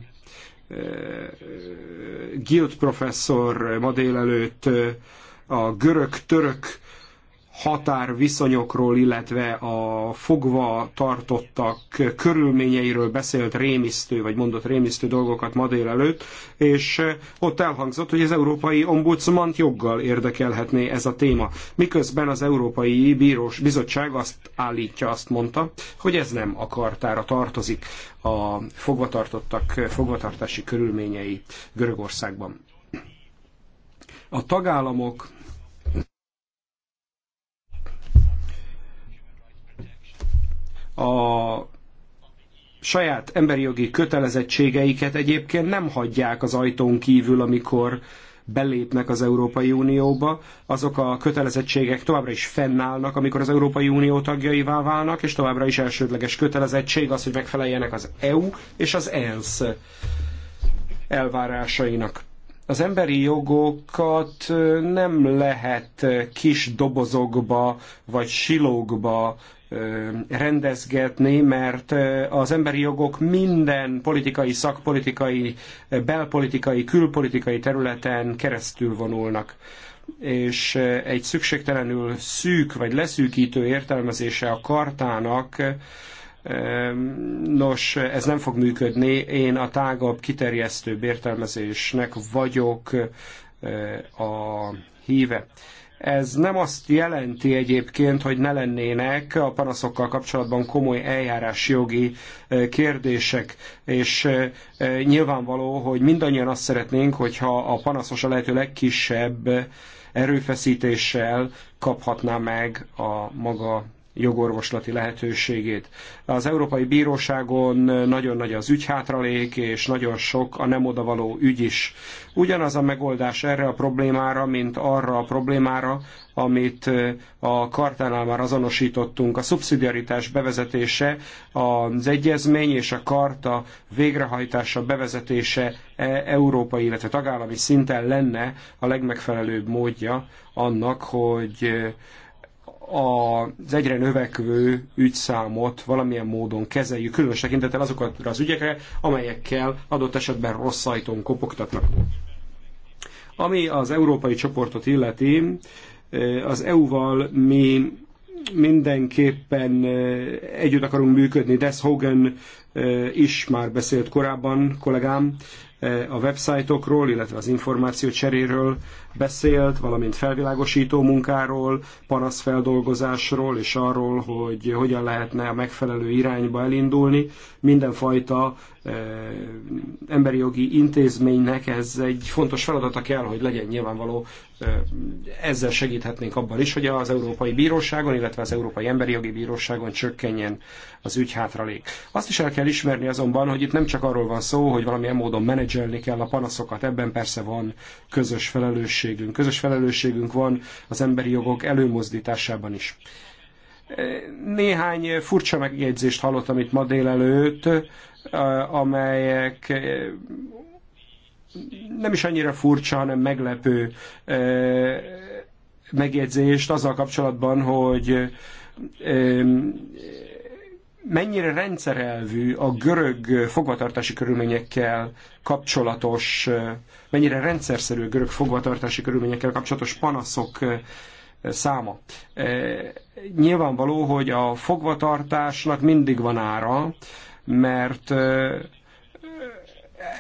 Guild professzor ma délelőtt a görög-török határviszonyokról, illetve a fogva tartottak körülményeiről beszélt rémisztő, vagy mondott rémisztő dolgokat ma délelőtt, és ott elhangzott, hogy az Európai Ombudsmant joggal érdekelhetné ez a téma. Miközben az Európai Bírós Bizottság azt állítja, azt mondta, hogy ez nem a kartára tartozik a fogvatartottak fogvatartási körülményei Görögországban. A tagállamok a saját emberi jogi kötelezettségeiket egyébként nem hagyják az ajtón kívül, amikor belépnek az Európai Unióba, azok a kötelezettségek továbbra is fennállnak, amikor az Európai Unió tagjaivá válnak, és továbbra is elsődleges kötelezettség az, hogy megfeleljenek az EU és az ENSZ elvárásainak. Az emberi jogokat nem lehet kis dobozokba vagy silókba rendezgetni, mert az emberi jogok minden politikai, szakpolitikai, belpolitikai, külpolitikai területen keresztül vonulnak és egy szükségtelenül szűk vagy leszűkítő értelmezése a kartának Nos, ez nem fog működni. Én a tágabb, kiterjesztőbb értelmezésnek vagyok a híve. Ez nem azt jelenti egyébként, hogy ne lennének a panaszokkal kapcsolatban komoly eljárásjogi kérdések, és nyilvánvaló, hogy mindannyian azt szeretnénk, hogyha a panaszos a lehető legkisebb erőfeszítéssel kaphatná meg a maga jogorvoslati lehetőségét. Az Európai Bíróságon nagyon nagy az ügyhátralék, és nagyon sok a nem odavaló ügy is. Ugyanaz a megoldás erre a problémára, mint arra a problémára, amit a kartánál már azonosítottunk. A szubszidiaritás bevezetése, az egyezmény és a karta végrehajtása bevezetése e európai, illetve tagállami szinten lenne a legmegfelelőbb módja annak, hogy az egyre növekvő ügyszámot valamilyen módon kezeljük, különös tekintettel azokra az ügyekre, amelyekkel adott esetben rossz ajtón kopogtatnak. Ami az európai csoportot illeti, az EU-val mi mindenképpen együtt akarunk működni. Des Hogan is már beszélt korábban kollégám, a websájtokról, illetve az információ cseréről beszélt, valamint felvilágosító munkáról, panaszfeldolgozásról és arról, hogy hogyan lehetne a megfelelő irányba elindulni. Mindenfajta eh, emberi jogi intézménynek ez egy fontos feladata kell, hogy legyen nyilvánvaló. ezzel segíthetnénk abban is, hogy az Európai Bíróságon, illetve az Európai Emberi Jogi Bíróságon csökkenjen az ügy hátralék. Azt is el kell kell ismerni azonban, hogy itt nem csak arról van szó, hogy valamilyen módon menedzselni kell a panaszokat, ebben persze van közös felelősségünk. Közös felelősségünk van az emberi jogok előmozdításában is. Néhány furcsa megjegyzést hallottam itt ma délelőtt, amelyek nem is annyira furcsa, hanem meglepő eh, megjegyzést azzal kapcsolatban, hogy eh, mennyire rendszerelvű a görög fogvatartási körülményekkel kapcsolatos, mennyire rendszerszerű a görög fogvatartási körülményekkel kapcsolatos panaszok eh, száma. Eh, nyilvánvaló, hogy a fogvatartásnak mindig van ára, mert eh,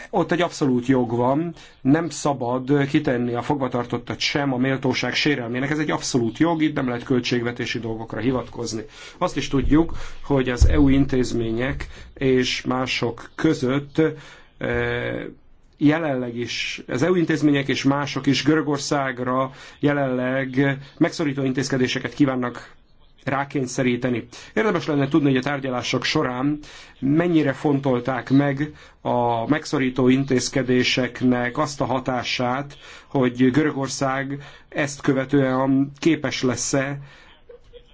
ott egy abszolút jog van, nem szabad kitenni a fogvatartottat sem a méltóság sérelmének. Ez egy abszolút jog, itt nem lehet költségvetési dolgokra hivatkozni. Azt is tudjuk, hogy az EU intézmények és mások között eh, jelenleg is, az EU intézmények és mások is Görögországra jelenleg megszorító intézkedéseket kívánnak rákényszeríteni. Érdemes lenne tudni, hogy a tárgyalások során mennyire fontolták meg a megszorító intézkedéseknek azt a hatását, hogy Görögország ezt követően képes lesz-e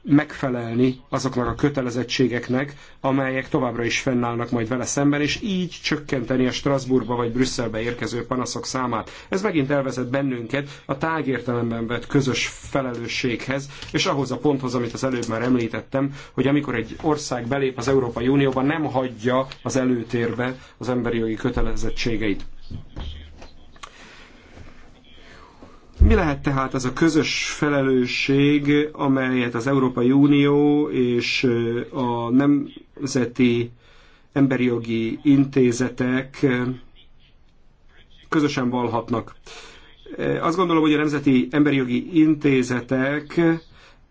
megfelelni azoknak a kötelezettségeknek, amelyek továbbra is fennállnak majd vele szemben, és így csökkenteni a Strasbourgba vagy Brüsszelbe érkező panaszok számát. Ez megint elvezet bennünket a tágértelemben vett közös felelősséghez, és ahhoz a ponthoz, amit az előbb már említettem, hogy amikor egy ország belép az Európai Unióba, nem hagyja az előtérbe az emberi jogi kötelezettségeit. Mi lehet tehát az a közös felelősség, amelyet az Európai Unió és a nemzeti emberi jogi intézetek közösen valhatnak? Azt gondolom, hogy a nemzeti emberi jogi intézetek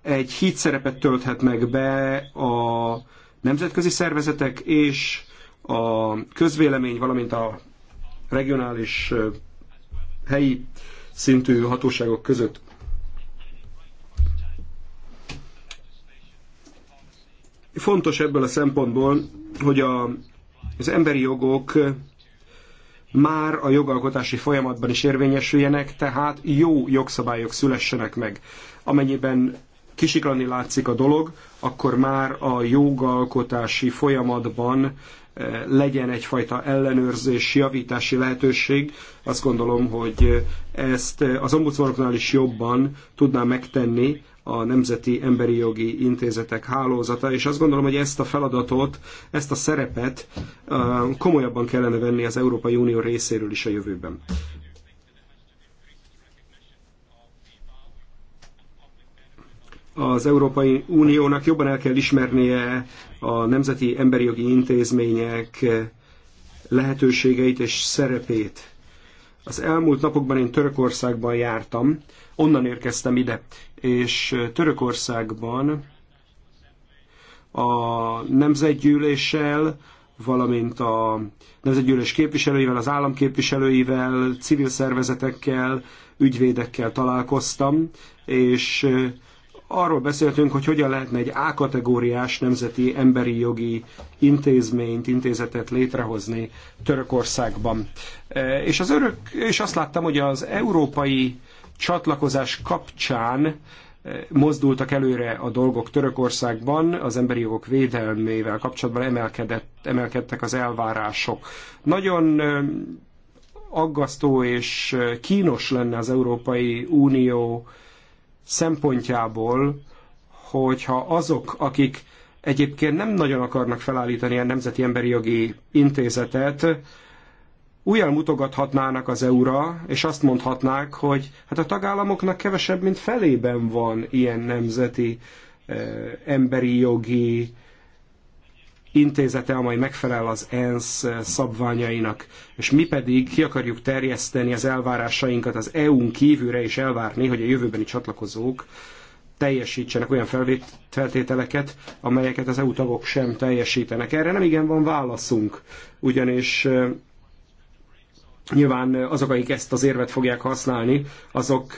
egy hídszerepet tölthetnek be a nemzetközi szervezetek és a közvélemény, valamint a regionális helyi szintű hatóságok között. Fontos ebből a szempontból, hogy a, az emberi jogok már a jogalkotási folyamatban is érvényesüljenek, tehát jó jogszabályok szülessenek meg. Amennyiben kisiklani látszik a dolog, akkor már a jogalkotási folyamatban legyen egyfajta ellenőrzés, javítási lehetőség. Azt gondolom, hogy ezt az ombudsmanoknál is jobban tudná megtenni a Nemzeti Emberi Jogi Intézetek hálózata, és azt gondolom, hogy ezt a feladatot, ezt a szerepet komolyabban kellene venni az Európai Unió részéről is a jövőben. az Európai Uniónak jobban el kell ismernie a nemzeti emberi jogi intézmények lehetőségeit és szerepét. Az elmúlt napokban én Törökországban jártam, onnan érkeztem ide, és Törökországban a nemzetgyűléssel, valamint a nemzetgyűlés képviselőivel, az államképviselőivel, civil szervezetekkel, ügyvédekkel találkoztam, és arról beszéltünk, hogy hogyan lehetne egy A-kategóriás nemzeti emberi jogi intézményt, intézetet létrehozni Törökországban. E, és, az örök, és azt láttam, hogy az európai csatlakozás kapcsán e, mozdultak előre a dolgok Törökországban, az emberi jogok védelmével kapcsolatban emelkedett, emelkedtek az elvárások. Nagyon e, aggasztó és kínos lenne az Európai Unió szempontjából, hogyha azok, akik egyébként nem nagyon akarnak felállítani a Nemzeti Emberi Jogi Intézetet, újjal mutogathatnának az EU-ra, és azt mondhatnák, hogy hát a tagállamoknak kevesebb, mint felében van ilyen nemzeti eh, emberi jogi intézete, amely megfelel az ENSZ szabványainak, és mi pedig ki akarjuk terjeszteni az elvárásainkat az EU-n kívülre, és elvárni, hogy a jövőbeni csatlakozók teljesítsenek olyan feltételeket, amelyeket az EU tagok sem teljesítenek. Erre nem igen van válaszunk, ugyanis nyilván azok, akik ezt az érvet fogják használni, azok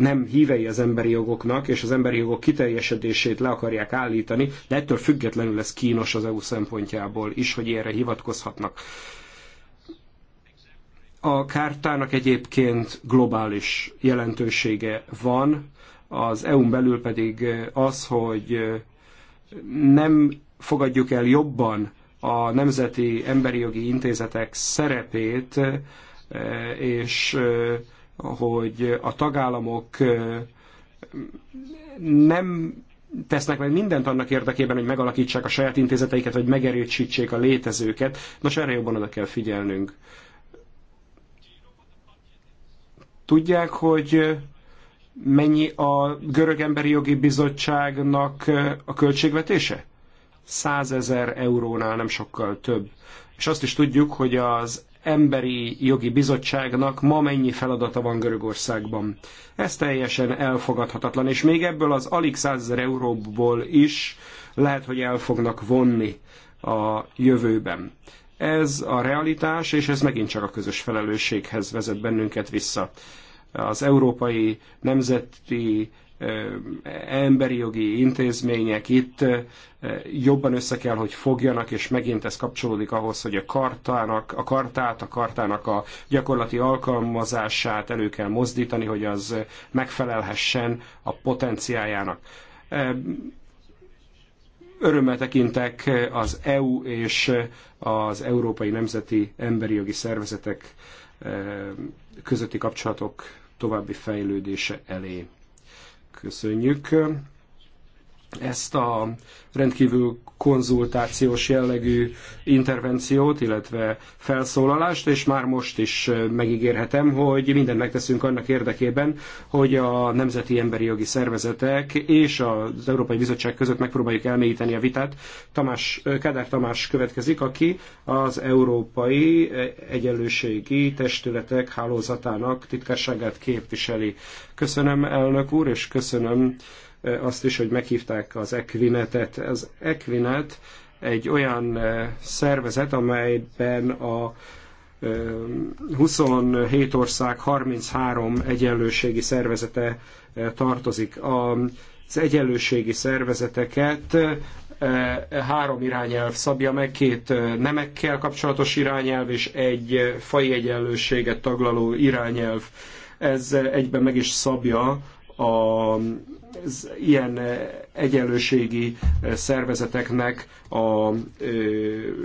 nem hívei az emberi jogoknak, és az emberi jogok kiteljesedését le akarják állítani, de ettől függetlenül ez kínos az EU szempontjából is, hogy ilyenre hivatkozhatnak. A kártának egyébként globális jelentősége van, az EU-n belül pedig az, hogy nem fogadjuk el jobban a nemzeti emberi jogi intézetek szerepét, és hogy a tagállamok nem tesznek meg mindent annak érdekében, hogy megalakítsák a saját intézeteiket, vagy megerősítsék a létezőket. Nos, erre jobban oda kell figyelnünk. Tudják, hogy mennyi a Görög Emberi Jogi Bizottságnak a költségvetése? 100 ezer eurónál nem sokkal több. És azt is tudjuk, hogy az emberi jogi bizottságnak ma mennyi feladata van Görögországban. Ez teljesen elfogadhatatlan, és még ebből az alig 100 euróból is lehet, hogy el fognak vonni a jövőben. Ez a realitás, és ez megint csak a közös felelősséghez vezet bennünket vissza. Az európai nemzeti emberi jogi intézmények itt jobban össze kell, hogy fogjanak, és megint ez kapcsolódik ahhoz, hogy a, kartának, a kartát, a kartának a gyakorlati alkalmazását elő kell mozdítani, hogy az megfelelhessen a potenciájának örömmel tekintek az EU és az Európai Nemzeti Emberi Jogi Szervezetek közötti kapcsolatok további fejlődése elé. Köszönjük ezt a rendkívül konzultációs jellegű intervenciót, illetve felszólalást, és már most is megígérhetem, hogy mindent megteszünk annak érdekében, hogy a nemzeti emberi jogi szervezetek és az Európai Bizottság között megpróbáljuk elmélyíteni a vitát. Tamás, Kádár Tamás következik, aki az Európai Egyenlőségi Testületek Hálózatának titkárságát képviseli. Köszönöm, elnök úr, és köszönöm Eh, azt is, hogy meghívták az Equinetet. Az Equinet egy olyan eh, szervezet, amelyben a 27 eh, ország 33 egyenlőségi szervezete tartozik. Az egyenlőségi szervezeteket három irányelv szabja meg, két nemekkel kapcsolatos irányelv és egy fai egyenlőséget taglaló irányelv. Ez egyben meg is szabja a ilyen eh, egyenlőségi eh, szervezeteknek a eh,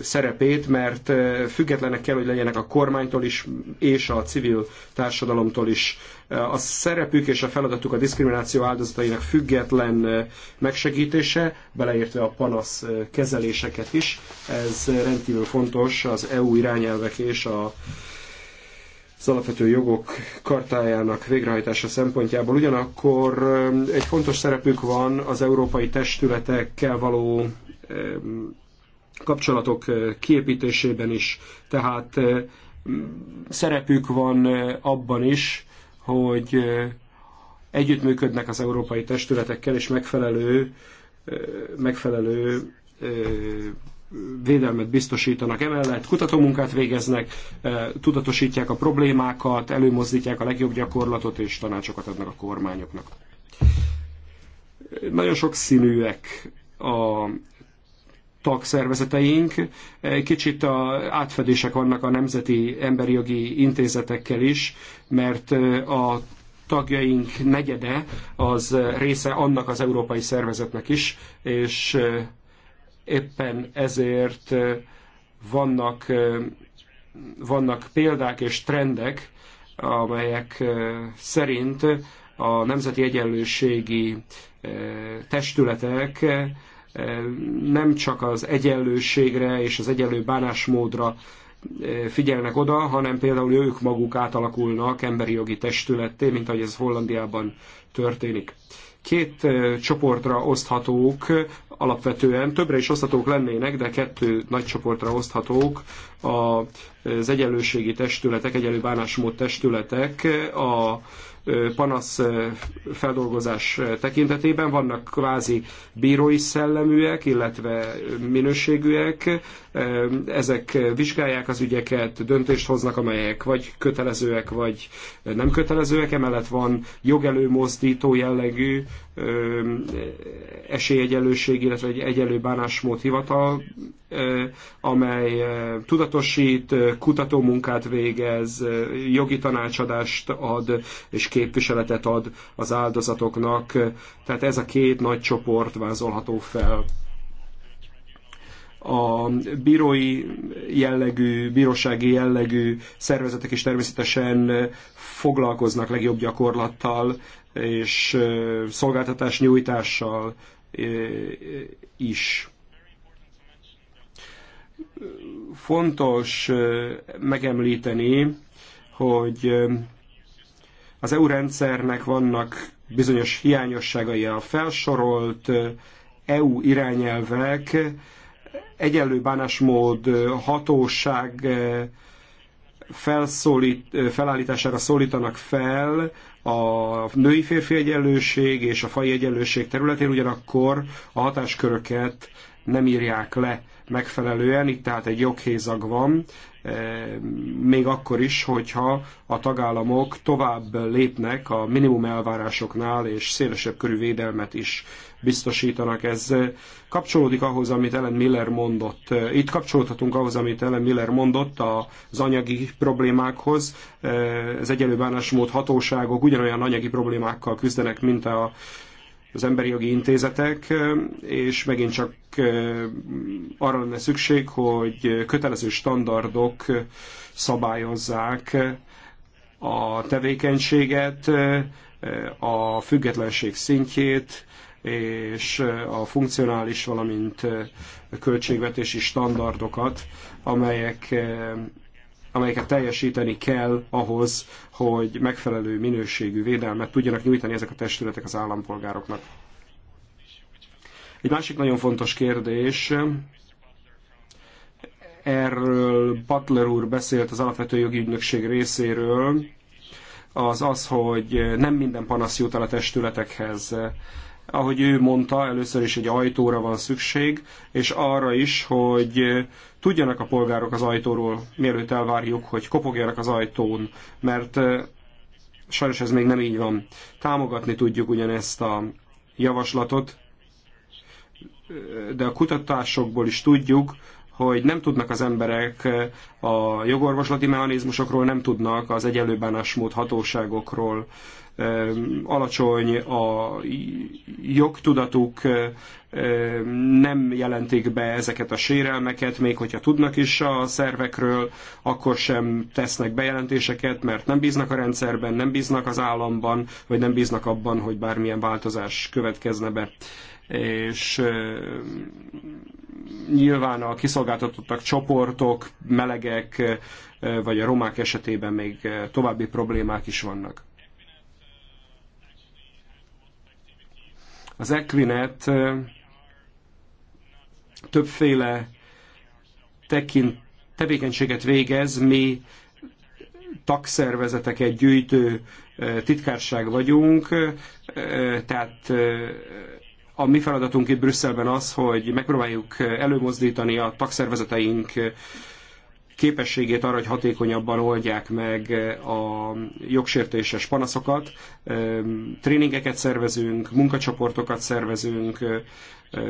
szerepét, mert függetlenek kell, hogy legyenek a kormánytól is, és a civil társadalomtól is. A szerepük és a feladatuk a diszkrimináció áldozatainak független megsegítése, beleértve a panasz kezeléseket is. Ez rendkívül fontos az EU irányelvek és a az alapvető jogok kartájának végrehajtása szempontjából. Ugyanakkor egy fontos szerepük van az európai testületekkel való kapcsolatok eh, kiépítésében is, tehát eh, szerepük van eh, abban is, hogy együttműködnek az európai testületekkel, és megfelelő, megfelelő védelmet biztosítanak. Emellett kutatómunkát végeznek, eh, tudatosítják a problémákat, előmozdítják a legjobb gyakorlatot és tanácsokat adnak a kormányoknak. Nagyon sok színűek a tagszervezeteink. Eh, kicsit a átfedések vannak a nemzeti emberi jogi intézetekkel is, mert eh, a tagjaink negyede az része annak az európai szervezetnek is, és Éppen ezért vannak, vannak példák és trendek, amelyek szerint a nemzeti egyenlőségi testületek nem csak az egyenlőségre és az egyenlő bánásmódra figyelnek oda, hanem például ők maguk átalakulnak emberi jogi testületté, mint ahogy ez Hollandiában történik két csoportra oszthatók alapvetően, többre is oszthatók lennének, de kettő nagy csoportra oszthatók az egyenlőségi testületek, egyenlő bánásmód testületek, a panasz feldolgozás tekintetében vannak kvázi bírói szelleműek, illetve minőségűek, ezek vizsgálják az ügyeket, döntést hoznak, amelyek vagy kötelezőek, vagy nem kötelezőek. Emellett van jogelőmozdító jellegű esélyegyelőség, illetve egy egyelő bánásmód hivatal, amely tudatosít, kutató munkát végez, jogi tanácsadást ad és képviseletet ad az áldozatoknak. Tehát ez a két nagy csoport vázolható fel a bírói jellegű, bírósági jellegű szervezetek is természetesen foglalkoznak legjobb gyakorlattal és szolgáltatás nyújtással is. Fontos megemlíteni, hogy az EU rendszernek vannak bizonyos hiányosságai a felsorolt EU irányelvek, egyenlő bánásmód hatóság felszólít, felállítására szólítanak fel a női férfi egyenlőség és a fai egyenlőség területén, ugyanakkor a hatásköröket nem írják le megfelelően, itt tehát egy joghézag van, még akkor is, hogyha a tagállamok tovább lépnek a minimum elvárásoknál, és szélesebb körű védelmet is biztosítanak. Ez kapcsolódik ahhoz, amit Ellen Miller mondott. Itt kapcsolódhatunk ahhoz, amit Ellen Miller mondott az anyagi problémákhoz. Az egyenlő bánásmód hatóságok ugyanolyan anyagi problémákkal küzdenek, mint a az emberi jogi intézetek, és megint csak arra lenne szükség, hogy kötelező standardok szabályozzák a tevékenységet, a függetlenség szintjét, és a funkcionális, valamint költségvetési standardokat, amelyek, amelyeket teljesíteni kell ahhoz, hogy megfelelő minőségű védelmet tudjanak nyújtani ezek a testületek az állampolgároknak. Egy másik nagyon fontos kérdés, erről Butler úr beszélt az alapvető jogi ügynökség részéről, az az, hogy nem minden panasz jut el a testületekhez ahogy ő mondta, először is egy ajtóra van szükség, és arra is, hogy tudjanak a polgárok az ajtóról, mielőtt elvárjuk, hogy kopogjanak az ajtón, mert sajnos ez még nem így van. Támogatni tudjuk ugyanezt a javaslatot, de a kutatásokból is tudjuk, hogy nem tudnak az emberek a jogorvoslati mechanizmusokról, nem tudnak az egyenlő bánásmód hatóságokról alacsony a jogtudatuk, nem jelentik be ezeket a sérelmeket, még hogyha tudnak is a szervekről, akkor sem tesznek bejelentéseket, mert nem bíznak a rendszerben, nem bíznak az államban, vagy nem bíznak abban, hogy bármilyen változás következne be és nyilván a kiszolgáltatottak csoportok, melegek, vagy a romák esetében még eh, további problémák is vannak. Az Equinet többféle tekint, tevékenységet végez, mi tagszervezeteket gyűjtő titkárság vagyunk, tehát a mi feladatunk itt Brüsszelben az, hogy megpróbáljuk előmozdítani a tagszervezeteink képességét arra, hogy hatékonyabban oldják meg a jogsértéses panaszokat. Tréningeket szervezünk, munkacsoportokat szervezünk,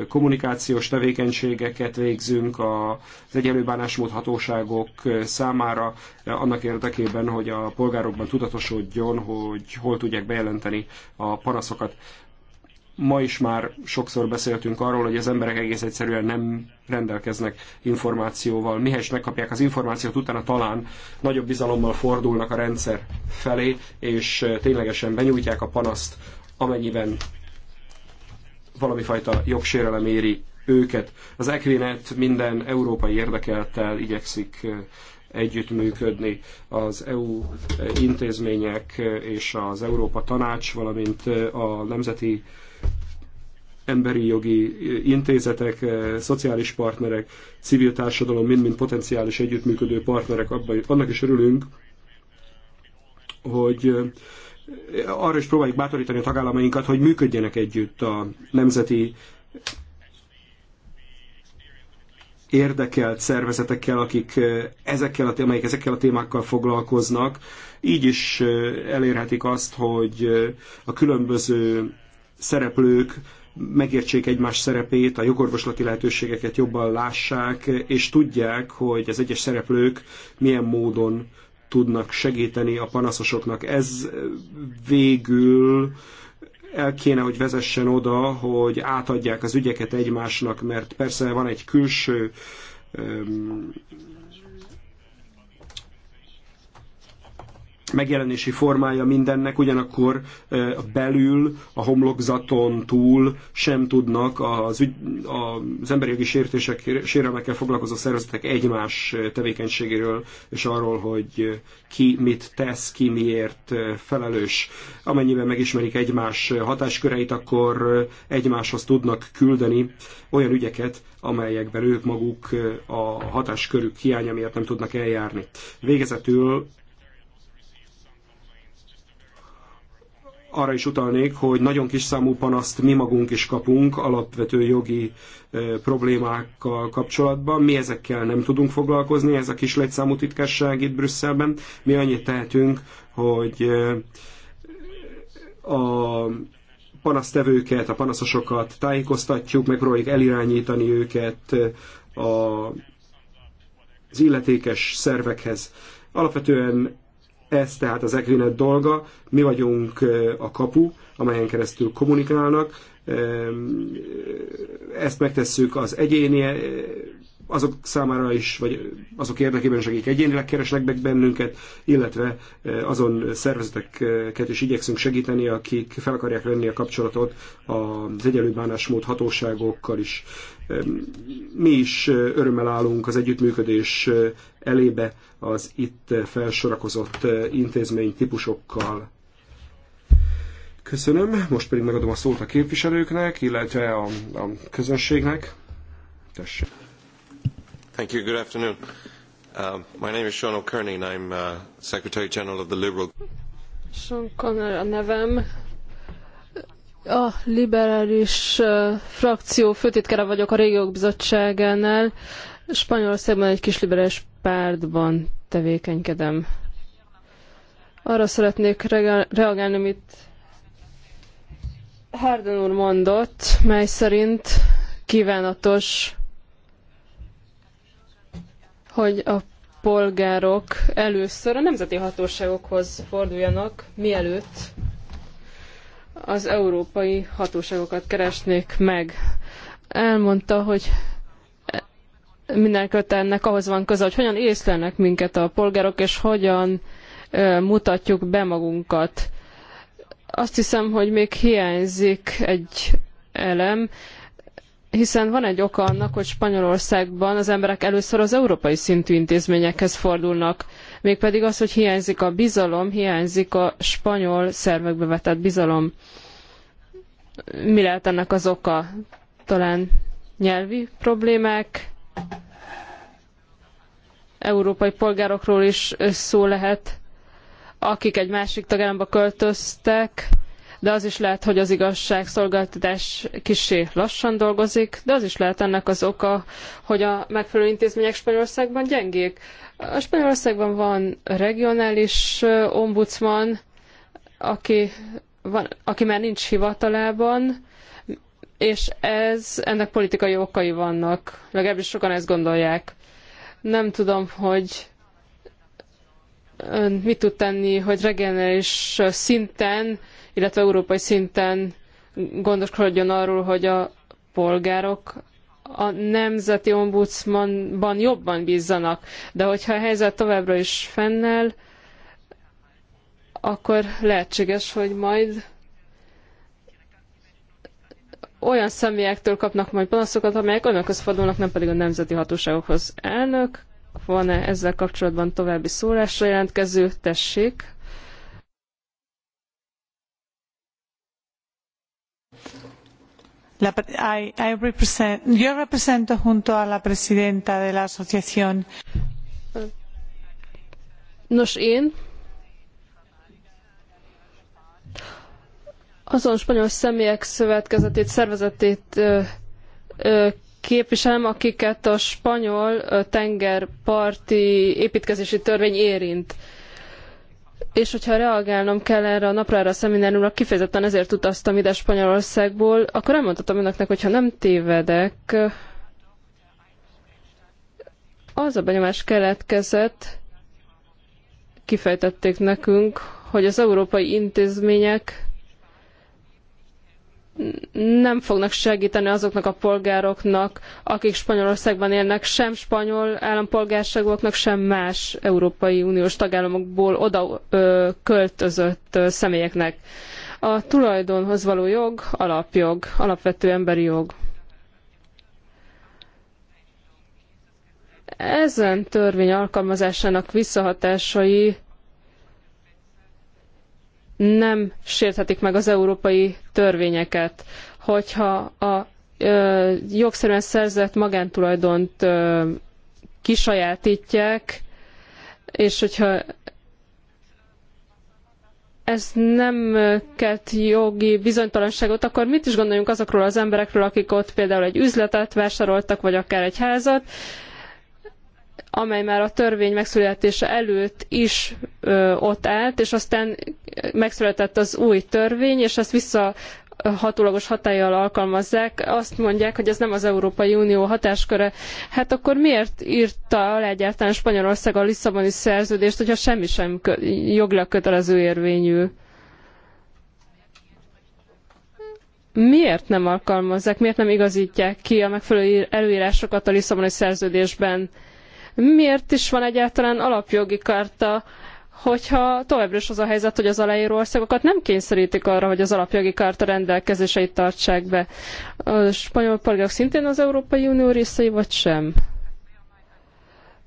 kommunikációs tevékenységeket végzünk az egyenlő bánásmód hatóságok számára, annak érdekében, hogy a polgárokban tudatosodjon, hogy hol tudják bejelenteni a panaszokat. Ma is már sokszor beszéltünk arról, hogy az emberek egész egyszerűen nem rendelkeznek információval. Mihez megkapják az információt, utána talán nagyobb bizalommal fordulnak a rendszer felé, és ténylegesen benyújtják a panaszt, amennyiben valami fajta jogsérelem éri őket. Az Equinet minden európai érdekeltel igyekszik együttműködni az EU intézmények és az Európa Tanács, valamint a nemzeti emberi jogi intézetek, szociális partnerek, civil társadalom, mind-mind potenciális együttműködő partnerek, abban, annak is örülünk, hogy arra is próbáljuk bátorítani a tagállamainkat, hogy működjenek együtt a nemzeti érdekelt szervezetekkel, akik ezekkel a, amelyek ezekkel a témákkal foglalkoznak, így is elérhetik azt, hogy a különböző szereplők megértsék egymás szerepét, a jogorvoslati lehetőségeket jobban lássák, és tudják, hogy az egyes szereplők milyen módon tudnak segíteni a panaszosoknak. Ez végül el kéne, hogy vezessen oda, hogy átadják az ügyeket egymásnak, mert persze van egy külső megjelenési formája mindennek, ugyanakkor belül, a homlokzaton túl sem tudnak az, ügy, az jogi sértések, sérelmekkel foglalkozó szervezetek egymás tevékenységéről és arról, hogy ki mit tesz, ki miért felelős. Amennyiben megismerik egymás hatásköreit, akkor egymáshoz tudnak küldeni olyan ügyeket, amelyekben ők maguk a hatáskörük hiánya miatt nem tudnak eljárni. Végezetül arra is utalnék, hogy nagyon kis számú panaszt mi magunk is kapunk alapvető jogi problémákkal kapcsolatban. Mi ezekkel nem tudunk foglalkozni, ez a kis létszámú titkárság itt Brüsszelben. Mi annyit tehetünk, hogy a panasztevőket, a panaszosokat tájékoztatjuk, megpróbáljuk elirányítani őket a, az illetékes szervekhez. Alapvetően ez tehát az Equinet dolga, mi vagyunk a kapu, amelyen keresztül kommunikálnak, ezt megtesszük az egyéni azok számára is, vagy azok érdekében is, akik egyénileg keresnek bennünket, illetve e, azon szervezeteket is igyekszünk segíteni, akik fel akarják venni a kapcsolatot az egyenlő bánásmód hatóságokkal is. E, mi is e, örömmel állunk az együttműködés elébe az itt felsorakozott intézmény típusokkal. Köszönöm, most pedig megadom a szót a képviselőknek, illetve a, a közönségnek. Tessék. Thank you. Good afternoon. Uh, my name is Sean O'Kearney and I'm uh, Secretary General of the Liberal. Sean Connor a nevem. A liberális uh, frakció főtitkára vagyok a Régiók Bizottságánál. Spanyolországban egy kis liberális pártban tevékenykedem. Arra szeretnék reagálni, amit Harden úr mondott, mely szerint kívánatos hogy a polgárok először a nemzeti hatóságokhoz forduljanak, mielőtt az európai hatóságokat keresnék meg. Elmondta, hogy mindenkit ennek ahhoz van köze, hogy hogyan észlelnek minket a polgárok, és hogyan mutatjuk be magunkat. Azt hiszem, hogy még hiányzik egy elem, hiszen van egy oka annak, hogy Spanyolországban az emberek először az európai szintű intézményekhez fordulnak, mégpedig az, hogy hiányzik a bizalom, hiányzik a spanyol szervekbe vetett bizalom. Mi lehet ennek az oka? Talán nyelvi problémák, európai polgárokról is szó lehet, akik egy másik tagállamba költöztek, de az is lehet, hogy az igazságszolgáltatás kisé lassan dolgozik, de az is lehet ennek az oka, hogy a megfelelő intézmények Spanyolországban gyengék. A Spanyolországban van regionális ombudsman, aki, van, aki már nincs hivatalában, és ez, ennek politikai okai vannak. Legalábbis sokan ezt gondolják. Nem tudom, hogy ön mit tud tenni, hogy regionális szinten illetve európai szinten gondoskodjon arról, hogy a polgárok a nemzeti ombudsmanban jobban bízzanak. De hogyha a helyzet továbbra is fennáll, akkor lehetséges, hogy majd olyan személyektől kapnak majd panaszokat, amelyek önökhöz fordulnak, nem pedig a nemzeti hatóságokhoz. Elnök, van-e ezzel kapcsolatban további szólásra jelentkező? Tessék! yo represento junto a la presidenta de la asociación. Nos én azon spanyol személyek szövetkezetét, szervezetét képviselem, akiket a spanyol tengerparti építkezési törvény érint és hogyha reagálnom kell erre a napra, erre a kifejezetten ezért utaztam ide Spanyolországból, akkor elmondhatom önöknek, hogyha nem tévedek, az a benyomás keletkezett, kifejtették nekünk, hogy az európai intézmények nem fognak segíteni azoknak a polgároknak, akik Spanyolországban élnek, sem spanyol állampolgárságoknak, sem más Európai Uniós tagállamokból oda ö, költözött ö, személyeknek. A tulajdonhoz való jog alapjog, alapvető emberi jog. Ezen törvény alkalmazásának visszahatásai nem sérthetik meg az európai törvényeket. Hogyha a ö, jogszerűen szerzett magántulajdont ö, kisajátítják, és hogyha ez nem kelt jogi bizonytalanságot, akkor mit is gondoljunk azokról az emberekről, akik ott például egy üzletet vásároltak, vagy akár egy házat, amely már a törvény megszületése előtt is ö, ott állt, és aztán megszületett az új törvény, és ezt vissza hatólagos hatállyal alkalmazzák, azt mondják, hogy ez nem az Európai Unió hatásköre. Hát akkor miért írta alá egyáltalán Spanyolország a Lisszaboni szerződést, hogyha semmi sem kö- jogilag kötelező érvényű? Miért nem alkalmazzák, miért nem igazítják ki a megfelelő előírásokat a Lisszaboni szerződésben? Miért is van egyáltalán alapjogi karta, hogyha továbbra is az a helyzet, hogy az aláíró országokat nem kényszerítik arra, hogy az alapjogi karta rendelkezéseit tartsák be. A spanyol polgárok szintén az Európai Unió részei, vagy sem?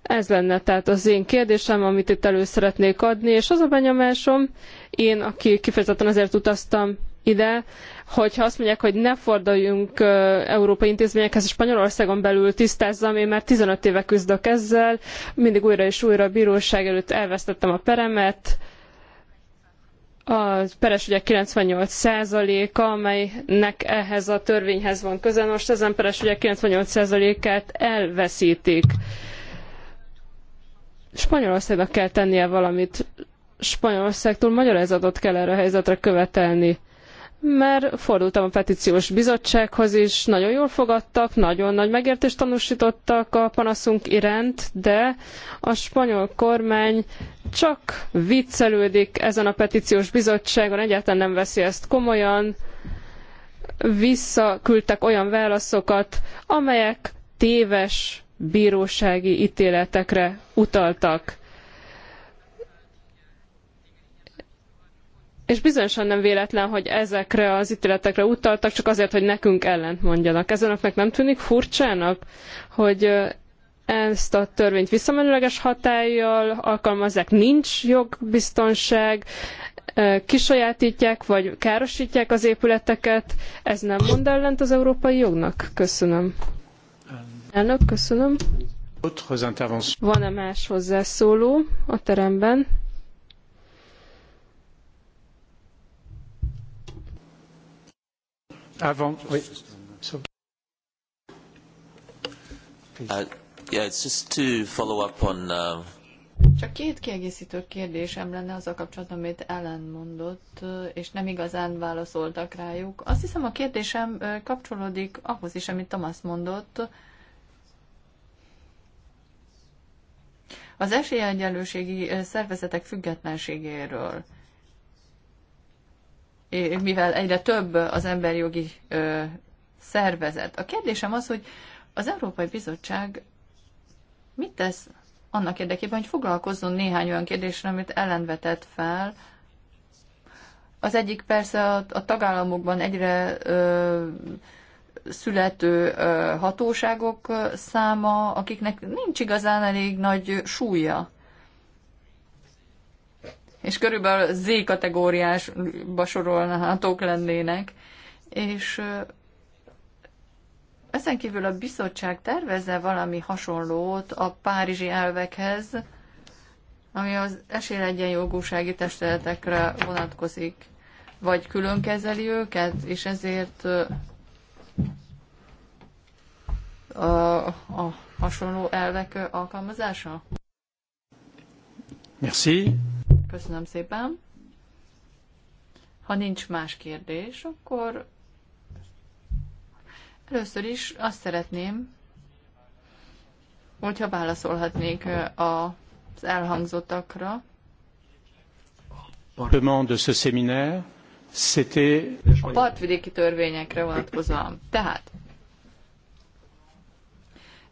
Ez lenne tehát az én kérdésem, amit itt elő szeretnék adni, és az a benyomásom, én, aki kifejezetten azért utaztam ide, hogyha azt mondják, hogy ne forduljunk európai intézményekhez, és Spanyolországon belül tisztázzam, én már 15 éve küzdök ezzel, mindig újra és újra a bíróság előtt elvesztettem a peremet, a peres ügyek 98%-a, amelynek ehhez a törvényhez van köze. Most ezen peres ügyek 98%-át elveszítik. Spanyolországnak kell tennie valamit. Spanyolországtól magyarázatot kell erre a helyzetre követelni mert fordultam a petíciós bizottsághoz is, nagyon jól fogadtak, nagyon nagy megértést tanúsítottak a panaszunk iránt, de a spanyol kormány csak viccelődik ezen a petíciós bizottságon, egyáltalán nem veszi ezt komolyan. Visszaküldtek olyan válaszokat, amelyek téves bírósági ítéletekre utaltak. és bizonyosan nem véletlen, hogy ezekre az ítéletekre utaltak, csak azért, hogy nekünk ellent mondjanak. Ez önöknek nem tűnik furcsának, hogy ezt a törvényt visszamenőleges hatállyal alkalmazzák, nincs jogbiztonság, kisajátítják vagy károsítják az épületeket. Ez nem mond ellent az európai jognak? Köszönöm. Elnök, köszönöm. Van-e más hozzászóló a teremben? Avant, oui. So, uh, yeah, it's just to follow up on uh, csak két kiegészítő kérdésem lenne az a kapcsolatban, amit Ellen mondott, uh, és nem igazán válaszoltak rájuk. Azt hiszem a kérdésem uh, kapcsolódik ahhoz is, amit Thomas mondott. Az esélyegyenlőségi uh, szervezetek függetlenségéről mivel egyre több az emberjogi szervezet. A kérdésem az, hogy az Európai Bizottság mit tesz annak érdekében, hogy foglalkozzon néhány olyan kérdésre, amit ellenvetett fel. Az egyik persze a, a tagállamokban egyre ö, születő ö, hatóságok száma, akiknek nincs igazán elég nagy súlya és körülbelül Z kategóriás basorolnátok lennének. És ezen kívül a bizottság tervezze valami hasonlót a párizsi elvekhez, ami az esélyegyenjogúsági testületekre vonatkozik, vagy külön kezeli őket, és ezért a, a hasonló elvek alkalmazása? Merci. Köszönöm szépen. Ha nincs más kérdés, akkor először is azt szeretném, hogyha válaszolhatnék az elhangzottakra. de ce séminaire, c'était... A partvidéki törvényekre vonatkozóan. Tehát,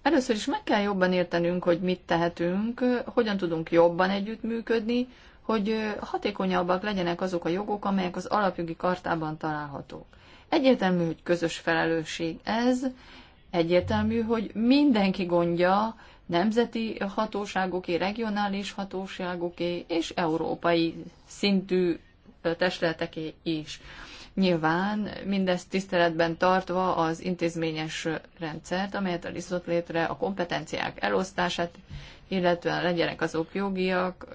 először is meg kell jobban értenünk, hogy mit tehetünk, hogyan tudunk jobban együttműködni, hogy hatékonyabbak legyenek azok a jogok, amelyek az alapjogi kartában találhatók. Egyértelmű, hogy közös felelősség ez, egyértelmű, hogy mindenki gondja, nemzeti hatóságoké, regionális hatóságoké és európai szintű testületeké is. Nyilván mindezt tiszteletben tartva az intézményes rendszert, amelyet a Lisztot létre, a kompetenciák elosztását illetve legyenek azok jogiak,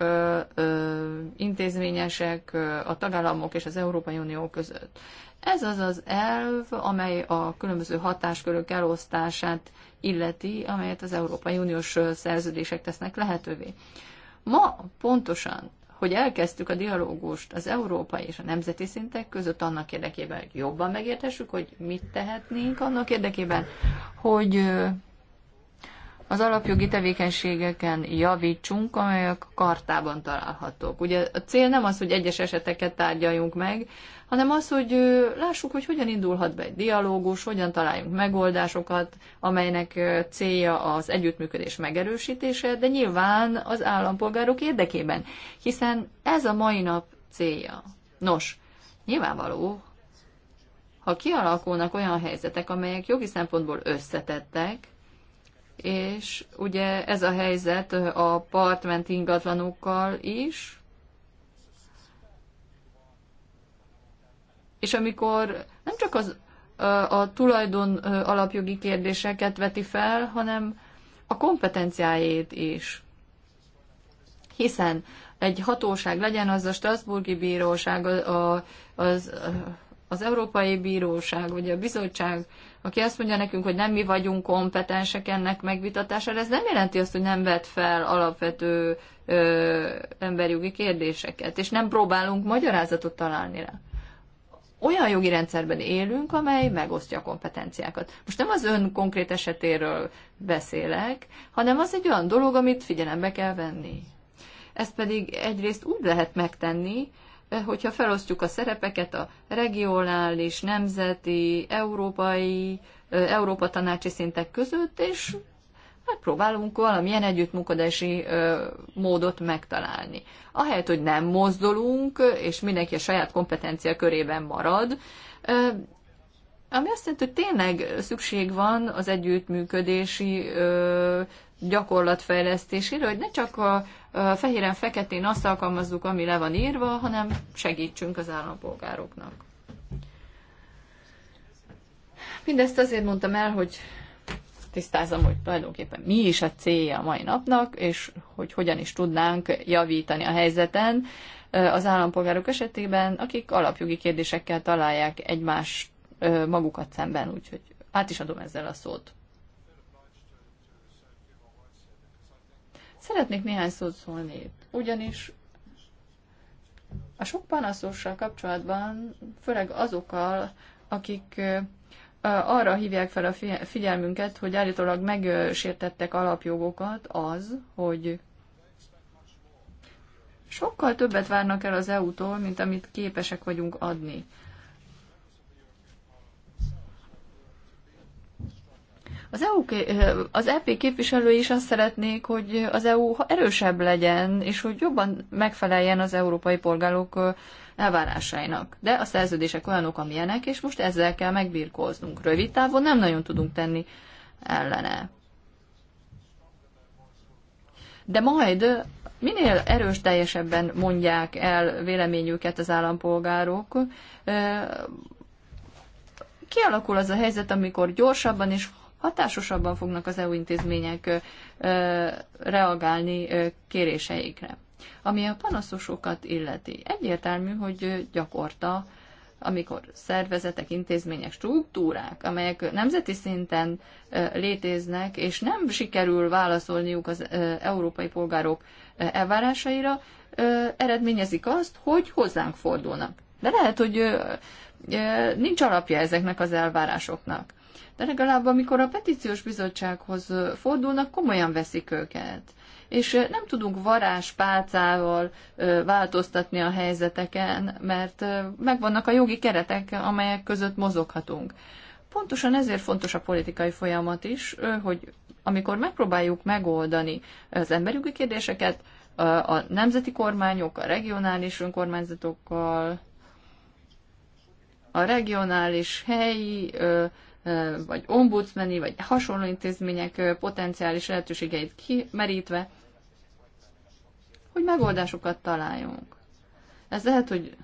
intézményesek a tagállamok és az Európai Unió között. Ez az az elv, amely a különböző hatáskörök elosztását illeti, amelyet az Európai Uniós szerződések tesznek lehetővé. Ma pontosan, hogy elkezdtük a dialógust az európai és a nemzeti szintek között annak érdekében, hogy jobban megértessük, hogy mit tehetnénk annak érdekében, hogy az alapjogi tevékenységeken javítsunk, amelyek kartában találhatók. Ugye a cél nem az, hogy egyes eseteket tárgyaljunk meg, hanem az, hogy lássuk, hogy hogyan indulhat be egy dialógus, hogyan találjunk megoldásokat, amelynek célja az együttműködés megerősítése, de nyilván az állampolgárok érdekében, hiszen ez a mai nap célja. Nos, nyilvánvaló, ha kialakulnak olyan helyzetek, amelyek jogi szempontból összetettek, és ugye ez a helyzet a partment ingatlanokkal is, és amikor nem csak az, a, a tulajdon alapjogi kérdéseket veti fel, hanem a kompetenciájét is. Hiszen egy hatóság legyen az a Strasburgi Bíróság, a, az, az Európai Bíróság, vagy a Bizottság, aki azt mondja nekünk, hogy nem mi vagyunk kompetensek ennek megvitatására, ez nem jelenti azt, hogy nem vet fel alapvető ö, emberjogi kérdéseket, és nem próbálunk magyarázatot találni rá. Olyan jogi rendszerben élünk, amely megosztja a kompetenciákat. Most nem az ön konkrét esetéről beszélek, hanem az egy olyan dolog, amit figyelembe kell venni. Ezt pedig egyrészt úgy lehet megtenni, hogyha felosztjuk a szerepeket a regionális, nemzeti, európai, Európa tanácsi szintek között, és megpróbálunk valamilyen együttmunkadási módot megtalálni. Ahelyett, hogy nem mozdulunk, és mindenki a saját kompetencia körében marad, ami azt jelenti, hogy tényleg szükség van az együttműködési gyakorlatfejlesztésére, hogy ne csak a, fehéren, feketén azt alkalmazzuk, ami le van írva, hanem segítsünk az állampolgároknak. Mindezt azért mondtam el, hogy tisztázom, hogy tulajdonképpen mi is a célja a mai napnak, és hogy hogyan is tudnánk javítani a helyzeten az állampolgárok esetében, akik alapjogi kérdésekkel találják egymás magukat szemben, úgyhogy át is adom ezzel a szót. Szeretnék néhány szót szólni itt, ugyanis a sok panaszossal kapcsolatban, főleg azokkal, akik arra hívják fel a figyelmünket, hogy állítólag megsértettek alapjogokat, az, hogy sokkal többet várnak el az EU-tól, mint amit képesek vagyunk adni. Az, EU, az EP képviselői is azt szeretnék, hogy az EU erősebb legyen, és hogy jobban megfeleljen az európai polgárok elvárásainak. De a szerződések olyanok, amilyenek, és most ezzel kell megbirkóznunk. Rövid távon nem nagyon tudunk tenni ellene. De majd minél erős teljesebben mondják el véleményüket az állampolgárok, kialakul az a helyzet, amikor gyorsabban és hatásosabban fognak az EU intézmények reagálni kéréseikre. Ami a panaszosokat illeti, egyértelmű, hogy gyakorta, amikor szervezetek, intézmények, struktúrák, amelyek nemzeti szinten léteznek, és nem sikerül válaszolniuk az európai polgárok elvárásaira, eredményezik azt, hogy hozzánk fordulnak. De lehet, hogy nincs alapja ezeknek az elvárásoknak de legalább amikor a petíciós bizottsághoz fordulnak, komolyan veszik őket. És nem tudunk varázspálcával változtatni a helyzeteken, mert megvannak a jogi keretek, amelyek között mozoghatunk. Pontosan ezért fontos a politikai folyamat is, hogy amikor megpróbáljuk megoldani az emberjogi kérdéseket, a nemzeti kormányok, a regionális önkormányzatokkal, a regionális helyi vagy ombudsmeni, vagy hasonló intézmények potenciális lehetőségeit kimerítve, hogy megoldásokat találjunk. Ez lehet, hogy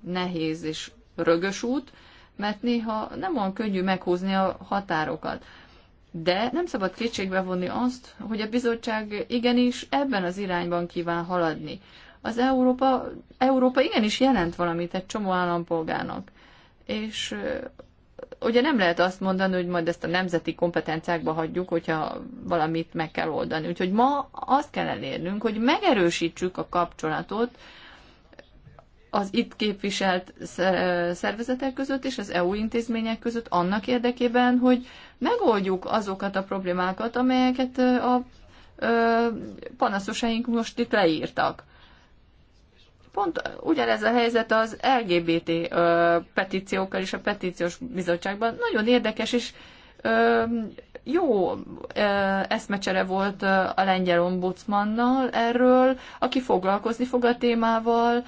nehéz és rögös út, mert néha nem olyan könnyű meghúzni a határokat. De nem szabad kétségbe vonni azt, hogy a bizottság igenis ebben az irányban kíván haladni. Az Európa, Európa igenis jelent valamit egy csomó állampolgárnak. És ugye nem lehet azt mondani, hogy majd ezt a nemzeti kompetenciákba hagyjuk, hogyha valamit meg kell oldani. Úgyhogy ma azt kell elérnünk, hogy megerősítsük a kapcsolatot az itt képviselt szervezetek között és az EU intézmények között annak érdekében, hogy megoldjuk azokat a problémákat, amelyeket a panaszosaink most itt leírtak. Pont ugyanez a helyzet az LGBT ö, petíciókkal és a petíciós bizottságban. Nagyon érdekes és ö, jó ö, eszmecsere volt a lengyel ombudsmannal erről, aki foglalkozni fog a témával,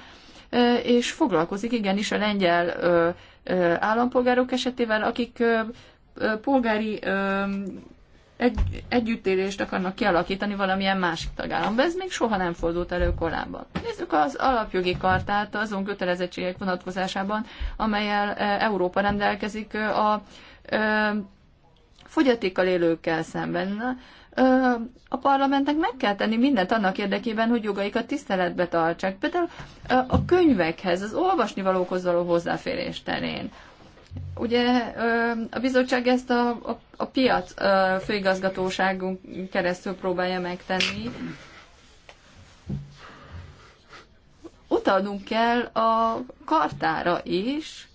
ö, és foglalkozik igenis a lengyel ö, ö, állampolgárok esetével, akik ö, ö, polgári ö, egy, együttérést akarnak kialakítani valamilyen másik tagállamban. Ez még soha nem fordult elő korábban. Nézzük az alapjogi kartát azon kötelezettségek vonatkozásában, amelyel e, Európa rendelkezik e, a e, fogyatékkal élőkkel szemben. A parlamentnek meg kell tenni mindent annak érdekében, hogy jogaikat tiszteletbe tartsák. Például a könyvekhez, az olvasnivalókhoz való hozzáférés terén Ugye a bizottság ezt a, a, a piac a főigazgatóságunk keresztül próbálja megtenni. Utalnunk kell a kartára is,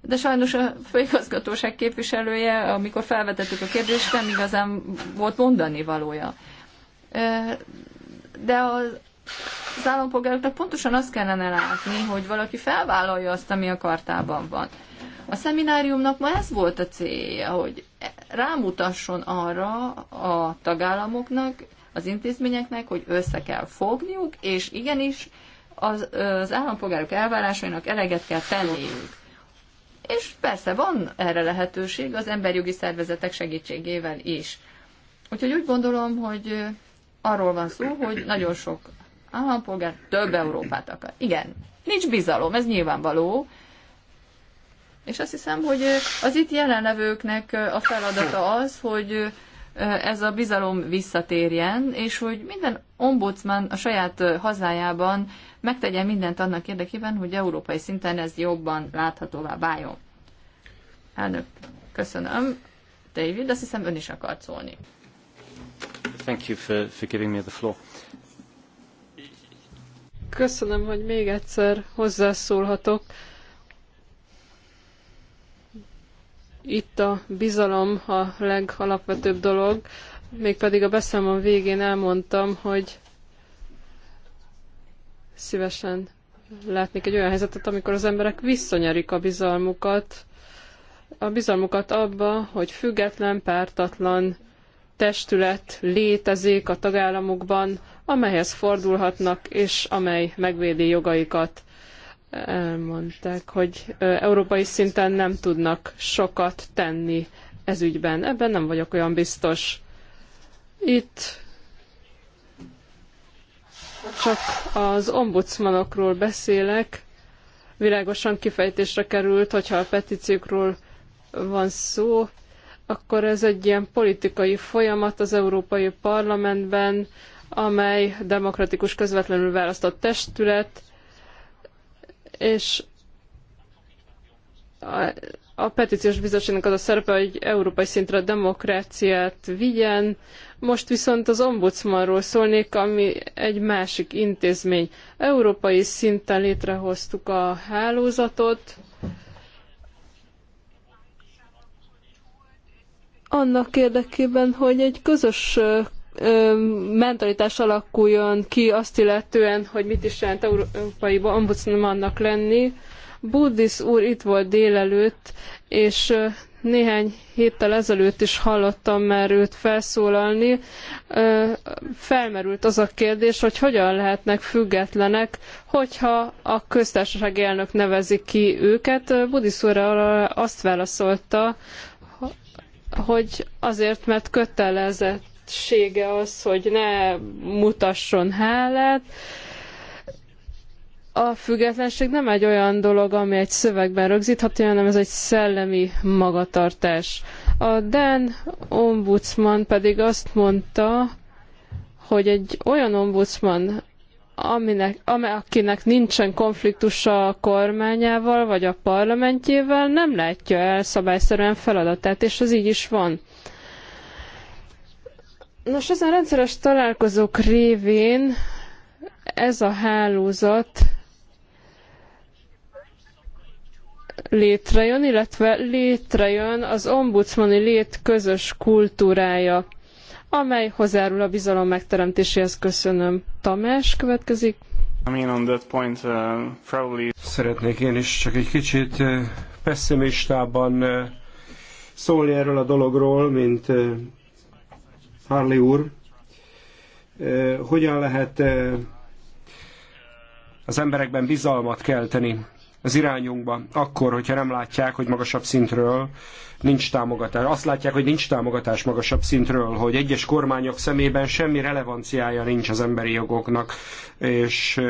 de sajnos a főigazgatóság képviselője, amikor felvetettük a kérdést, nem igazán volt mondani valója. De az, az állampolgároknak pontosan azt kellene látni, hogy valaki felvállalja azt, ami a kartában van. A szemináriumnak ma ez volt a célja, hogy rámutasson arra a tagállamoknak, az intézményeknek, hogy össze kell fogniuk, és igenis az, az állampolgárok elvárásainak eleget kell tenniük. És persze van erre lehetőség az emberjogi szervezetek segítségével is. Úgyhogy úgy gondolom, hogy arról van szó, hogy nagyon sok állampolgár több Európát akar. Igen, nincs bizalom, ez nyilvánvaló, és azt hiszem, hogy az itt jelenlevőknek a feladata az, hogy ez a bizalom visszatérjen, és hogy minden ombudsman a saját hazájában megtegye mindent annak érdekében, hogy európai szinten ez jobban láthatóvá váljon. Elnök, köszönöm. David, azt hiszem ön is akar szólni. Thank you for, for giving me the floor. Köszönöm, hogy még egyszer hozzászólhatok. Itt a bizalom a legalapvetőbb dolog, mégpedig a beszámom végén elmondtam, hogy szívesen látnék egy olyan helyzetet, amikor az emberek visszanyerik a bizalmukat, a bizalmukat abba, hogy független, pártatlan testület létezik a tagállamokban, amelyhez fordulhatnak, és amely megvédi jogaikat elmondták, hogy európai szinten nem tudnak sokat tenni ez ügyben. Ebben nem vagyok olyan biztos. Itt csak az ombudsmanokról beszélek. Világosan kifejtésre került, hogyha a petíciókról van szó, akkor ez egy ilyen politikai folyamat az Európai Parlamentben, amely demokratikus közvetlenül választott testület, és a, a petíciós bizottságnak az a szerepe, hogy európai szintre a demokráciát vigyen. Most viszont az ombudsmanról szólnék, ami egy másik intézmény. Európai szinten létrehoztuk a hálózatot, annak érdekében, hogy egy közös mentalitás alakuljon ki azt illetően, hogy mit is jelent európai ombudsmannak lenni. Buddhis úr itt volt délelőtt, és néhány héttel ezelőtt is hallottam már őt felszólalni. Felmerült az a kérdés, hogy hogyan lehetnek függetlenek, hogyha a köztársaság elnök nevezi ki őket. Buddhis úr azt válaszolta, hogy azért, mert kötelezett kötelezettsége az, hogy ne mutasson hálát. A függetlenség nem egy olyan dolog, ami egy szövegben rögzíthető, hanem ez egy szellemi magatartás. A Dan ombudsman pedig azt mondta, hogy egy olyan ombudsman, aminek, akinek nincsen konfliktusa a kormányával vagy a parlamentjével, nem látja el szabályszerűen feladatát, és ez így is van. Nos, ezen rendszeres találkozók révén ez a hálózat létrejön, illetve létrejön az ombudsmani lét közös kultúrája, amely hozzárul a bizalom megteremtéséhez. Köszönöm. Tamás következik. Uh, Szeretnék én is csak egy kicsit uh, pessimistában uh, szólni erről a dologról, mint uh, Harley úr, hogyan lehet az emberekben bizalmat kelteni az irányunkba, akkor, hogyha nem látják, hogy magasabb szintről nincs támogatás. Azt látják, hogy nincs támogatás magasabb szintről, hogy egyes kormányok szemében semmi relevanciája nincs az emberi jogoknak, és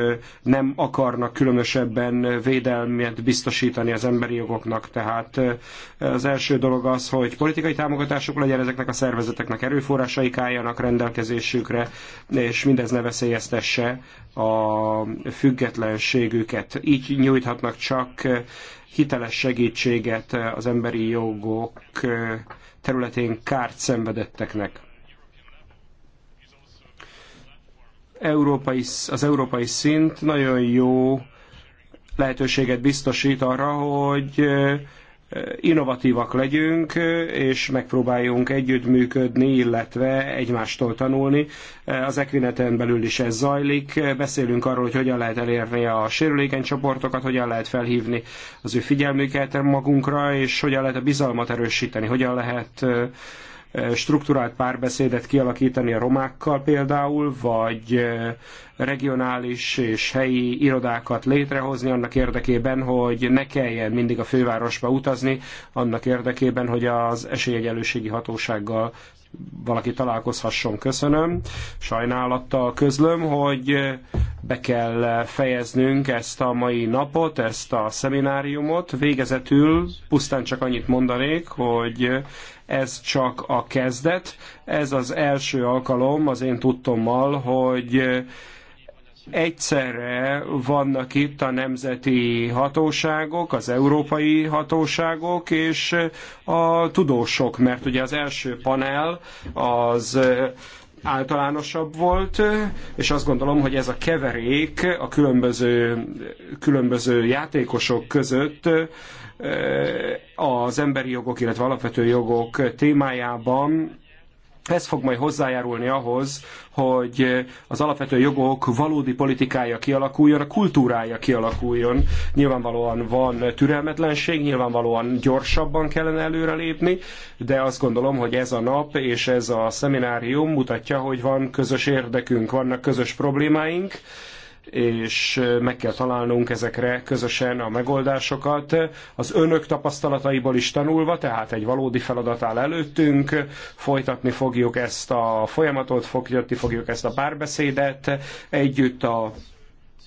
nem akarnak különösebben védelmet biztosítani az emberi jogoknak. Tehát az első dolog az, hogy politikai támogatások legyen ezeknek a szervezeteknek, erőforrásaik álljanak rendelkezésükre, és mindez ne veszélyeztesse a függetlenségüket. Így nyújthatnak csak hiteles segítséget az emberi jogok területén kárt szenvedetteknek. Európai, az európai szint nagyon jó lehetőséget biztosít arra, hogy innovatívak legyünk, és megpróbáljunk együttműködni, illetve egymástól tanulni. Az Equineten belül is ez zajlik. Beszélünk arról, hogy hogyan lehet elérni a sérülékeny csoportokat, hogyan lehet felhívni az ő figyelmüket magunkra, és hogyan lehet a bizalmat erősíteni, hogyan lehet strukturált párbeszédet kialakítani a romákkal például, vagy regionális és helyi irodákat létrehozni annak érdekében, hogy ne kelljen mindig a fővárosba utazni, annak érdekében, hogy az esélyegyelőségi hatósággal valaki találkozhasson. Köszönöm. Sajnálattal közlöm, hogy be kell fejeznünk ezt a mai napot, ezt a szemináriumot. Végezetül pusztán csak annyit mondanék, hogy ez csak a kezdet. Ez az első alkalom az én tudtommal, hogy egyszerre vannak itt a nemzeti hatóságok, az európai hatóságok és a tudósok, mert ugye az első panel az általánosabb volt, és azt gondolom, hogy ez a keverék a különböző, különböző játékosok között az emberi jogok, illetve alapvető jogok témájában ez fog majd hozzájárulni ahhoz, hogy az alapvető jogok valódi politikája kialakuljon, a kultúrája kialakuljon. Nyilvánvalóan van türelmetlenség, nyilvánvalóan gyorsabban kellene előrelépni, de azt gondolom, hogy ez a nap és ez a szeminárium mutatja, hogy van közös érdekünk, vannak közös problémáink, és meg kell találnunk ezekre közösen a megoldásokat. Az önök tapasztalataiból is tanulva, tehát egy valódi feladat áll előttünk, folytatni fogjuk ezt a folyamatot, folytatni fogjuk ezt a párbeszédet, együtt a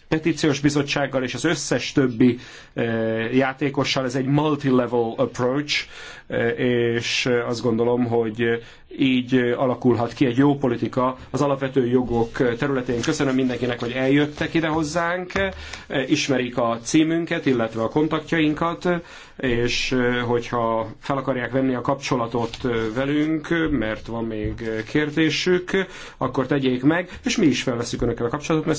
petíciós bizottsággal és az összes többi eh, játékossal. Ez egy multi-level approach, eh, és eh, azt gondolom, hogy így alakulhat ki egy jó politika az alapvető jogok területén. Köszönöm mindenkinek, hogy eljöttek ide hozzánk, ismerik a címünket, illetve a kontaktjainkat, és hogyha fel akarják venni a kapcsolatot velünk, mert van még kérdésük, akkor tegyék meg, és mi is felveszünk önökkel a kapcsolatot,